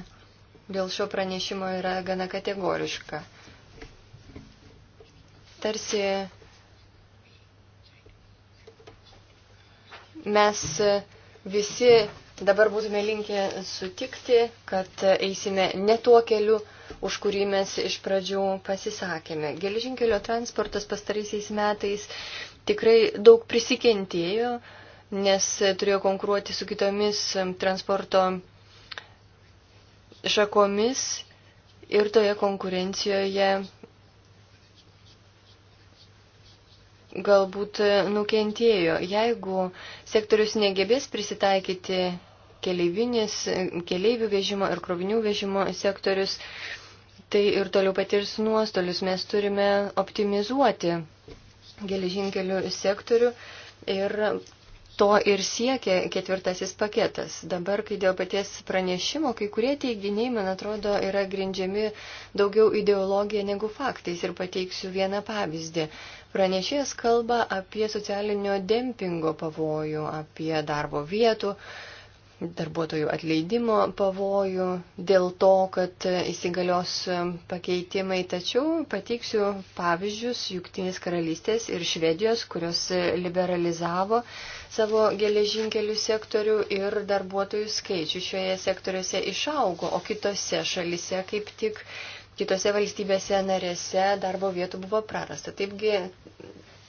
dėl šio pranešimo yra gana kategoriška. Tarsi mes e, visi dabar būtume linkę sutikti, kad e, eisime ne tuo keliu, už kurį mes iš pradžių pasisakėme. Geležinkelio transportas pastaraisiais metais tikrai daug prisikentėjo, nes turėjo konkuruoti su kitomis e, transporto šakomis ir toje konkurencijoje galbūt nukentėjo. Jeigu sektorius negebės prisitaikyti keleivių vežimo ir krovinių vežimo sektorius, tai ir toliau patirs nuostolius. Mes turime optimizuoti geležinkelių sektorių ir to ir siekia ketvirtasis paketas. Dabar, kai dėl paties pranešimo, kai kurie teiginiai, man atrodo, yra grindžiami daugiau ideologija negu faktais ir pateiksiu vieną pavyzdį. Pranešėjas kalba apie socialinio dempingo pavojų, apie darbo vietų, darbuotojų atleidimo pavojų dėl to, kad įsigalios pakeitimai. Tačiau pateiksiu pavyzdžius Juktinės karalystės ir Švedijos, kurios liberalizavo savo geležinkelių sektorių ir darbuotojų skaičių šioje sektoriuose išaugo, o kitose šalise kaip tik kitose valstybėse narėse darbo vietų buvo prarasta. Taipgi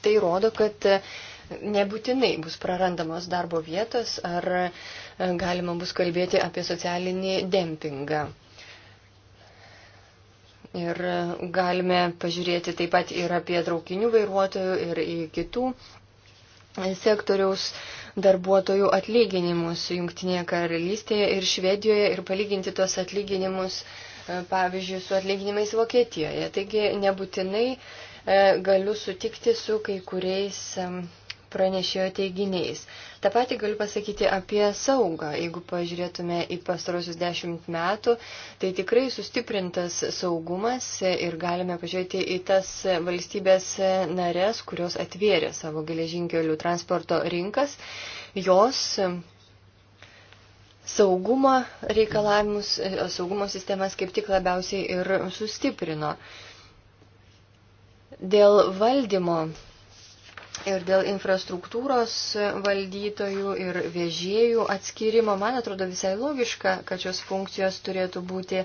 tai rodo, kad nebūtinai bus prarandamos darbo vietos ar galima bus kalbėti apie socialinį dempingą. Ir galime pažiūrėti taip pat ir apie traukinių vairuotojų ir į kitų sektoriaus darbuotojų atlyginimus Junktinėje karalystėje ir Švedijoje ir palyginti tuos atlyginimus uh, pavyzdžiui, su atlyginimais Vokietijoje. Taigi nebūtinai e, galiu sutikti su kai kuriais e, pranešėjo teiginiais. Ta pati galiu pasakyti apie saugą. Jeigu pažiūrėtume į pastarosius dešimt metų, tai tikrai sustiprintas saugumas ir galime pažiūrėti į tas valstybės narės, kurios atvėrė savo geležinkelių transporto rinkas. Jos saugumo reikalavimus, e, saugumo sistemas kaip tik labiausiai ir sustiprino. Dėl valdymo ir dėl infrastruktūros valdytojų ir vežėjų atskirimo, man atrodo visai logiška, kad šios funkcijos turėtų būti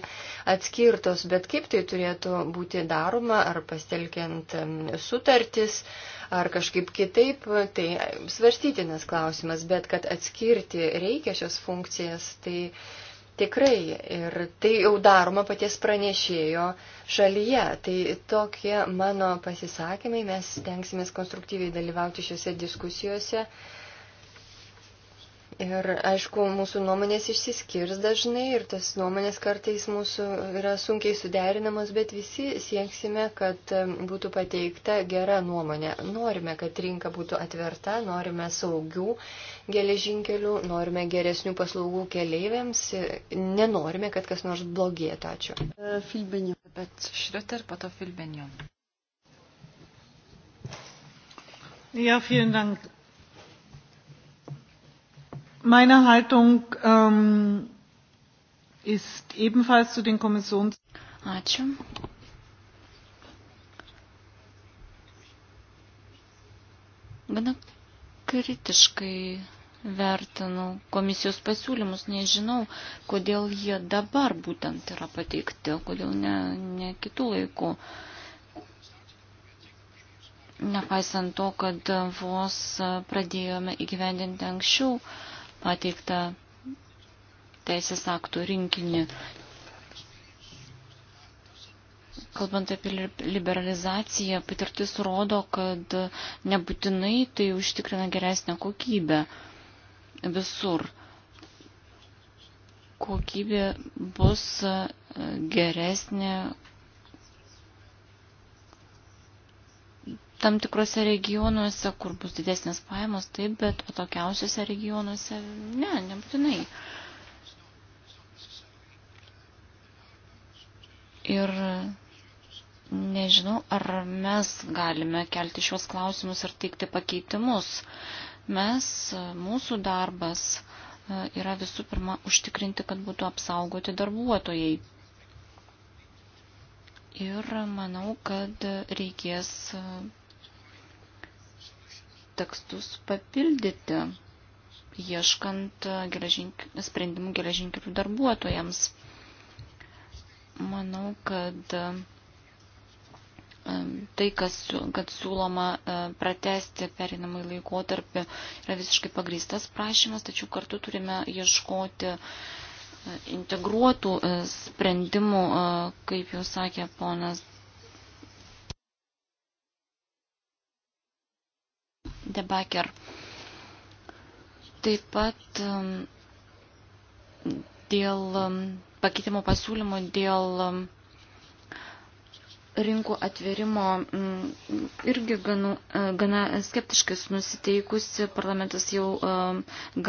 atskirtos, bet kaip tai turėtų būti daroma, ar pastelkiant sutartis, ar kažkaip kitaip, tai svarstytinas klausimas, bet kad atskirti reikia šios funkcijas, tai Tikrai, ir tai jau daroma paties pranešėjo šalyje. Tai tokie mano pasisakymai, mes tenksimės konstruktyviai dalyvauti šiuose diskusijose. Uh, Ir aišku, mūsų nuomonės išsiskirs dažnai ir tas nuomonės kartais mūsų yra sunkiai suderinamas, bet visi sieksime, kad būtų pateikta gera nuomonė. Norime, kad rinka būtų atverta, norime saugių geležinkelių, norime geresnių paslaugų keleiviams, nenorime, kad kas nors blogėtų. Ačiū. Filbenio, e, bet Šrioter, po to Filbenio. Ja, vielen Dank. Meine Haltung ähm, ist ebenfalls zu den Kommissions. Ačiū. Gana kritiškai vertinu komisijos pasiūlymus, nežinau, kodėl jie dabar būtent yra pateikti, kodėl ne, ne kitų laikų. Nepaisant to, kad vos pradėjome įgyvendinti anksčiau, uh, pateiktą teisės aktų rinkinį. Kalbant apie liberalizaciją, patirtis rodo, kad nebūtinai tai užtikrina geresnę kokybę visur. Kokybė bus geresnė tam tikrose regionuose, kur bus didesnės pajamos, taip, bet patokiausiose regionuose ne, nebūtinai. Ir nežinau, ar mes galime kelti šios klausimus ir teikti pakeitimus. Mes, mūsų darbas e, yra visų pirma užtikrinti, kad būtų apsaugoti darbuotojai. Ir manau, kad reikės tekstus papildyti, ieškant geležink, sprendimų geležinkelių darbuotojams. Manau, kad tai, kas, kad siūloma e, pratesti perinamai laikotarpį, yra visiškai pagrįstas prašymas, tačiau kartu turime ieškoti e, integruotų e, sprendimų, kaip jau sakė ponas Debaker. Taip pat um, dėl um, pakeitimo pasiūlymų, dėl um, rinkų atverimo mm, irgi gana, e, gana skeptiškas nusiteikusi. Parlamentas jau e,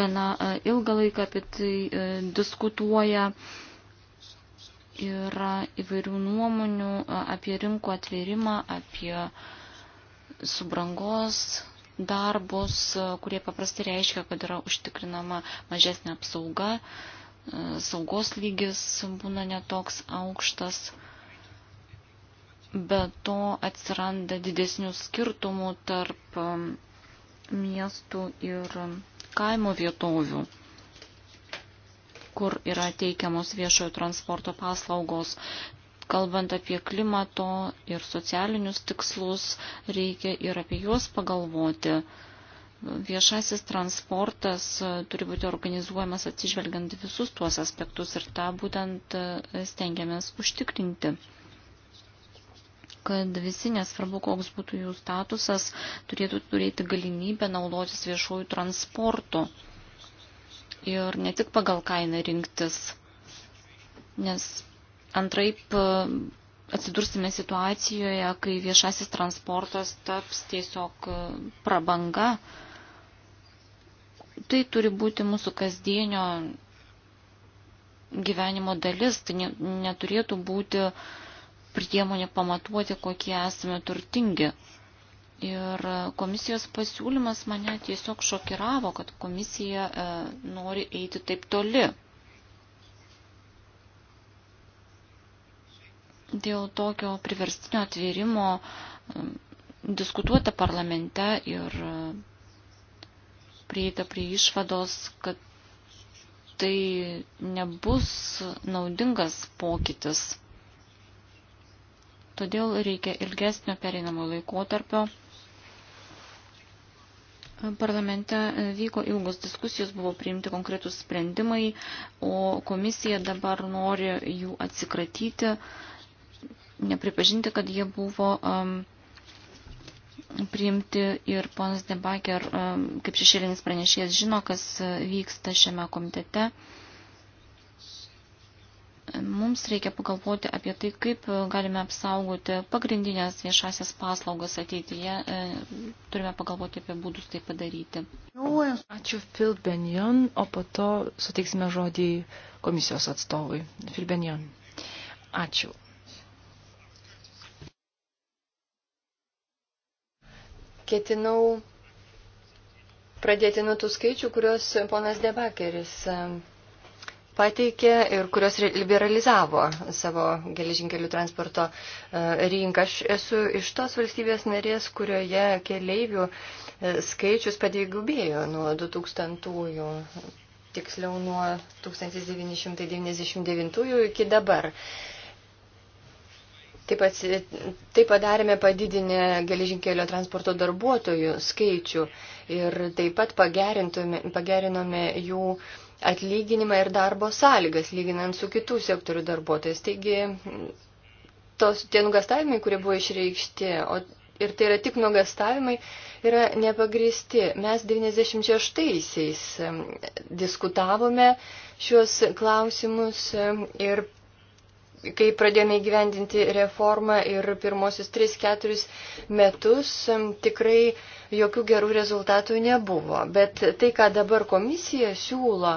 gana e, ilgą laiką apie tai diskutuoja yra įvairių nuomonių apie rinkų atvėrimą, apie subrangos darbus, kurie paprastai reiškia, kad yra užtikrinama mažesnė apsauga, e, saugos lygis būna netoks aukštas, bet to atsiranda didesnių skirtumų tarp e, miestų ir kaimo vietovių kur yra teikiamos viešojo transporto paslaugos kalbant apie klimato ir socialinius tikslus, reikia ir apie juos pagalvoti. Viešasis transportas e, turi būti organizuojamas atsižvelgiant visus tuos aspektus ir tą būtent e, stengiamės užtikrinti kad visi, nesvarbu koks būtų jų statusas, turėtų turėti galimybę naudotis viešuoju transportu ir ne tik pagal kainą rinktis, nes Antraip e, atsidursime situacijoje, kai viešasis transportas taps tiesiog e, prabanga. Tai turi būti mūsų kasdienio gyvenimo dalis, tai neturėtų būti priemonė pamatuoti, kokie esame turtingi. Ir e, komisijos pasiūlymas mane tiesiog šokiravo, kad komisija e, nori eiti taip toli. Dėl tokio priverstinio atvėrimo um, diskutuota parlamente ir uh, prieita prie išvados, kad tai nebus naudingas pokytis. Todėl reikia ilgesnio pereinamo laikotarpio. Parlamente vyko ilgos diskusijos, buvo priimti konkretus sprendimai, o komisija dabar nori jų atsikratyti. Uh, nepripažinti, kad jie buvo um, priimti ir ponas Debaker, um, kaip šešėlinis pranešėjas, žino, kas uh, vyksta šiame komitete. Mums reikia pagalvoti apie tai, kaip uh, galime apsaugoti pagrindinės viešasias paslaugas ateityje. Uh, turime pagalvoti apie būdus tai padaryti. Ačiū Phil Benjon, o po to suteiksime žodį komisijos atstovui. Phil Benjon. Ačiū. ketinau pradėti nuo tų skaičių, kuriuos ponas Debakeris e, pateikė ir kurios liberalizavo savo geležinkelių transporto e, rinką. Aš esu iš tos valstybės narės, kurioje keleivių e, skaičius padvigubėjo nuo 2000-ųjų, tiksliau nuo 1999 iki dabar. Taip, pat, taip padarėme padidinę geležinkelio transporto darbuotojų skaičių ir taip pat pagerinome jų atlyginimą ir darbo sąlygas, lyginant su kitų sektorių darbuotojais. Taigi, tos, tie nugastavimai, kurie buvo išreikšti, o, ir tai yra tik nugastavimai, yra nepagristi. Mes 96-aisiais diskutavome šiuos klausimus ir kai pradėjome gyvendinti reformą ir pirmosius 3-4 metus tikrai jokių gerų rezultatų nebuvo. Bet tai, ką dabar komisija siūlo,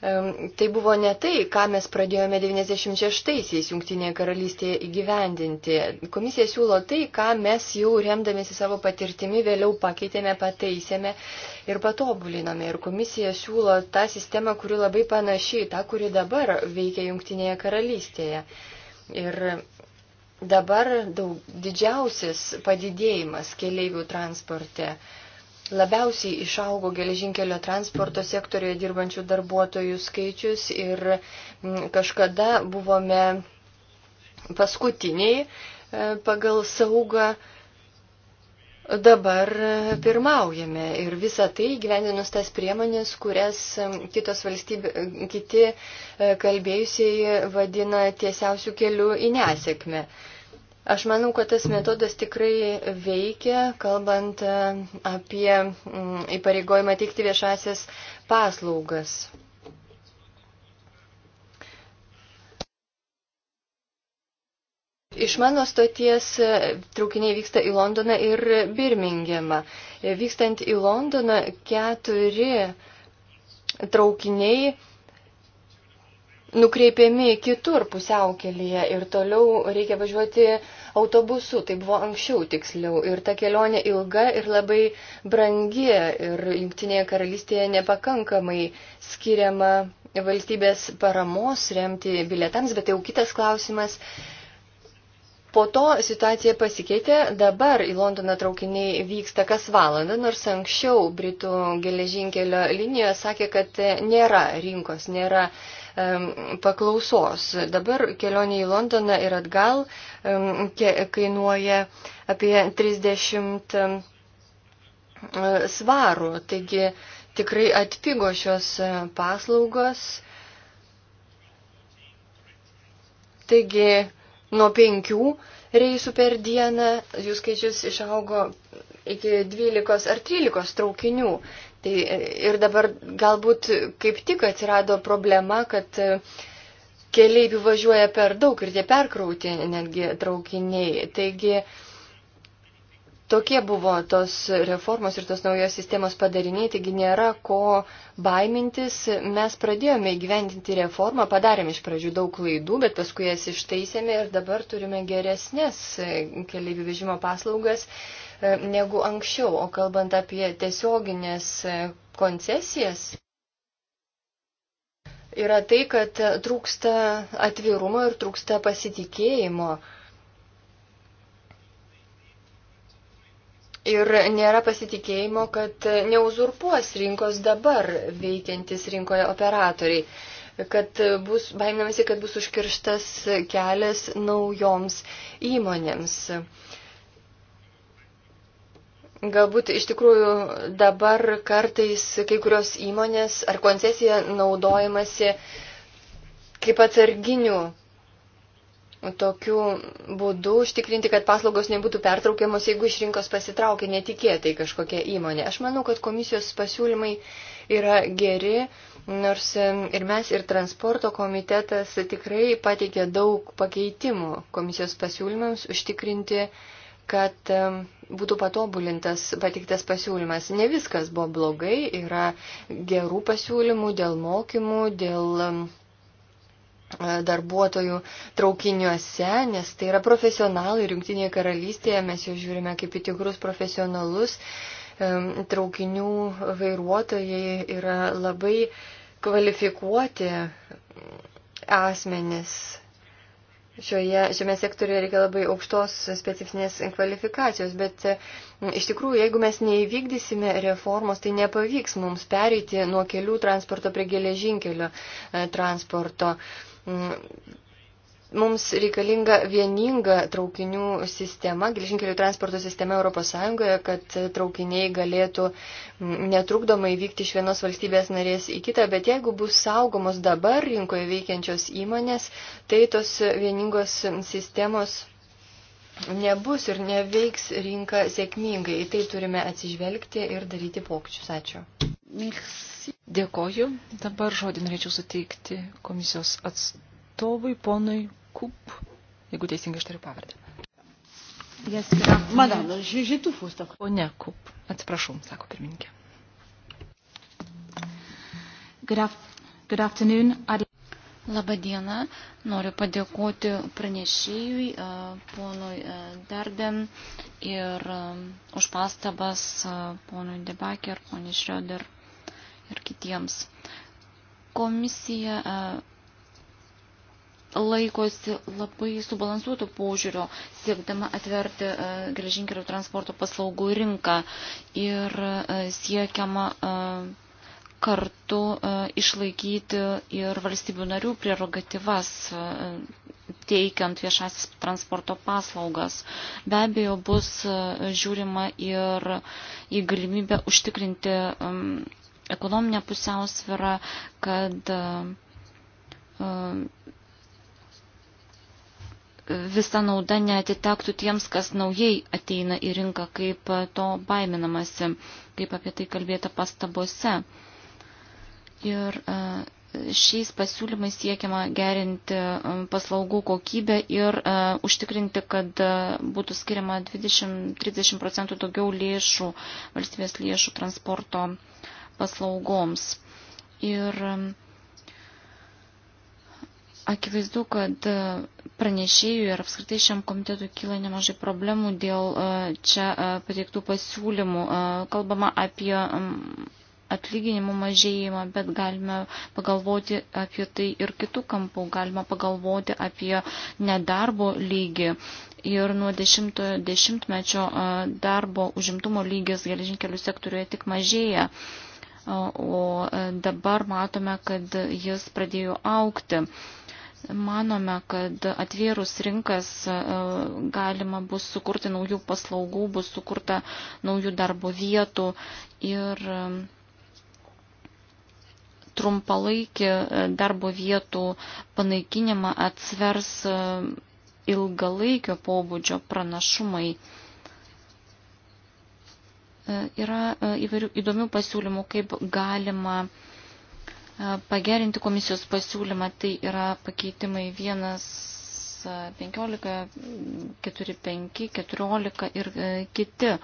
Tai buvo ne tai, ką mes pradėjome 96-aisiais Junktinėje karalystėje įgyvendinti. Komisija siūlo tai, ką mes jau remdamėsi savo patirtimi vėliau pakeitėme, pataisėme ir patobulinome. Ir komisija siūlo tą sistemą, kuri labai panašiai, tą, kuri dabar veikia Junktinėje karalystėje. Ir dabar daug, didžiausias padidėjimas keleivių transporte Labiausiai išaugo geležinkelio transporto sektorioje dirbančių darbuotojų skaičius ir mm, kažkada buvome paskutiniai e, pagal saugą. Dabar pirmaujame ir visą tai gyveninus tas priemonės, kurias kitos valstybė, kiti e, kalbėjusieji vadina tiesiausių kelių į nesėkmę. Aš manau, kad tas metodas tikrai veikia, kalbant e, apie mm, įpareigojimą teikti viešasias paslaugas. Iš mano stoties e, traukiniai vyksta į Londoną ir Birmingemą. E, vykstant į Londoną keturi traukiniai nukreipiami kitur pusiaukelėje ir toliau reikia važiuoti autobusu, tai buvo anksčiau tiksliau. Ir ta kelionė ilga ir labai brangi ir Junktinėje karalystėje nepakankamai skiriama valstybės paramos remti bilietams, bet tai jau kitas klausimas. Po to situacija pasikeitė, dabar į Londoną traukiniai vyksta kas valandą, nors anksčiau Britų geležinkelio linijos sakė, kad nėra rinkos, nėra uh, paklausos. Dabar kelionė į Londoną ir atgal kainuoja apie 30 svarų. Taigi tikrai atpigo šios e, paslaugos. Taigi nuo penkių reisų per dieną jų skaičius išaugo iki 12 ar 13 traukinių. Tai e, ir dabar galbūt kaip tik atsirado problema, kad e, keliaivių važiuoja per daug ir tie perkrauti netgi traukiniai. Taigi, Tokie buvo tos reformos ir tos naujos sistemos padariniai, taigi nėra ko baimintis. Mes pradėjome įgyvendinti reformą, padarėme iš pradžių daug klaidų, bet paskui jas ištaisėme ir dabar turime geresnės keliaivių vežimo paslaugas e, negu anksčiau. O kalbant apie tiesioginės e, koncesijas. Yra tai, kad trūksta atvirumo ir trūksta pasitikėjimo. Uh, ir nėra pasitikėjimo, kad neuzurpuos rinkos dabar veikiantis rinkoje operatoriai, kad bus baiminamasi, kad bus užkirštas kelias naujoms įmonėms. Galbūt iš tikrųjų dabar kartais kai kurios įmonės ar koncesija naudojamasi kaip atsarginių tokiu būdu užtikrinti, kad paslaugos nebūtų pertraukiamos, jeigu iš rinkos pasitraukia netikėtai kažkokia įmonė. Aš manau, kad komisijos pasiūlymai yra geri, nors ir mes, ir transporto komitetas tikrai pateikė daug pakeitimų komisijos pasiūlymams užtikrinti, kad būtų patobulintas patiktas pasiūlymas. Ne viskas buvo blogai, yra gerų pasiūlymų dėl mokymų, dėl darbuotojų traukiniuose, nes tai yra profesionalai ir Junktinėje karalystėje mes jau žiūrime kaip į tikrus profesionalus. Traukinių vairuotojai yra labai kvalifikuoti asmenys. Šioje, šiame sektoriuje reikia labai aukštos specifinės kvalifikacijos, bet iš tikrųjų, jeigu mes neįvykdysime reformos, tai nepavyks mums pereiti nuo kelių transporto prie geležinkelio e, transporto. E, Mm, mums reikalinga vieninga traukinių sistema, geležinkelių transporto sistema ES, kad traukiniai galėtų mm, netrukdomai vykti iš vienos valstybės narės į kitą, bet jeigu bus saugomos dabar rinkoje veikiančios įmonės, tai tos vieningos sistemos nebus ir neveiks rinka sėkmingai. Į tai turime atsižvelgti ir daryti pokyčius. Ačiū. Merci. Dėkoju. Dabar žodį norėčiau suteikti komisijos atstovui, ponui Kup, jeigu teisingai ištariu pavardę. Yes, Madame, j'ai tout faux. Pone Kup, atsiprašau, sako pirmininkė. Good, af good afternoon. I'd... Labadiena, noriu padėkoti pranešėjui, e, ponui e, Darden ir e, už pastabas ponui Debakė ir ponui Šrioder ir kitiems. Komisija laikosi labai subalansuotų požiūrio, siekdama atverti geležinkelių transporto paslaugų rinką ir siekiama kartu e, išlaikyti ir valstybių narių prerogatyvas e, teikiant viešasis transporto paslaugas. Be abejo, bus e, žiūrima ir į galimybę užtikrinti ekonominę pusiausvyrą, kad visa nauda neatitektų tiems, kas naujai ateina į rinką, kaip to baiminamasi, kaip apie tai kalbėta pastabose. Ir e, šiais pasiūlymais siekiama gerinti e, paslaugų kokybę ir e, užtikrinti, kad būtų skiriama 20-30 procentų daugiau lėšų, valstybės lėšų transporto paslaugoms. Ir akivaizdu, kad pranešėjų ir apskritai šiam komitetui kyla nemažai problemų dėl čia pateiktų pasiūlymų. Kalbama apie atlyginimų mažėjimą, bet galime pagalvoti apie tai ir kitų kampų. Galima pagalvoti apie nedarbo lygį. Ir nuo 10-mečio darbo užimtumo lygis geležinkelių sektoriuje tik mažėja. O dabar matome, kad jis pradėjo aukti. Manome, kad atvėrus rinkas galima bus sukurti naujų paslaugų, bus sukurta naujų darbo vietų ir trumpalaikį e, darbo vietų panaikinimą atsvers e, ilgalaikio pobūdžio pranašumai. E, yra įvairių įdomių pasiūlymų, kaip galima pagerinti komisijos pasiūlymą. Tai yra pakeitimai 1, 15, 4, 5, 14 ir kiti.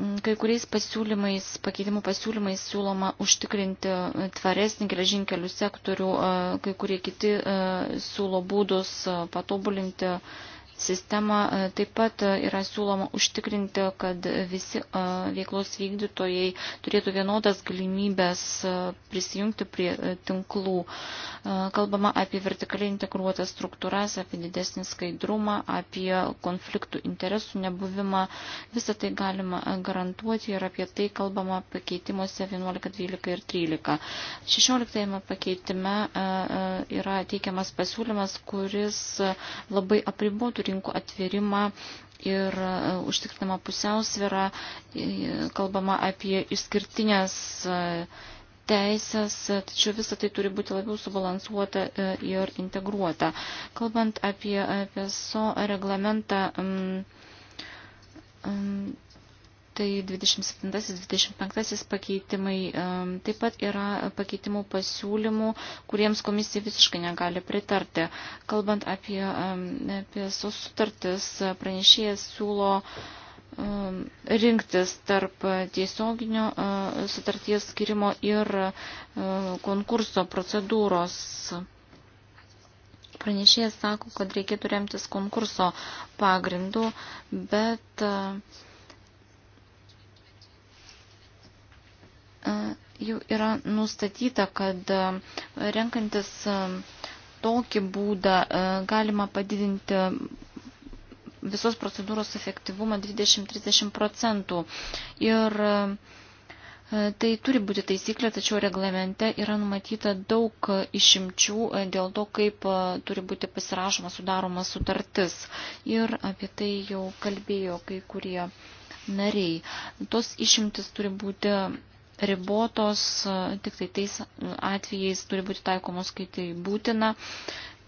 Mm, kai kuriais pasiūlymais, pakeitimų pasiūlymais siūloma užtikrinti e, tvaresnį geležinkelių sektorių, e, kai kurie kiti e, siūlo būdus patobulinti sistemą. E, taip pat e, yra siūloma užtikrinti, kad visi e, veiklos vykdytojai turėtų vienodas galimybės prisijungti prie tinklų. Kalbama apie vertikaliai integruotas struktūras, apie didesnį skaidrumą, apie konfliktų interesų nebuvimą. Visą tai galima garantuoti ir apie tai kalbama pakeitimuose 11, 12 ir 13. 16 pakeitime yra teikiamas pasiūlymas, kuris labai apribotų rinkų atvirimą ir e, užtikrinama pusiausvėra, e, kalbama apie išskirtinės e, teisės, tačiau visą tai turi būti labiau subalansuota ir integruota. Kalbant apie PSO reglamentą, Tai 27-25 pakeitimai. Taip pat yra pakeitimų pasiūlymų, kuriems komisija visiškai negali pritarti. Kalbant apie, apie sutartis, pranešėjas siūlo rinktis tarp tiesioginio e, sutarties skirimo ir e, konkurso procedūros. Pranešėjas sako, kad reikėtų remtis konkurso pagrindu, bet uh, jau yra nustatyta, kad renkantis tokį būdą galima padidinti visos procedūros efektyvumą 20-30 procentų. Ir Tai turi būti taisyklė, tačiau reglamente yra numatyta daug išimčių dėl to, kaip turi būti pasirašoma sudaroma sutartis. Ir apie tai jau kalbėjo kai kurie nariai. Tos išimtis turi būti ribotos, tik tai tais atvejais turi būti taikomos, kai tai būtina.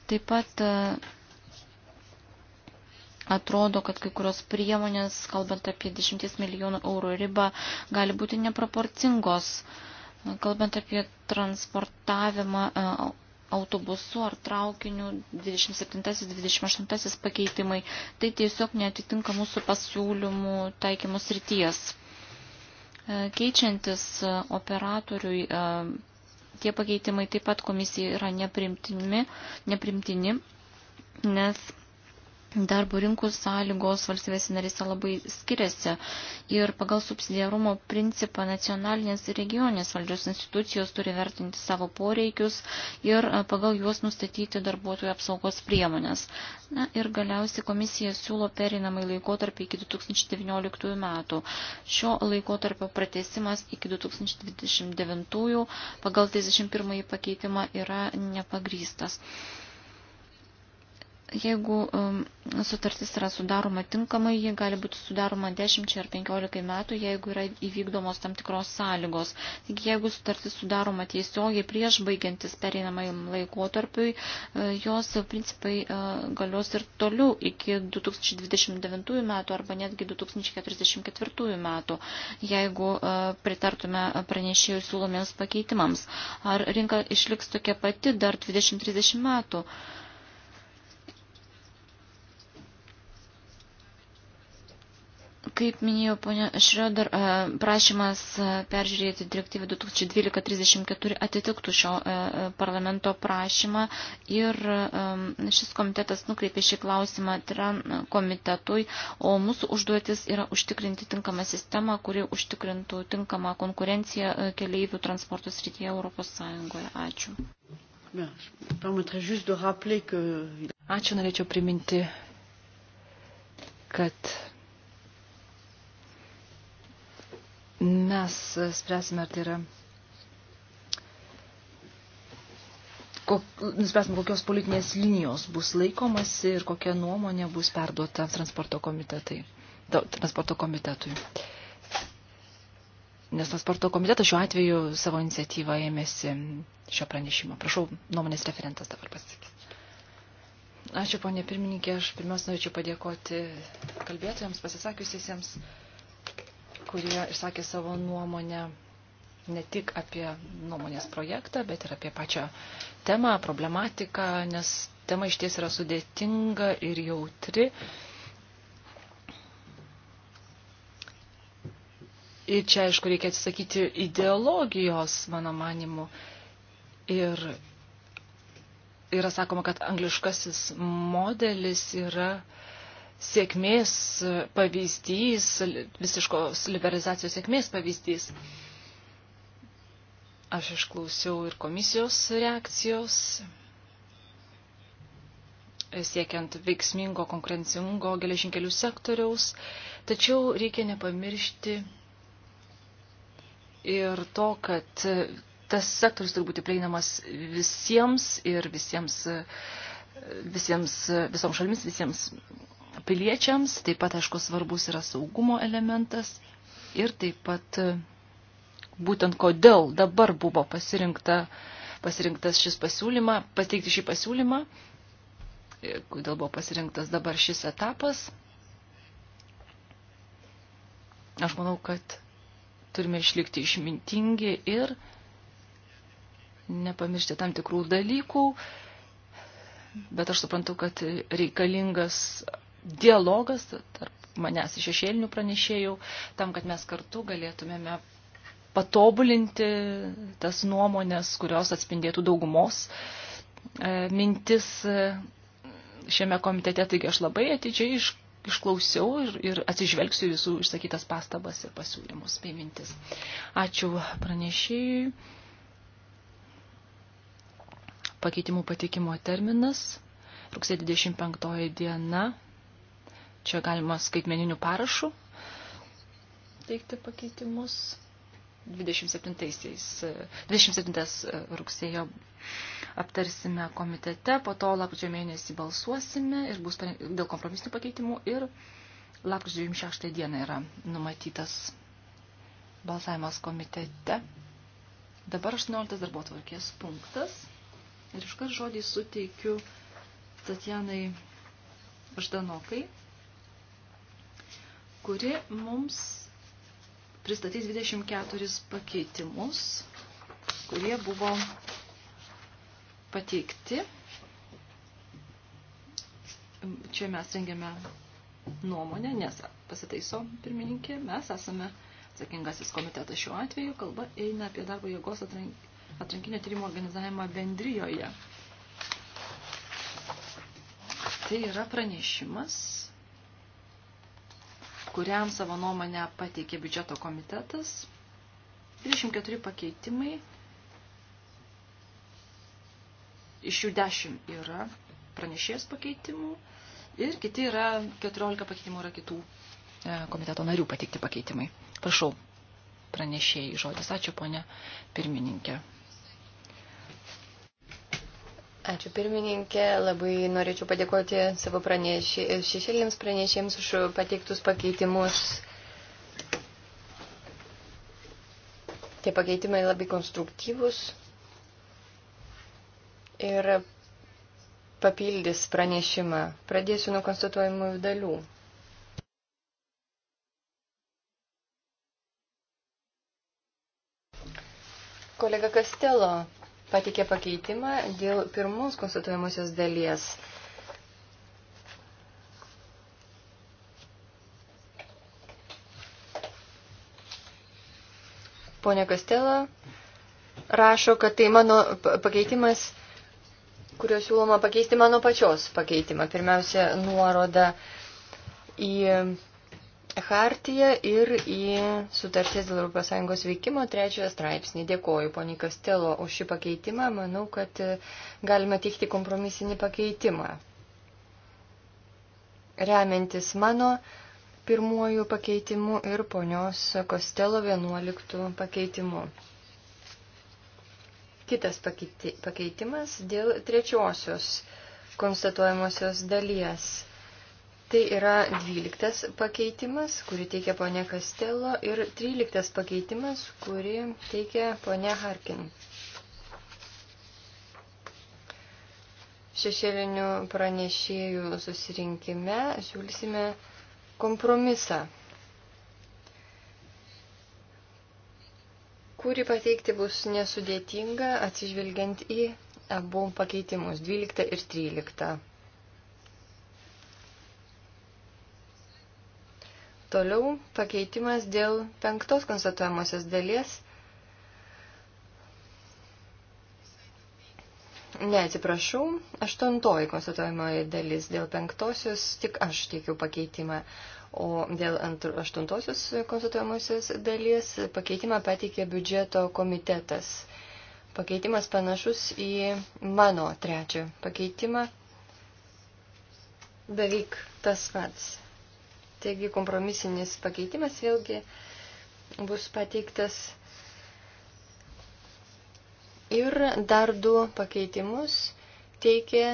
Taip pat e, atrodo, kad kai kurios priemonės, kalbant apie 10 milijonų eurų ribą, gali būti neproporcingos. Kalbant apie transportavimą e, autobusu ar traukiniu 27-28 pakeitimai, tai tiesiog netitinka mūsų pasiūlymų taikymus ryties. E, keičiantis e, operatoriui, e, tie pakeitimai taip pat komisijai yra neprimtini, neprimtini nes Darbo rinkų sąlygos valstybės narėse labai skiriasi ir pagal subsidiarumo principą nacionalinės ir regioninės valdžios institucijos turi vertinti savo poreikius ir e, pagal juos nustatyti darbuotojų apsaugos priemonės. Na ir galiausiai komisija siūlo perinamai laikotarpį iki 2019 metų. Šio laikotarpio pratesimas iki 2029 pagal 31 pakeitimą yra nepagrystas. Jeigu um, sutartis yra sudaroma tinkamai, ji gali būti sudaroma 10 ar 15 metų, jeigu yra įvykdomos tam tikros sąlygos. Taigi, jeigu sutartis sudaroma tiesiogiai prieš baigiantis pereinamajam laikotarpiui, e, jos principai uh, galios ir toliau iki 2029 metų arba netgi 2044 metų, jeigu uh, pritartume pranešėjų siūlomiems pakeitimams. Ar rinka išliks tokia pati dar 20-30 metų? Uh, Kaip minėjo ponia Šrioder, e, prašymas e, peržiūrėti direktyvą 2012-34 atitiktų šio e, parlamento prašymą ir šis komitetas nukreipė šį klausimą TRAN komitetui, o mūsų užduotis yra užtikrinti tinkamą sistemą, kuri užtikrintų tinkamą konkurenciją keleivių transporto srityje Europos Sąjungoje. Ačiū. Ačiū, norėčiau priminti, kad mes spręsime, ar tai yra. Kok, nuspręsime, kokios politinės linijos bus laikomasi ir kokia nuomonė bus perduota transporto, komitetai, transporto komitetui. Nes transporto komitetas šiuo atveju savo iniciatyvą ėmėsi šio pranešimo. Prašau, nuomonės referentas dabar pasakys. Ačiū, ponė pirmininkė. Aš pirmiausia norėčiau padėkoti kalbėtojams, pasisakiusiesiems kurie išsakė savo nuomonę ne tik apie nuomonės projektą, bet ir apie pačią temą, problematiką, nes tema iš ties yra sudėtinga ir jautri. Ir čia, aišku, reikia atsisakyti ideologijos, mano manimu. Ir yra sakoma, kad angliškasis modelis yra uh, sėkmės pavyzdys, visiškos liberalizacijos sėkmės pavyzdys. Aš išklausiau ir komisijos reakcijos, siekiant veiksmingo, konkurencingo geležinkelių sektoriaus, tačiau reikia nepamiršti ir to, kad tas sektorius turi būti prieinamas visiems ir visiems, visiems visoms šalims, visiems piliečiams, taip pat, aišku, svarbus yra saugumo elementas ir taip pat e, būtent kodėl dabar buvo pasirinkta, pasirinktas šis pasiūlymą, pateikti šį pasiūlymą, e, kodėl buvo pasirinktas dabar šis etapas. Aš manau, kad turime išlikti išmintingi ir nepamiršti tam tikrų dalykų, bet aš suprantu, kad reikalingas dialogas tarp manęs šešėlinių pranešėjų, tam, kad mes kartu galėtumėme patobulinti tas nuomonės, kurios atspindėtų daugumos e, mintis e, šiame komitete. Taigi aš labai atidžiai iš, išklausiau ir, ir atsižvelgsiu visų išsakytas pastabas ir pasiūlymus bei mintis. Ačiū pranešėjui. Pakeitimų patikimo terminas rugsėjo 25 diena Čia galima skaitmeninių parašų teikti pakeitimus. 27, 27 e, e, rugsėjo aptarsime komitete, po to lapkričio mėnesį balsuosime ir bus dėl kompromisinių pakeitimų ir lapkričio 26 dieną yra numatytas balsavimas komitete. Dabar 18 darbo tvarkės punktas ir iškart žodį suteikiu Tatjanai Ždanokai kuri mums pristatys 24 pakeitimus, kurie buvo pateikti. Čia mes rengiame nuomonę, nes pasitaiso pirmininkė, mes esame atsakingasis komitetas šiuo atveju, kalba eina apie darbo jėgos atrank, atrankinio tyrimo organizavimą bendrijoje. Tai yra pranešimas kuriam savo nuomonę pateikė biudžeto komitetas. 24 pakeitimai. Iš jų 10 yra pranešės pakeitimų ir kiti yra 14 pakeitimų yra kitų e, komiteto narių pateikti pakeitimai. Prašau, pranešėjai žodis. Ačiū, ponė pirmininkė. Ačiū pirmininkė, labai norėčiau padėkoti savo pranešė, šešėlėms pranešėjams už pateiktus pakeitimus. Tie pakeitimai labai konstruktyvus ir papildys pranešimą. Pradėsiu nuo konstatuojamųjų dalių. Kolega Kastelo patikė pakeitimą dėl pirmos konstatuojamosios dalies. Pone Kastela rašo, kad tai mano pakeitimas, kurio siūloma pakeisti mano pačios pakeitimą. Pirmiausia, nuoroda į hartiją ir į sutarties dėl ES veikimo trečiojo straipsnį. Dėkoju, poniai Kastelo, už šį pakeitimą. Manau, kad e, galime teikti kompromisinį pakeitimą. Remiantis mano pirmuoju pakeitimu ir ponios Kostelo 11 pakeitimu. Kitas pakeitimas dėl trečiosios konstatuojamosios dalies Tai yra 12 pakeitimas, kurį teikia ponė Kastelo ir 13 pakeitimas, kurį teikia ponė Harkin. Šešėlinių pranešėjų susirinkime siūlysime kompromisą. kurį pateikti bus nesudėtinga atsižvelgiant į abu pakeitimus 12 ir 13. Toliau pakeitimas dėl penktos konstatuojamosios dalies. Ne, atsiprašau, aštuntoji konstatuojamoji dalis dėl penktosios, tik aš teikiu pakeitimą, o dėl aštuntosios konstatuojamosios dalies pakeitimą pateikė biudžeto komitetas. Pakeitimas panašus į mano trečią pakeitimą, beveik tas pats. Taigi kompromisinis pakeitimas vėlgi bus pateiktas. Ir dar du pakeitimus teikė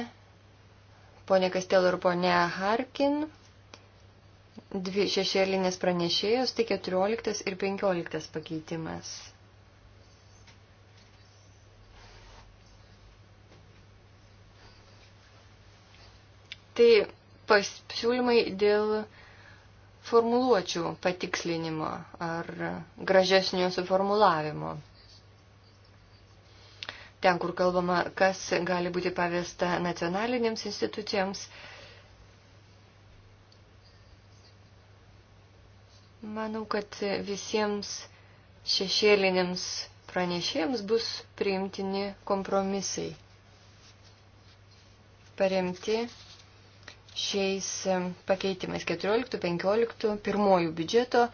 ponė Kastel ir ponė Harkin, dvi šešėlinės pranešėjos, tai 14 ir 15 pakeitimas. Tai pasiūlymai dėl formuluočių patikslinimo ar gražesnio suformulavimo. Ten, kur kalbama, kas gali būti pavesta nacionalinėms institucijams, manau, kad visiems šešėlinėms pranešėjams bus priimtini kompromisai, paremti šiais e, pakeitimais 14, 15, pirmojų biudžeto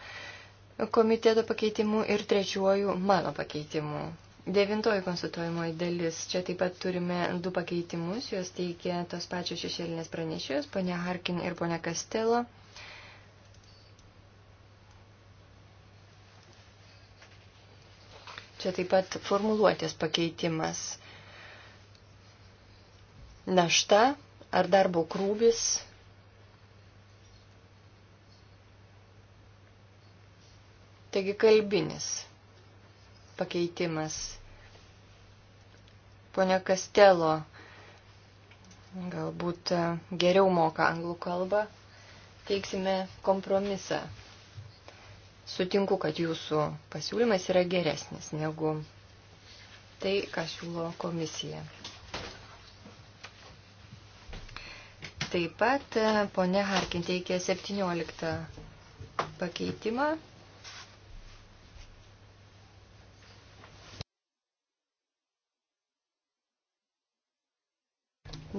komiteto pakeitimų ir trečiuoju mano pakeitimų. Devintoji konsultuojamoji dalis. Čia taip pat turime du pakeitimus, juos teikia tos pačios šešėlinės pranešėjos, ponia Harkin ir ponia Kastelo. Čia taip pat formuluotės pakeitimas. Našta ar darbo krūvis Taigi kalbinis pakeitimas. Pone Kastelo galbūt e, geriau moka anglų kalbą. Teiksime kompromisą. Sutinku, kad jūsų pasiūlymas yra geresnis negu tai, ką siūlo komisija. Taip pat e, ponė Harkin teikė 17 pakeitimą.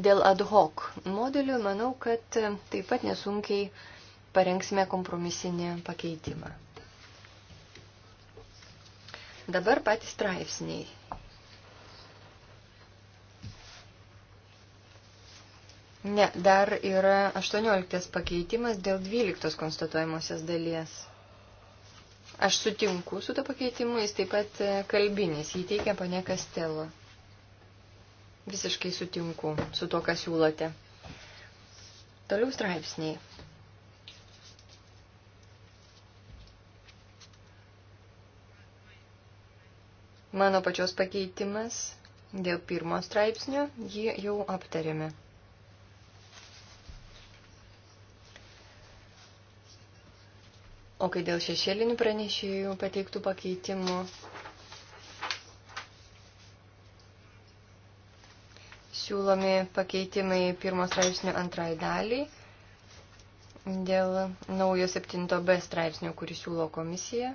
Dėl ad hoc modelių manau, kad e, taip pat nesunkiai parengsime kompromisinį pakeitimą. Dabar patys straipsniai. Ne, dar yra 18 pakeitimas dėl 12 konstatuojamosios dalies. Aš sutinku su to pakeitimu, jis taip pat e, kalbinis, jį teikia ponė Kastelo. Visiškai sutinku su to, ką siūlote. Toliau straipsniai. Mano pačios pakeitimas dėl pirmo straipsnio jį jau aptarėme. O kai dėl šešėlinių pranešėjų pateiktų pakeitimų, siūlomi pakeitimai pirmo straipsnio antrai daliai dėl naujo 7b straipsnio, kurį siūlo komisija.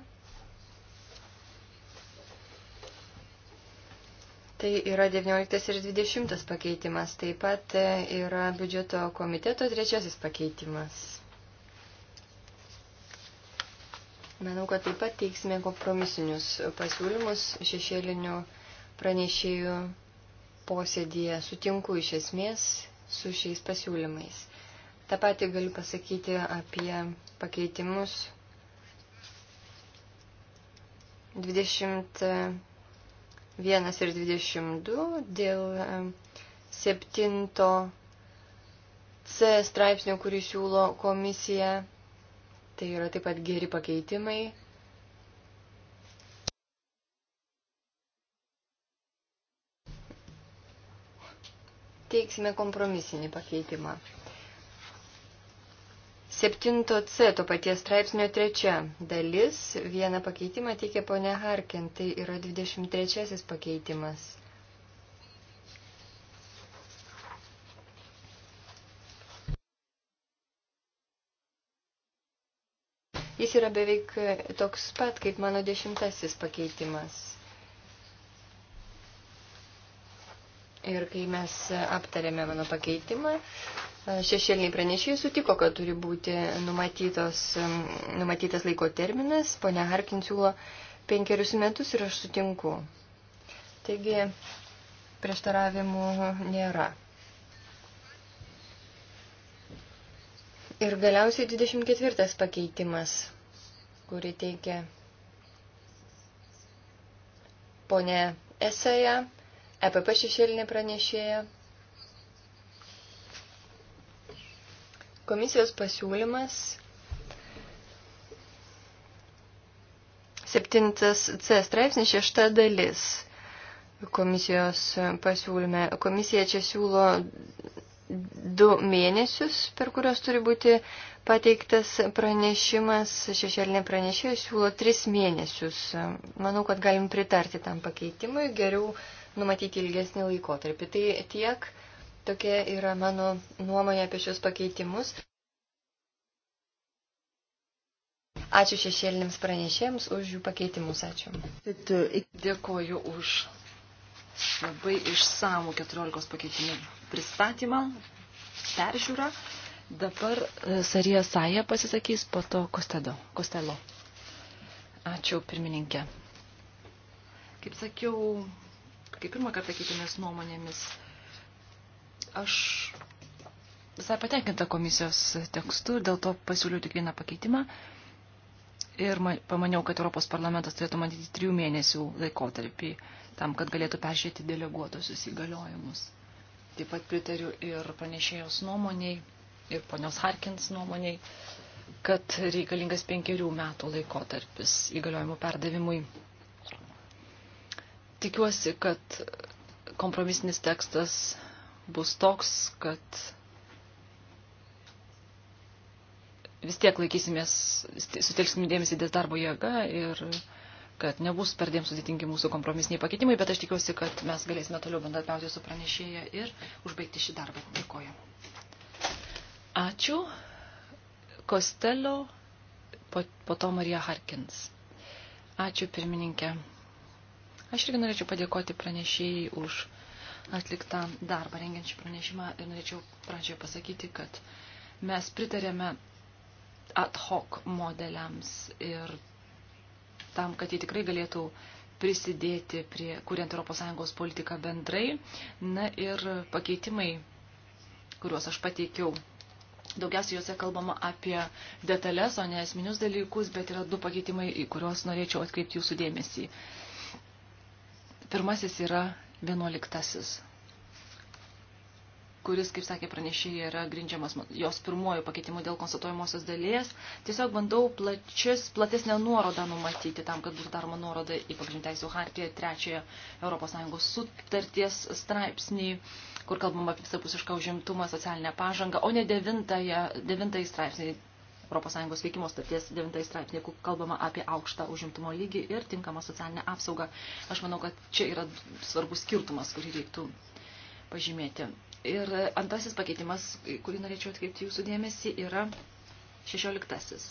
Tai yra 19 ir 20 pakeitimas, taip pat yra biudžeto komiteto trečiasis pakeitimas. Manau, kad taip pat teiksime kompromisinius pasiūlymus šešėlinių pranešėjų posėdėje. Sutinku iš esmės su šiais pasiūlymais. Ta pati galiu pasakyti apie pakeitimus 21 ir 22 dėl 7 C straipsnio, kurį siūlo komisija Tai yra taip pat geri pakeitimai, teiksime kompromisinį pakeitimą. 7c to paties straipsnio trečia dalis, vieną pakeitimą teikia ponia Harkin, tai yra 23 pakeitimas. Jis yra beveik toks pat kaip mano dešimtasis pakeitimas. Ir kai mes aptarėme mano pakeitimą, šešėliniai pranešėjai sutiko, kad turi būti numatytas laiko terminas. Pone Harkin siūlo penkerius metus ir aš sutinku. Taigi prieštaravimų nėra. Ir galiausiai 24 pakeitimas kurį teikia ponė Esaja, EPP šešėlinė pranešėja. Komisijos pasiūlymas 7c straipsnis 6 dalis komisijos pasiūlyme. Komisija čia siūlo du mėnesius, per kuriuos turi būti pateiktas pranešimas. Šešėlinė pranešėja siūlo tris mėnesius. Manau, kad galim pritarti tam pakeitimui, geriau numatyti ilgesnį laikotarpį. Tai tiek tokia yra mano nuomonė apie šios pakeitimus. Ačiū šešėlinėms pranešėjams už jų pakeitimus. Ačiū. Dėkoju už labai išsamų 14 pakeitimų pristatymą, peržiūrą. Dabar e, Sarija Saja pasisakys po to Kostedo, Kostelo. Ačiū, pirmininkė. Kaip sakiau, kaip pirmą kartą keitimės nuomonėmis, aš visai patenkinta komisijos tekstu, dėl to pasiūliau tik vieną pakeitimą. Ir man, pamaniau, kad Europos parlamentas turėtų matyti trijų mėnesių laikotarpį tam, kad galėtų peržiūrėti deleguotosius įgaliojimus. Taip pat pritariu ir pranešėjos nuomoniai, ir ponios Harkins nuomoniai, kad reikalingas penkerių metų laikotarpis įgaliojimų perdavimui. Tikiuosi, kad kompromisinis tekstas bus toks, kad vis tiek laikysimės, sutelksime dėmesį ties darbo jėga ir uh, kad nebus perdėm sudėtingi mūsų kompromisiniai pakeitimai, bet aš tikiuosi, kad mes galėsime toliau bendradarbiauti su pranešėja ir užbaigti šį darbą. Dėkoju. Ačiū. Kostelo, po, po to Marija Harkins. Ačiū pirmininkė. Aš irgi norėčiau padėkoti pranešėjai už atliktą darbą rengiant šį pranešimą ir norėčiau pradžioje pasakyti, kad mes pritarėme ad hoc modeliams ir tam, kad jie tikrai galėtų prisidėti prie kuriant ES politiką bendrai. Na ir pakeitimai, kuriuos aš pateikiau. Daugiausiai juose kalbama apie detalės, o ne esminius dalykus, bet yra du pakeitimai, į kuriuos norėčiau atkreipti jūsų dėmesį. Pirmasis yra vienuoliktasis kuris, kaip sakė pranešėja, yra grindžiamas jos pirmuoju pakeitimu dėl konstatuojamosios dalies. Tiesiog bandau plačias, platesnę nuorodą numatyti tam, kad būtų daroma nuoroda į pagrindteisų hartiją trečioje ES sutarties straipsnį, kur kalbama apie visapusišką užimtumą, socialinę pažangą, o ne devintąjį straipsnį. ES veikimo starties 9 straipsnė, kur kalbama apie aukštą užimtumo lygį ir tinkamą socialinę apsaugą. Aš manau, kad čia yra svarbus skirtumas, kurį reiktų pažymėti. Ir antrasis pakeitimas, kurį norėčiau atkreipti jūsų dėmesį, yra šešioliktasis,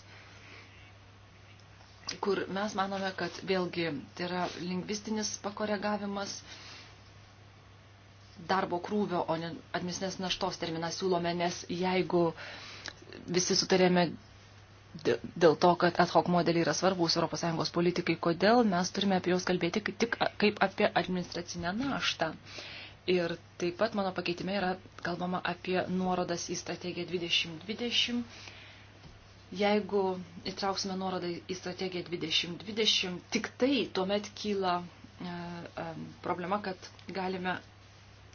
kur mes manome, kad vėlgi tai yra lingvistinis pakoregavimas darbo krūvio, o ne administrinės naštos terminą siūlome, nes jeigu visi sutarėme dėl to, kad ad hoc modeliai yra svarbus ES politikai, kodėl mes turime apie juos kalbėti tik kaip apie administracinę naštą. Uh, Ir taip pat mano pakeitime yra kalbama apie nuorodas į strategiją 2020. Jeigu įtrauksime nuorodą į strategiją 2020, tik tai tuomet kyla e, e, problema, kad galime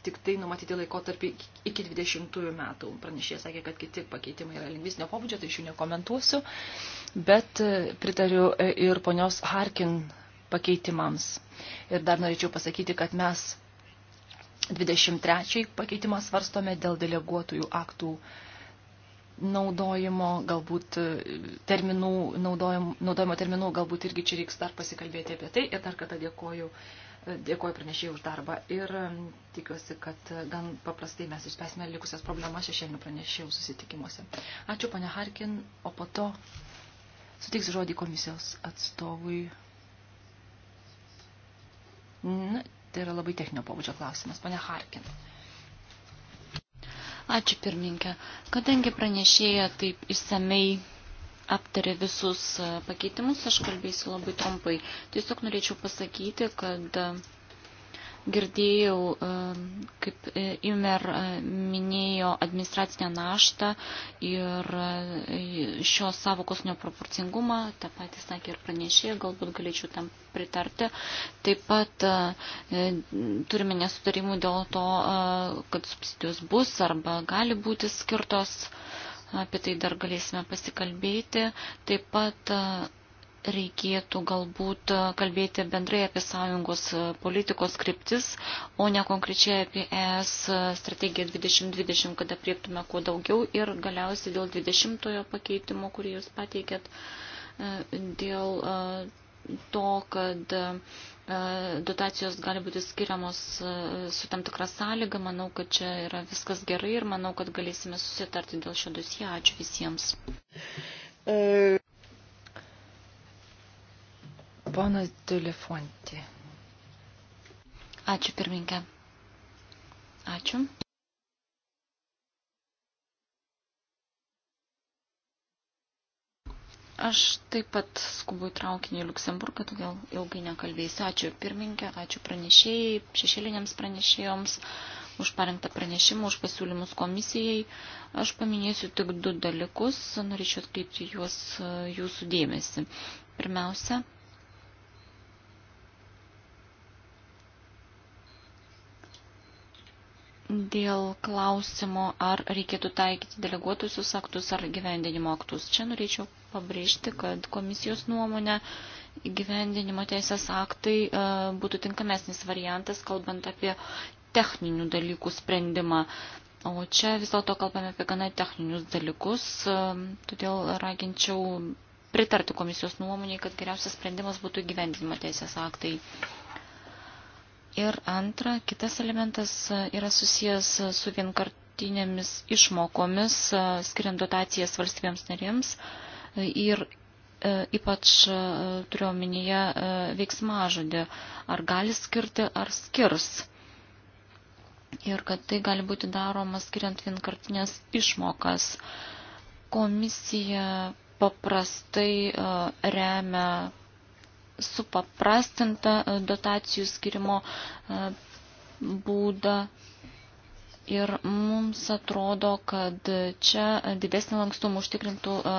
tik tai numatyti laikotarpį iki 20 metų. Pranešė sakė, kad kiti pakeitimai yra lingvisnio pobūdžio, tai iš jų nekomentuosiu, bet e, pritariu e, ir ponios Harkin pakeitimams. Ir dar norėčiau pasakyti, kad mes 23 pakeitimą svarstome dėl deleguotųjų aktų naudojimo, galbūt e, terminų, naudojimo, naudojimo terminų, galbūt irgi čia reiks dar pasikalbėti apie tai. Ir dar kartą dėkoju, e, dėkoju pranešėjai už darbą. Ir tikiuosi, kad e, gan paprastai mes išspėsime likusias problemas šešėlinių pranešėjų susitikimuose. Ačiū, pane Harkin, o po to sutiks žodį komisijos atstovui. Na, Tai yra labai techninio pobūdžio klausimas. Pane Harkin. Ačiū pirmininkė. Kadangi pranešėja taip išsamei aptarė visus pakeitimus, aš kalbėsiu labai trumpai. Tiesiog norėčiau pasakyti, kad Girdėjau, kaip e, Imer e, minėjo administracinę naštą ir e, šios savokos neproporcingumą, tą patį sakė ir pranešė, galbūt galėčiau tam pritarti. Taip pat turime nesutarimų dėl to, kad subsidijos bus arba gali būti skirtos, apie tai dar galėsime pasikalbėti. Taip pat reikėtų galbūt e, kalbėti bendrai apie sąjungos e, politikos kryptis, o ne konkrečiai apie ES e, strategiją 2020, kada prieptume kuo daugiau ir galiausiai dėl 20-ojo pakeitimo, kurį jūs pateikėt, dėl to, kad dotacijos gali būti skiriamos su tam tikra sąlyga, manau, kad čia yra viskas gerai ir manau, kad galėsime susitarti dėl šio dusie. Ačiū visiems. E... Ponas Dulifonti. Ačiū pirminkė. Ačiū. Aš taip pat skubu į traukinį į Luksemburgą, todėl ilgai nekalbėsiu. Ačiū pirmininkė, ačiū pranešėjai, šešėliniams pranešėjoms už parengtą pranešimą, už pasiūlymus komisijai. Aš paminėsiu tik du dalykus, norėčiau atkreipti juos jūsų dėmesį. Pirmiausia, dėl klausimo, ar reikėtų taikyti deleguotusius aktus ar gyvendinimo aktus. Čia norėčiau pabrėžti, kad komisijos nuomonė gyvendinimo teisės aktai e, būtų tinkamesnis variantas, kalbant apie techninių dalykų sprendimą. O čia vis dėlto kalbame apie gana techninius dalykus, e, todėl raginčiau pritarti komisijos nuomonėje, kad geriausias sprendimas būtų gyvendinimo teisės aktai. Ir antra, kitas elementas e, yra susijęs e, su vienkartinėmis išmokomis, e, skiriant dotacijas valstybėms narėms ir ypač turiuomenyje veiksmažodį, ar gali skirti, ar skirs ir kad tai gali būti daroma skiriant vienkartinės išmokas. Komisija paprastai remia supaprastintą e, dotacijų skirimo e, būdą. Ir mums atrodo, kad čia didesnį lankstumą užtikrintų e,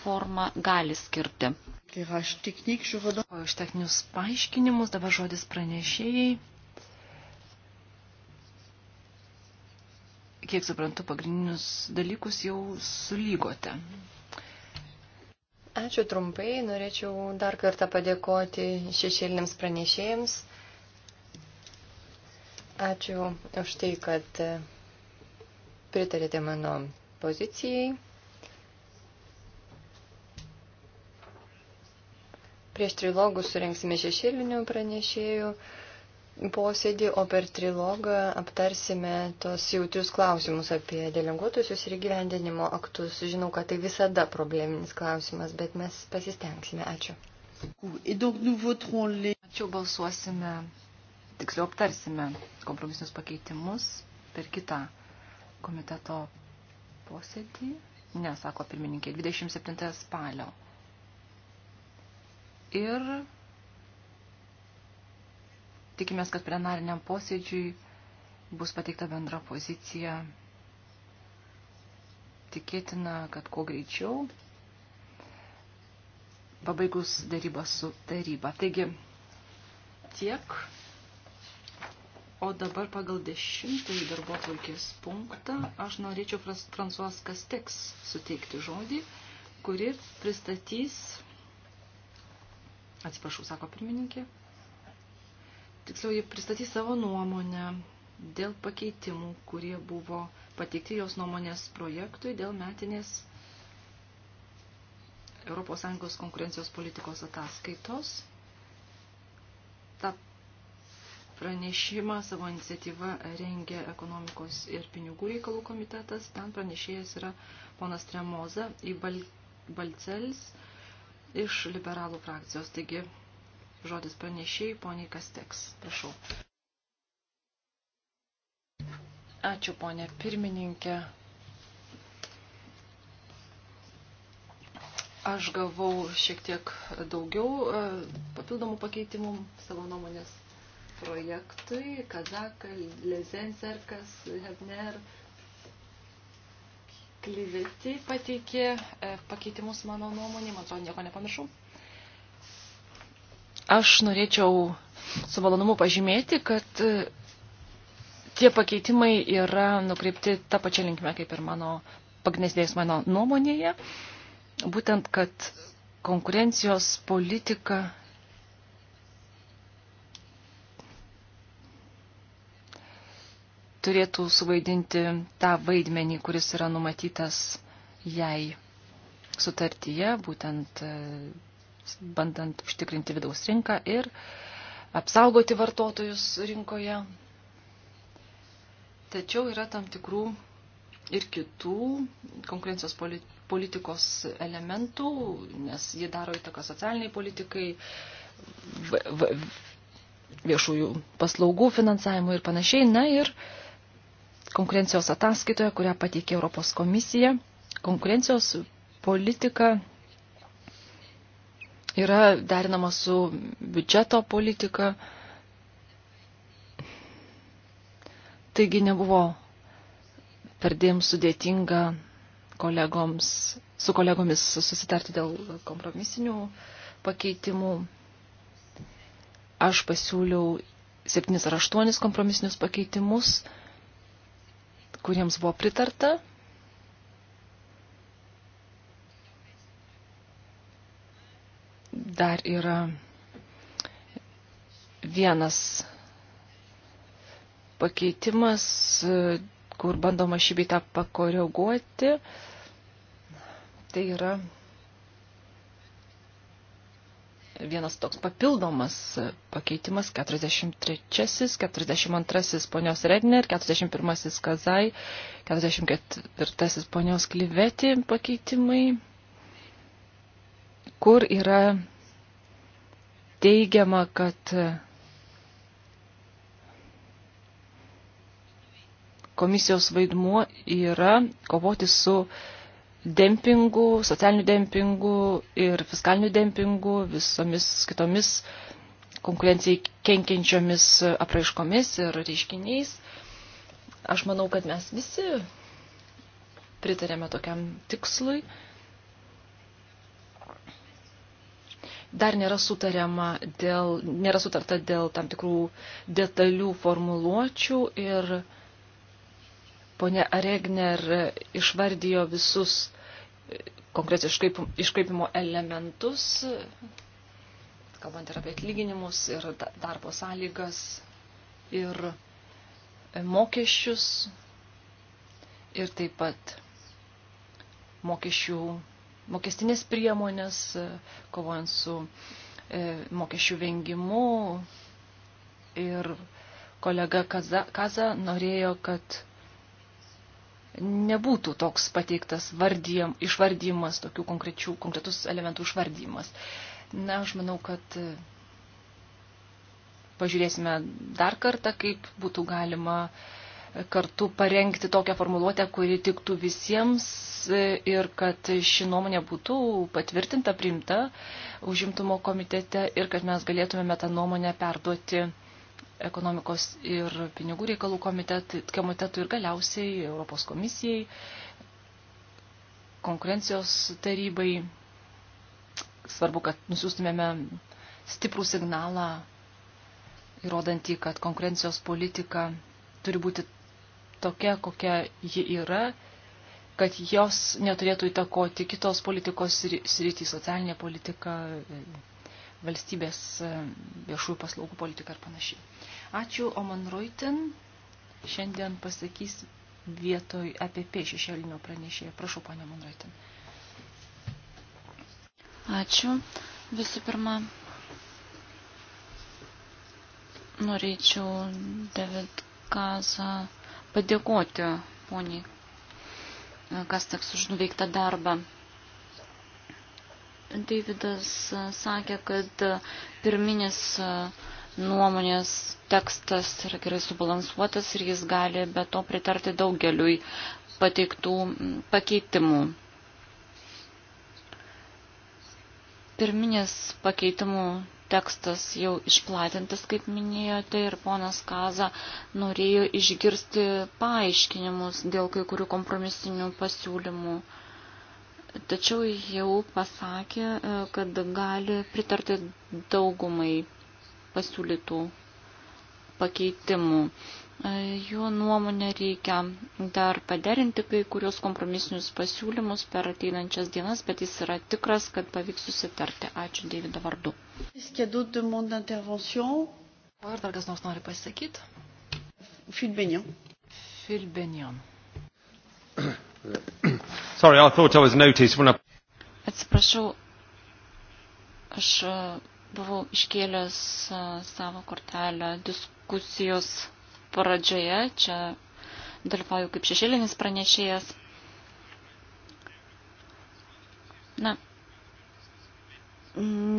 formą gali skirti. O iš techninius paaiškinimus dabar žodis pranešėjai. Kiek suprantu, pagrindinius dalykus jau sulygote. Ačiū trumpai. Norėčiau dar kartą padėkoti šešėliniams pranešėjams. Ačiū už tai, kad e, pritarėte mano pozicijai. Prieš trilogus surinksime šešėlinių pranešėjų posėdį, o per trilogą aptarsime tos jautrius klausimus apie deleguotusius ir gyvendinimo aktus. Žinau, kad tai visada probleminis klausimas, bet mes pasistengsime. Ačiū. Ačiū balsuosime, tiksliau aptarsime kompromisinius pakeitimus per kitą komiteto posėdį. Ne, sako pirmininkė, 27 spalio. Ir Tikimės, kad plenariniam posėdžiui bus pateikta bendra pozicija. Tikėtina, kad kuo greičiau pabaigus darybą su taryba. Taigi tiek. O dabar pagal dešimtąjį darbo atvarkės punktą aš norėčiau Fransuos Kasteks suteikti žodį, kuri pristatys, atsiprašau, sako pirmininkė, tiksliau ji pristatys savo nuomonę dėl pakeitimų, kurie buvo pateikti jos nuomonės projektui dėl metinės ES konkurencijos politikos ataskaitos. Ta pranešimą savo iniciatyvą rengia ekonomikos ir pinigų reikalų komitetas. Ten pranešėjas yra ponas Tremoza į Bal Balcels iš liberalų frakcijos. Taigi žodis pranešėjai, poniai Kasteks. Prašau. Ačiū, ponė pirmininkė. Aš gavau šiek tiek daugiau e, papildomų pakeitimų savo nuomonės projektui. Kazakai, Lezenserkas, Hebner, Klyveti pateikė e, pakeitimus mano nuomonė. Man atrodo, nieko nepamiršau. Aš norėčiau su malonumu pažymėti, kad e, tie pakeitimai yra nukreipti tą pačią linkmę, kaip ir mano pagrindinės dėjas mano nuomonėje. Būtent, kad konkurencijos politika turėtų suvaidinti tą vaidmenį, kuris yra numatytas jai sutartyje, būtent e, bandant užtikrinti vidaus rinką ir apsaugoti vartotojus rinkoje. Tačiau yra tam tikrų ir kitų konkurencijos politikos elementų, nes jie daro įtaką socialiniai politikai, viešųjų paslaugų finansavimui ir panašiai. Na ir konkurencijos ataskaitoje, kurią pateikė Europos komisija, konkurencijos politika yra derinama su biudžeto politika. Taigi nebuvo perdėm sudėtinga kolegoms, su kolegomis susitarti dėl kompromisinių pakeitimų. Aš pasiūliau septynis ar aštuonis kompromisinius pakeitimus, kuriems buvo pritarta dar yra vienas pakeitimas, kur bandoma šį bitą pakoreguoti. Tai yra vienas toks papildomas pakeitimas 43-asis, 42-asis ponios Redner, 41-asis Kazai, 44-asis ponios Klyveti pakeitimai, kur yra teigiama, kad komisijos vaidmuo yra kovoti su dempingu, socialiniu dempingu ir fiskaliniu dempingu, visomis kitomis konkurencijai kenkiančiomis apraiškomis ir reiškiniais. Aš manau, kad mes visi pritarėme tokiam tikslui. dar nėra, sutariama dėl, nėra sutarta dėl tam tikrų detalių formuluočių ir ponė Aregner išvardijo visus e, konkrečiai iškaipimo elementus, kalbant ir apie atlyginimus, ir darbo sąlygas, ir e, mokesčius, ir taip pat mokesčių mokestinės priemonės, kovojant su e, mokesčių vengimu. Ir kolega Kaza, Kaza norėjo, kad nebūtų toks pateiktas vardym, išvardymas, tokių konkrečių, konkretus elementų išvardymas. Na, aš manau, kad e, pažiūrėsime dar kartą, kaip būtų galima uh, kartu parengti tokią formuluotę, kuri tiktų visiems ir kad ši nuomonė būtų patvirtinta, priimta užimtumo komitete ir kad mes galėtumėme tą nuomonę perduoti ekonomikos ir pinigų reikalų komitetui ir galiausiai Europos komisijai, konkurencijos tarybai. Svarbu, kad nusiųstumėme stiprų signalą, įrodantį, kad konkurencijos politika turi būti tokia, kokia ji yra, kad jos neturėtų įtakoti kitos politikos srity, socialinė politika, valstybės viešųjų paslaugų politika ir panašiai. Ačiū, Oman Reutin. Šiandien pasakys vietoj APP e šešėlinio pranešėjo. Prašau, ponia Oman Reutin. Ačiū. Visų pirma, norėčiau David Kazą padėkoti poniai Kasteks už nuveiktą darbą. Davidas sakė, kad pirminis nuomonės tekstas yra gerai subalansuotas ir jis gali be to pritarti daugeliui pateiktų pakeitimų. Pirminis pakeitimų tekstas jau išplatintas, kaip minėjote, ir ponas Kaza norėjo išgirsti paaiškinimus dėl kai kurių kompromisinių pasiūlymų. Tačiau jau pasakė, e, kad gali pritarti daugumai pasiūlytų pakeitimų. E, jo nuomonė reikia dar paderinti kai kurios kompromisinius pasiūlymus per ateinančias dienas, bet jis yra tikras, kad pavyks susitarti. Ačiū Deivido vardu. Ar dar kas nors nori pasakyti? Filbenion. Filbenion. Sorry, I thought I was noticed when I... Atsiprašau, aš e, buvau iškėlęs e, savo kortelę diskusijos pradžioje, čia dalyvauju kaip šešėlinis pranešėjas. Na,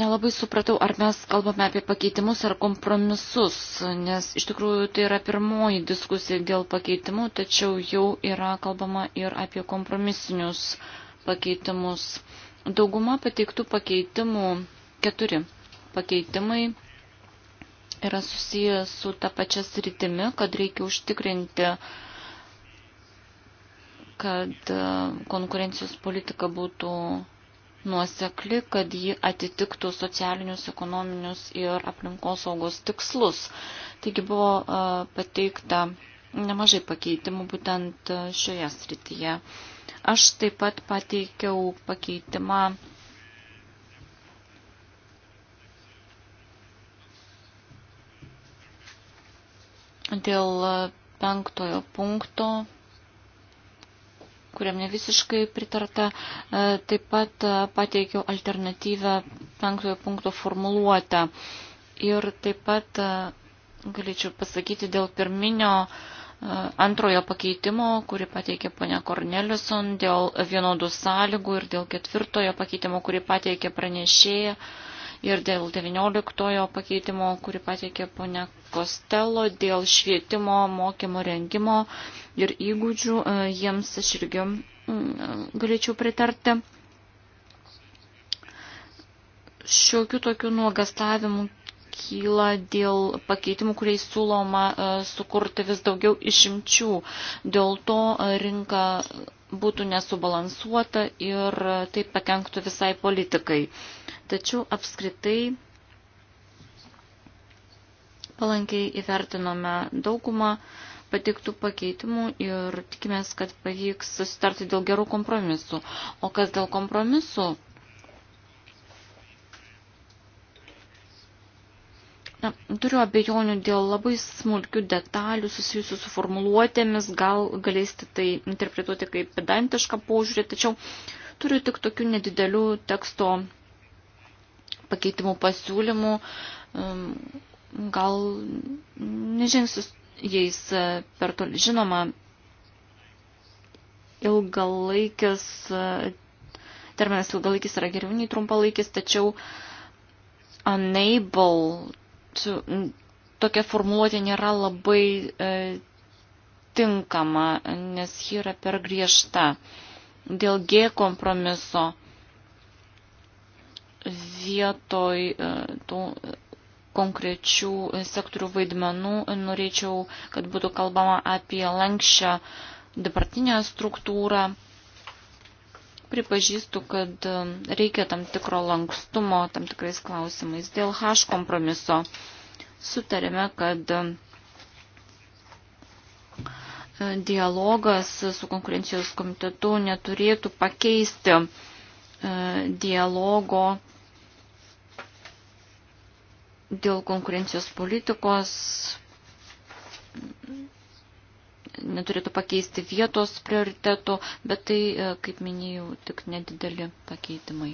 nelabai supratau, ar mes kalbame apie pakeitimus ar kompromisus, nes iš tikrųjų tai yra pirmoji diskusija dėl pakeitimų, tačiau jau yra kalbama ir apie kompromisinius pakeitimus. Dauguma pateiktų pakeitimų, keturi pakeitimai yra susijęs su ta pačia sritimi, kad reikia užtikrinti, kad e, konkurencijos politika būtų nuosekli, kad ji atitiktų socialinius, ekonominius ir aplinkosaugos tikslus. Taigi buvo e, pateikta nemažai pakeitimų būtent e, šioje srityje. Aš taip pat pateikiau pakeitimą dėl e, penktojo punkto, kuriam ne visiškai pritarta, e, taip pat e, pateikiau alternatyvę penktojo punkto formuluotę. Ir taip pat galėčiau pasakyti dėl pirminio antrojo pakeitimo, kurį pateikė ponia Cornelison, dėl vienodų sąlygų ir dėl ketvirtojo pakeitimo, kurį pateikė pranešėja. Uh, ir dėl 19 pakeitimo, kurį pateikė ponia Kostelo, dėl švietimo, mokymo rengimo ir įgūdžių. E, jiems aš irgi mm, galėčiau pritarti. Šiokių tokių nuogastavimų kyla dėl pakeitimų, kuriais siūloma e, sukurti vis daugiau išimčių. Dėl to e, rinka būtų nesubalansuota ir tai pakenktų visai politikai. Tačiau apskritai palankiai įvertinome daugumą patiktų pakeitimų ir tikimės, kad pavyks susitarti dėl gerų kompromisų. O kas dėl kompromisų, Na, turiu abejonių dėl labai smulkių detalių susijusių su formuluotėmis, gal galėsite tai interpretuoti kaip pedantišką požiūrį, tačiau turiu tik tokių nedidelių teksto pakeitimų pasiūlymų, gal nežingsiu jais e, per toli. Žinoma, ilgalaikis, e, terminas ilgalaikis yra geriau nei trumpalaikis, tačiau enable su, tokia formuluotė nėra labai e, tinkama, nes ji yra per griežta. Dėl G kompromiso vietoj e, tų konkrečių sektorių vaidmenų norėčiau, kad būtų kalbama apie lankščią dabartinę struktūrą pripažįstu, kad um, reikia tam tikro lankstumo tam tikrais klausimais. Dėl H kompromiso sutarėme, kad um, dialogas su konkurencijos komitetu neturėtų pakeisti uh, dialogo dėl konkurencijos politikos neturėtų pakeisti vietos prioritetų, bet tai, e, kaip minėjau, tik nedideli pakeitimai.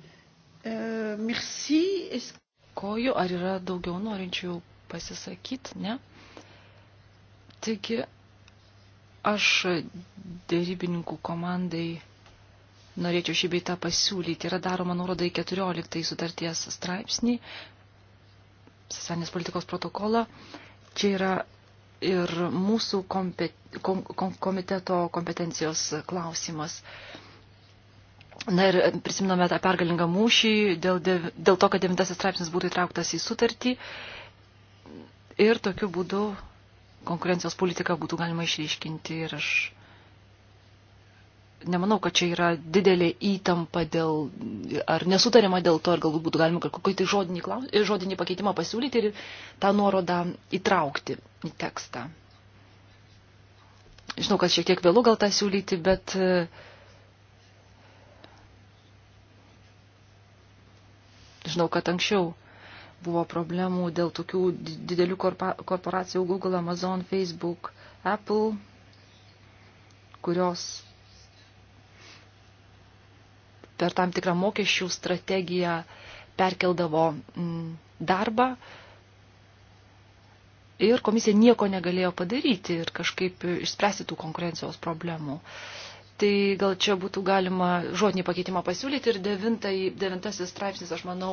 E, merci. Koju, ar yra daugiau norinčių pasisakyti, ne? Taigi, aš dėrybininkų komandai norėčiau šį beitą pasiūlyti. Yra daroma nuoroda į 14 sutarties straipsnį, sesanės politikos protokolą. Čia yra ir mūsų komiteto kompetencijos klausimas. Na ir prisiminome tą pergalingą mūšį dėl, dėl to, kad devintasis straipsnis būtų įtrauktas į sutartį ir tokiu būdu konkurencijos politiką būtų galima išryškinti ir aš nemanau, kad čia yra didelė įtampa dėl, ar nesutarima dėl to, ar galbūt būtų galima kokį tai žodinį, klaus, e, žodinį pakeitimą pasiūlyti ir tą nuorodą įtraukti į tekstą. Žinau, kad šiek tiek vėlų gal tą siūlyti, bet e, žinau, kad anksčiau buvo problemų dėl tokių didelių korporacijų Google, Amazon, Facebook, Apple, kurios per tam tikrą mokesčių strategiją perkeldavo mm, darbą ir komisija nieko negalėjo padaryti ir kažkaip išspręsti tų konkurencijos problemų. Tai gal čia būtų galima žodinį pakeitimą pasiūlyti ir devintai, devintasis straipsnis, aš manau,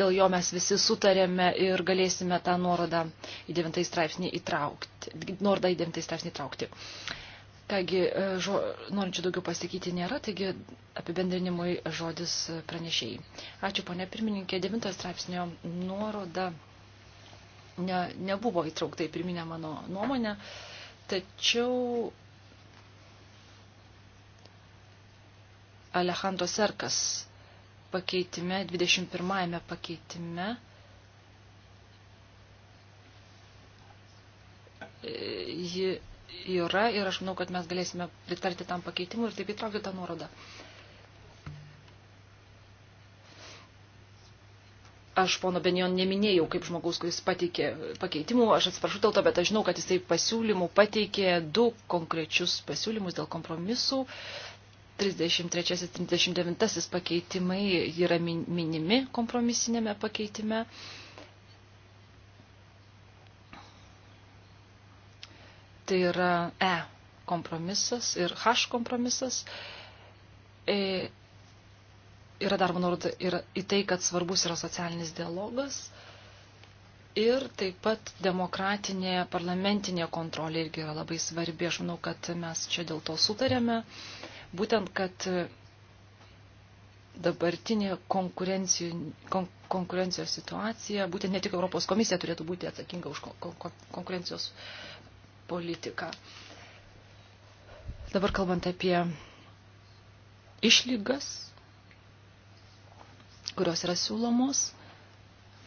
dėl jo mes visi sutarėme ir galėsime tą nuorodą į devintąjį straipsnį įtraukti. Nuorodą į devintąjį straipsnį įtraukti. Uh, Kągi, e, žo, norinčių daugiau pasakyti nėra, taigi apibendrinimui žodis e, pranešėjai. Ačiū, ponė pirmininkė, devintojo straipsnio nuoroda ne, nebuvo įtraukta į pirminę mano nuomonę, tačiau Alejandro Serkas pakeitime, 21 pakeitime, e, ji yra ir aš manau, kad mes galėsime pritarti tam pakeitimui ir taip įtraukti tą nuorodą. Aš pono Benion neminėjau kaip žmogaus, kuris pateikė pakeitimų, aš atsiprašau dėl to, bet aš žinau, kad jisai pasiūlymų pateikė du konkrečius pasiūlymus dėl kompromisų. 33-39 pakeitimai yra minimi kompromisinėme pakeitime. Tai yra E kompromisas ir H kompromisas. E, yra darbo nuoroda ir į tai, kad svarbus yra socialinis dialogas. Ir taip pat demokratinė parlamentinė kontrolė irgi yra labai svarbi. Aš manau, kad mes čia dėl to sutarėme. Būtent, kad dabartinė kon, konkurencijos situacija, būtent ne tik Europos komisija turėtų būti atsakinga už kon, kon, konkurencijos politiką. Dabar kalbant apie išlygas, kurios yra siūlomos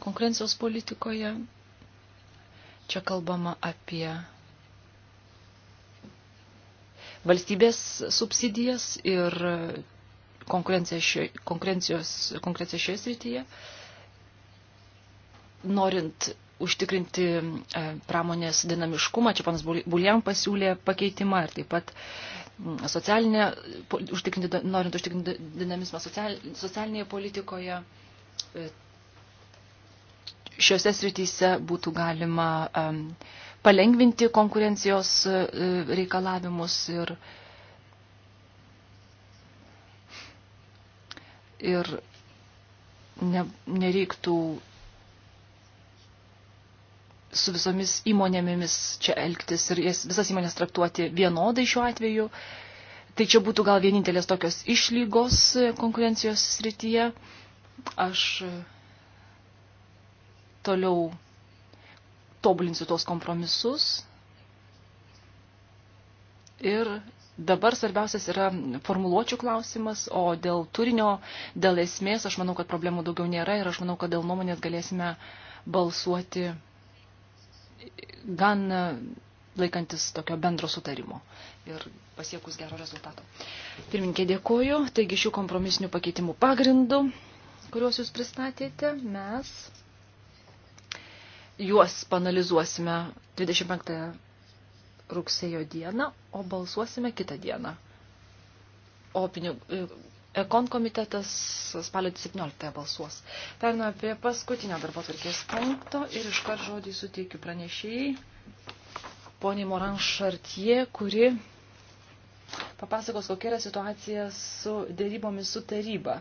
konkurencijos politikoje, čia kalbama apie valstybės subsidijas ir konkurencijos, konkurencijos šioje srityje. Norint užtikrinti e, pramonės dinamiškumą. Čia panas Buliam pasiūlė pakeitimą ir taip pat socialinė, užtikrinti, norint užtikrinti dinamizmą social, socialinėje politikoje. E, šiuose srityse būtų galima palengvinti konkurencijos e, reikalavimus ir, ir ne, nereiktų su visomis įmonėmis čia elgtis ir jas, visas įmonės traktuoti vienodai šiuo atveju. Tai čia būtų gal vienintelės tokios išlygos konkurencijos srityje. Aš e, toliau tobulinsiu tuos kompromisus. Ir dabar svarbiausias yra formuluočių klausimas, o dėl turinio, dėl esmės, aš manau, kad problemų daugiau nėra ir aš manau, kad dėl nuomonės galėsime balsuoti gan e, laikantis tokio bendro sutarimo ir pasiekus gero rezultato. Pirminkė dėkoju. Taigi šių kompromisinių pakeitimų pagrindų, kuriuos jūs pristatėte, mes juos panalizuosime 25 rugsėjo dieną, o balsuosime kitą dieną. O pinigų e, Ekon komitetas spalio 17 balsuos. Periname prie paskutinio darbo tvarkės punkto ir iškart žodį suteikiu pranešėjai poniai Moran Šartie, kuri papasakos, kokia yra situacija su dėrybomis su taryba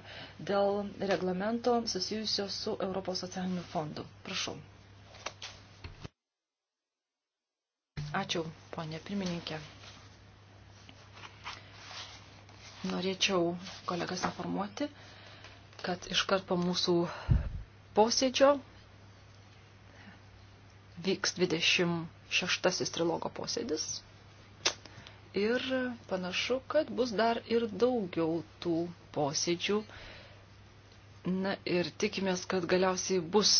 dėl reglamento susijusio su Europos socialiniu fondu. Prašau. Ačiū, ponė pirmininkė. Norėčiau kolegas informuoti, kad iškart po mūsų posėdžio vyks 26 trilogo posėdis. Ir panašu, kad bus dar ir daugiau tų posėdžių. Na ir tikimės, kad galiausiai bus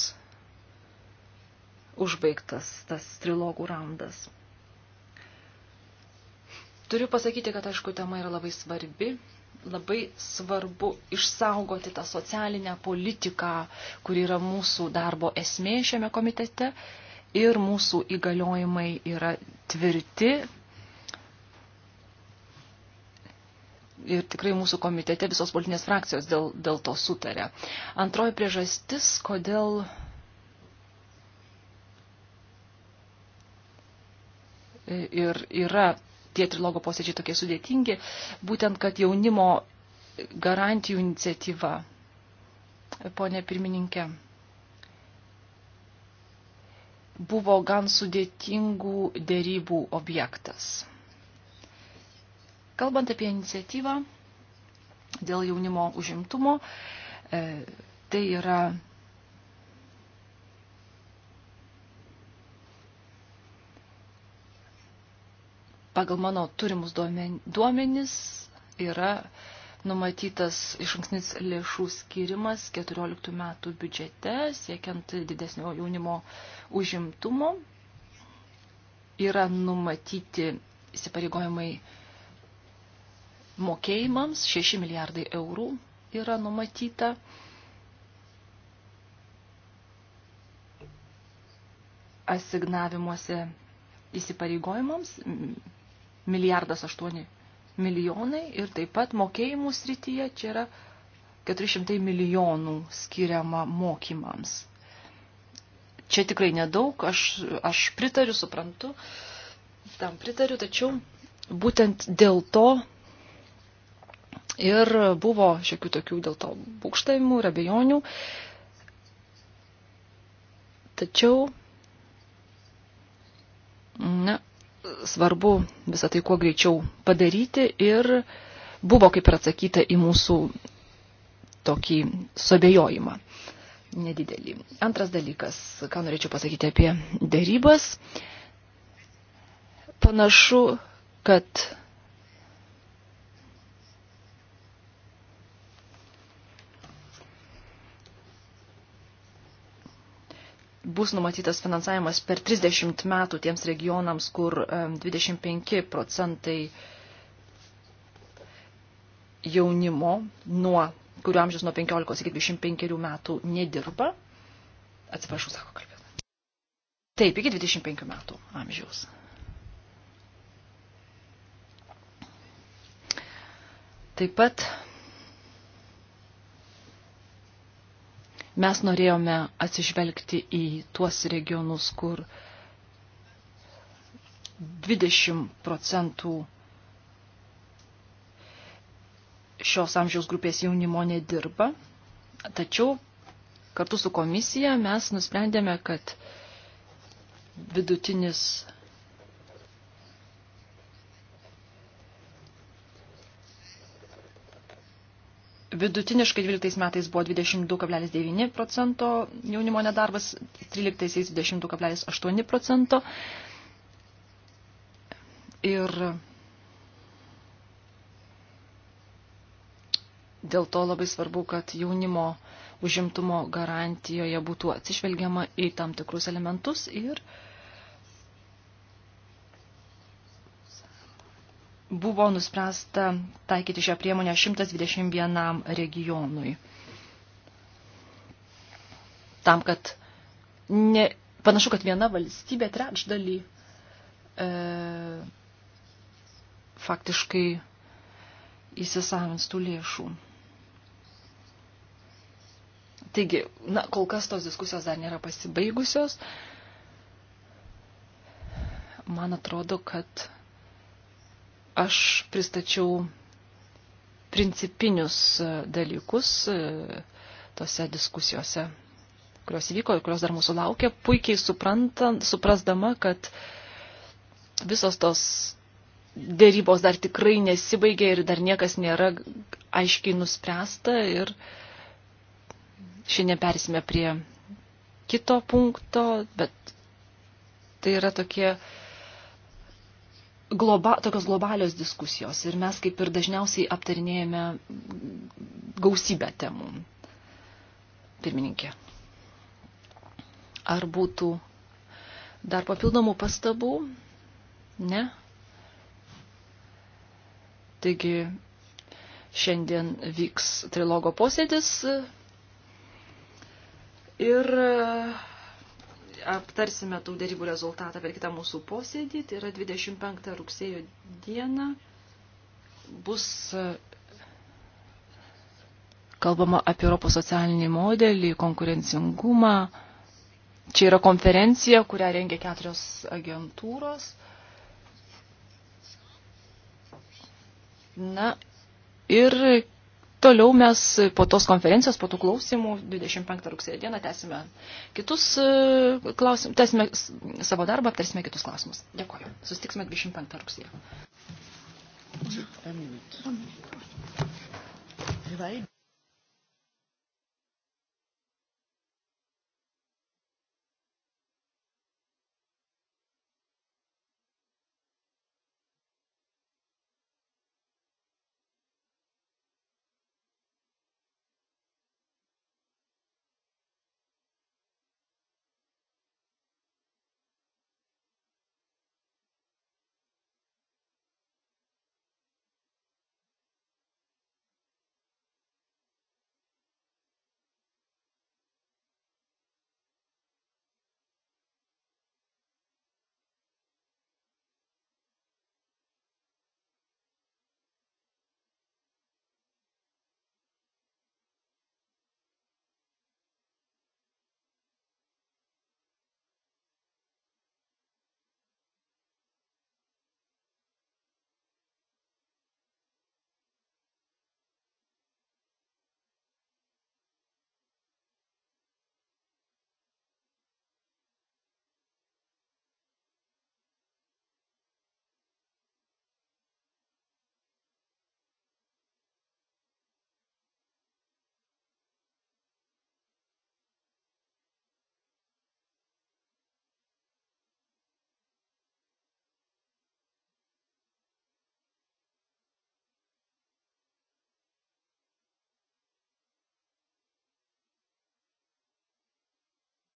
užbaigtas tas trilogų raundas. Turiu pasakyti, kad aišku, tema yra labai svarbi. Labai svarbu išsaugoti tą socialinę politiką, kuri yra mūsų darbo esmė šiame komitete ir mūsų įgaliojimai yra tvirti. Ir tikrai mūsų komitete visos politinės frakcijos dėl, dėl to sutarė. Antroji priežastis, kodėl ir yra tie trilogo posėdžiai tokie sudėtingi, būtent kad jaunimo garantijų iniciatyva, ponė pirmininkė, buvo gan sudėtingų dėrybų objektas. Kalbant apie iniciatyvą dėl jaunimo užimtumo, e, tai yra pagal mano turimus duomenis yra numatytas išankstinis lėšų skirimas 14 metų biudžete, siekiant didesnio jaunimo užimtumo. Yra numatyti įsipareigojimai mokėjimams, 6 milijardai eurų yra numatyta. Asignavimuose įsipareigojimams milijardas 8 milijonai ir taip pat mokėjimų srityje čia yra 400 milijonų skiriama mokymams. Čia tikrai nedaug, aš, aš pritariu, suprantu, tam pritariu, tačiau būtent dėl to ir buvo šiokių tokių dėl to būkštavimų ir abejonių. Tačiau, na, svarbu visą tai kuo greičiau padaryti ir buvo kaip ir atsakyta į mūsų tokį sobejojimą nedidelį. Antras dalykas, ką norėčiau pasakyti apie darybas. Panašu, kad bus numatytas finansavimas per 30 metų tiems regionams, kur 25 procentai jaunimo, nuo, kurio amžius nuo 15 iki 25 metų nedirba. Atsiprašau, sako kalbėta. Taip, iki 25 metų amžiaus. Taip pat Mes norėjome atsižvelgti į tuos regionus, kur 20 procentų šios amžiaus grupės jaunimo nedirba. Tačiau kartu su komisija mes nusprendėme, kad vidutinis Vidutiniškai 12 metais buvo 22,9 procento jaunimo nedarbas, 13 22,8 procento. Ir dėl to labai svarbu, kad jaunimo užimtumo garantijoje būtų atsižvelgiama į tam tikrus elementus ir uh, buvo nuspręsta taikyti šią priemonę 121 regionui. Tam, kad ne, panašu, kad viena valstybė trečdalį e, faktiškai įsisavins tų lėšų. Taigi, na, kol kas tos diskusijos dar nėra pasibaigusios. Man atrodo, kad Aš pristačiau principinius e, dalykus e, tose diskusijose, kurios įvyko ir kurios dar mūsų laukia, puikiai suprantant, suprasdama, kad visos tos dėrybos dar tikrai nesibaigė ir dar niekas nėra aiškiai nuspręsta ir šiandien persime prie kito punkto, bet tai yra tokie globa, tokios globalios diskusijos ir mes kaip ir dažniausiai aptarinėjame gausybę temų. Pirmininkė. Ar būtų dar papildomų pastabų? Ne? Taigi šiandien vyks trilogo posėdis ir aptarsime tų dėrybų rezultatą per kitą mūsų posėdį, tai yra 25 rugsėjo diena bus e, kalbama apie Europos socialinį modelį, konkurencingumą. Čia yra konferencija, kurią rengia keturios agentūros. Na ir Toliau mes po tos konferencijos, po tų klausimų, 25 rugsėjo dieną, tęsime, kitus e, klausim, tęsime savo darbą, aptarsime kitus klausimus. Dėkoju. Sustiksime 25 rugsėjo. Right.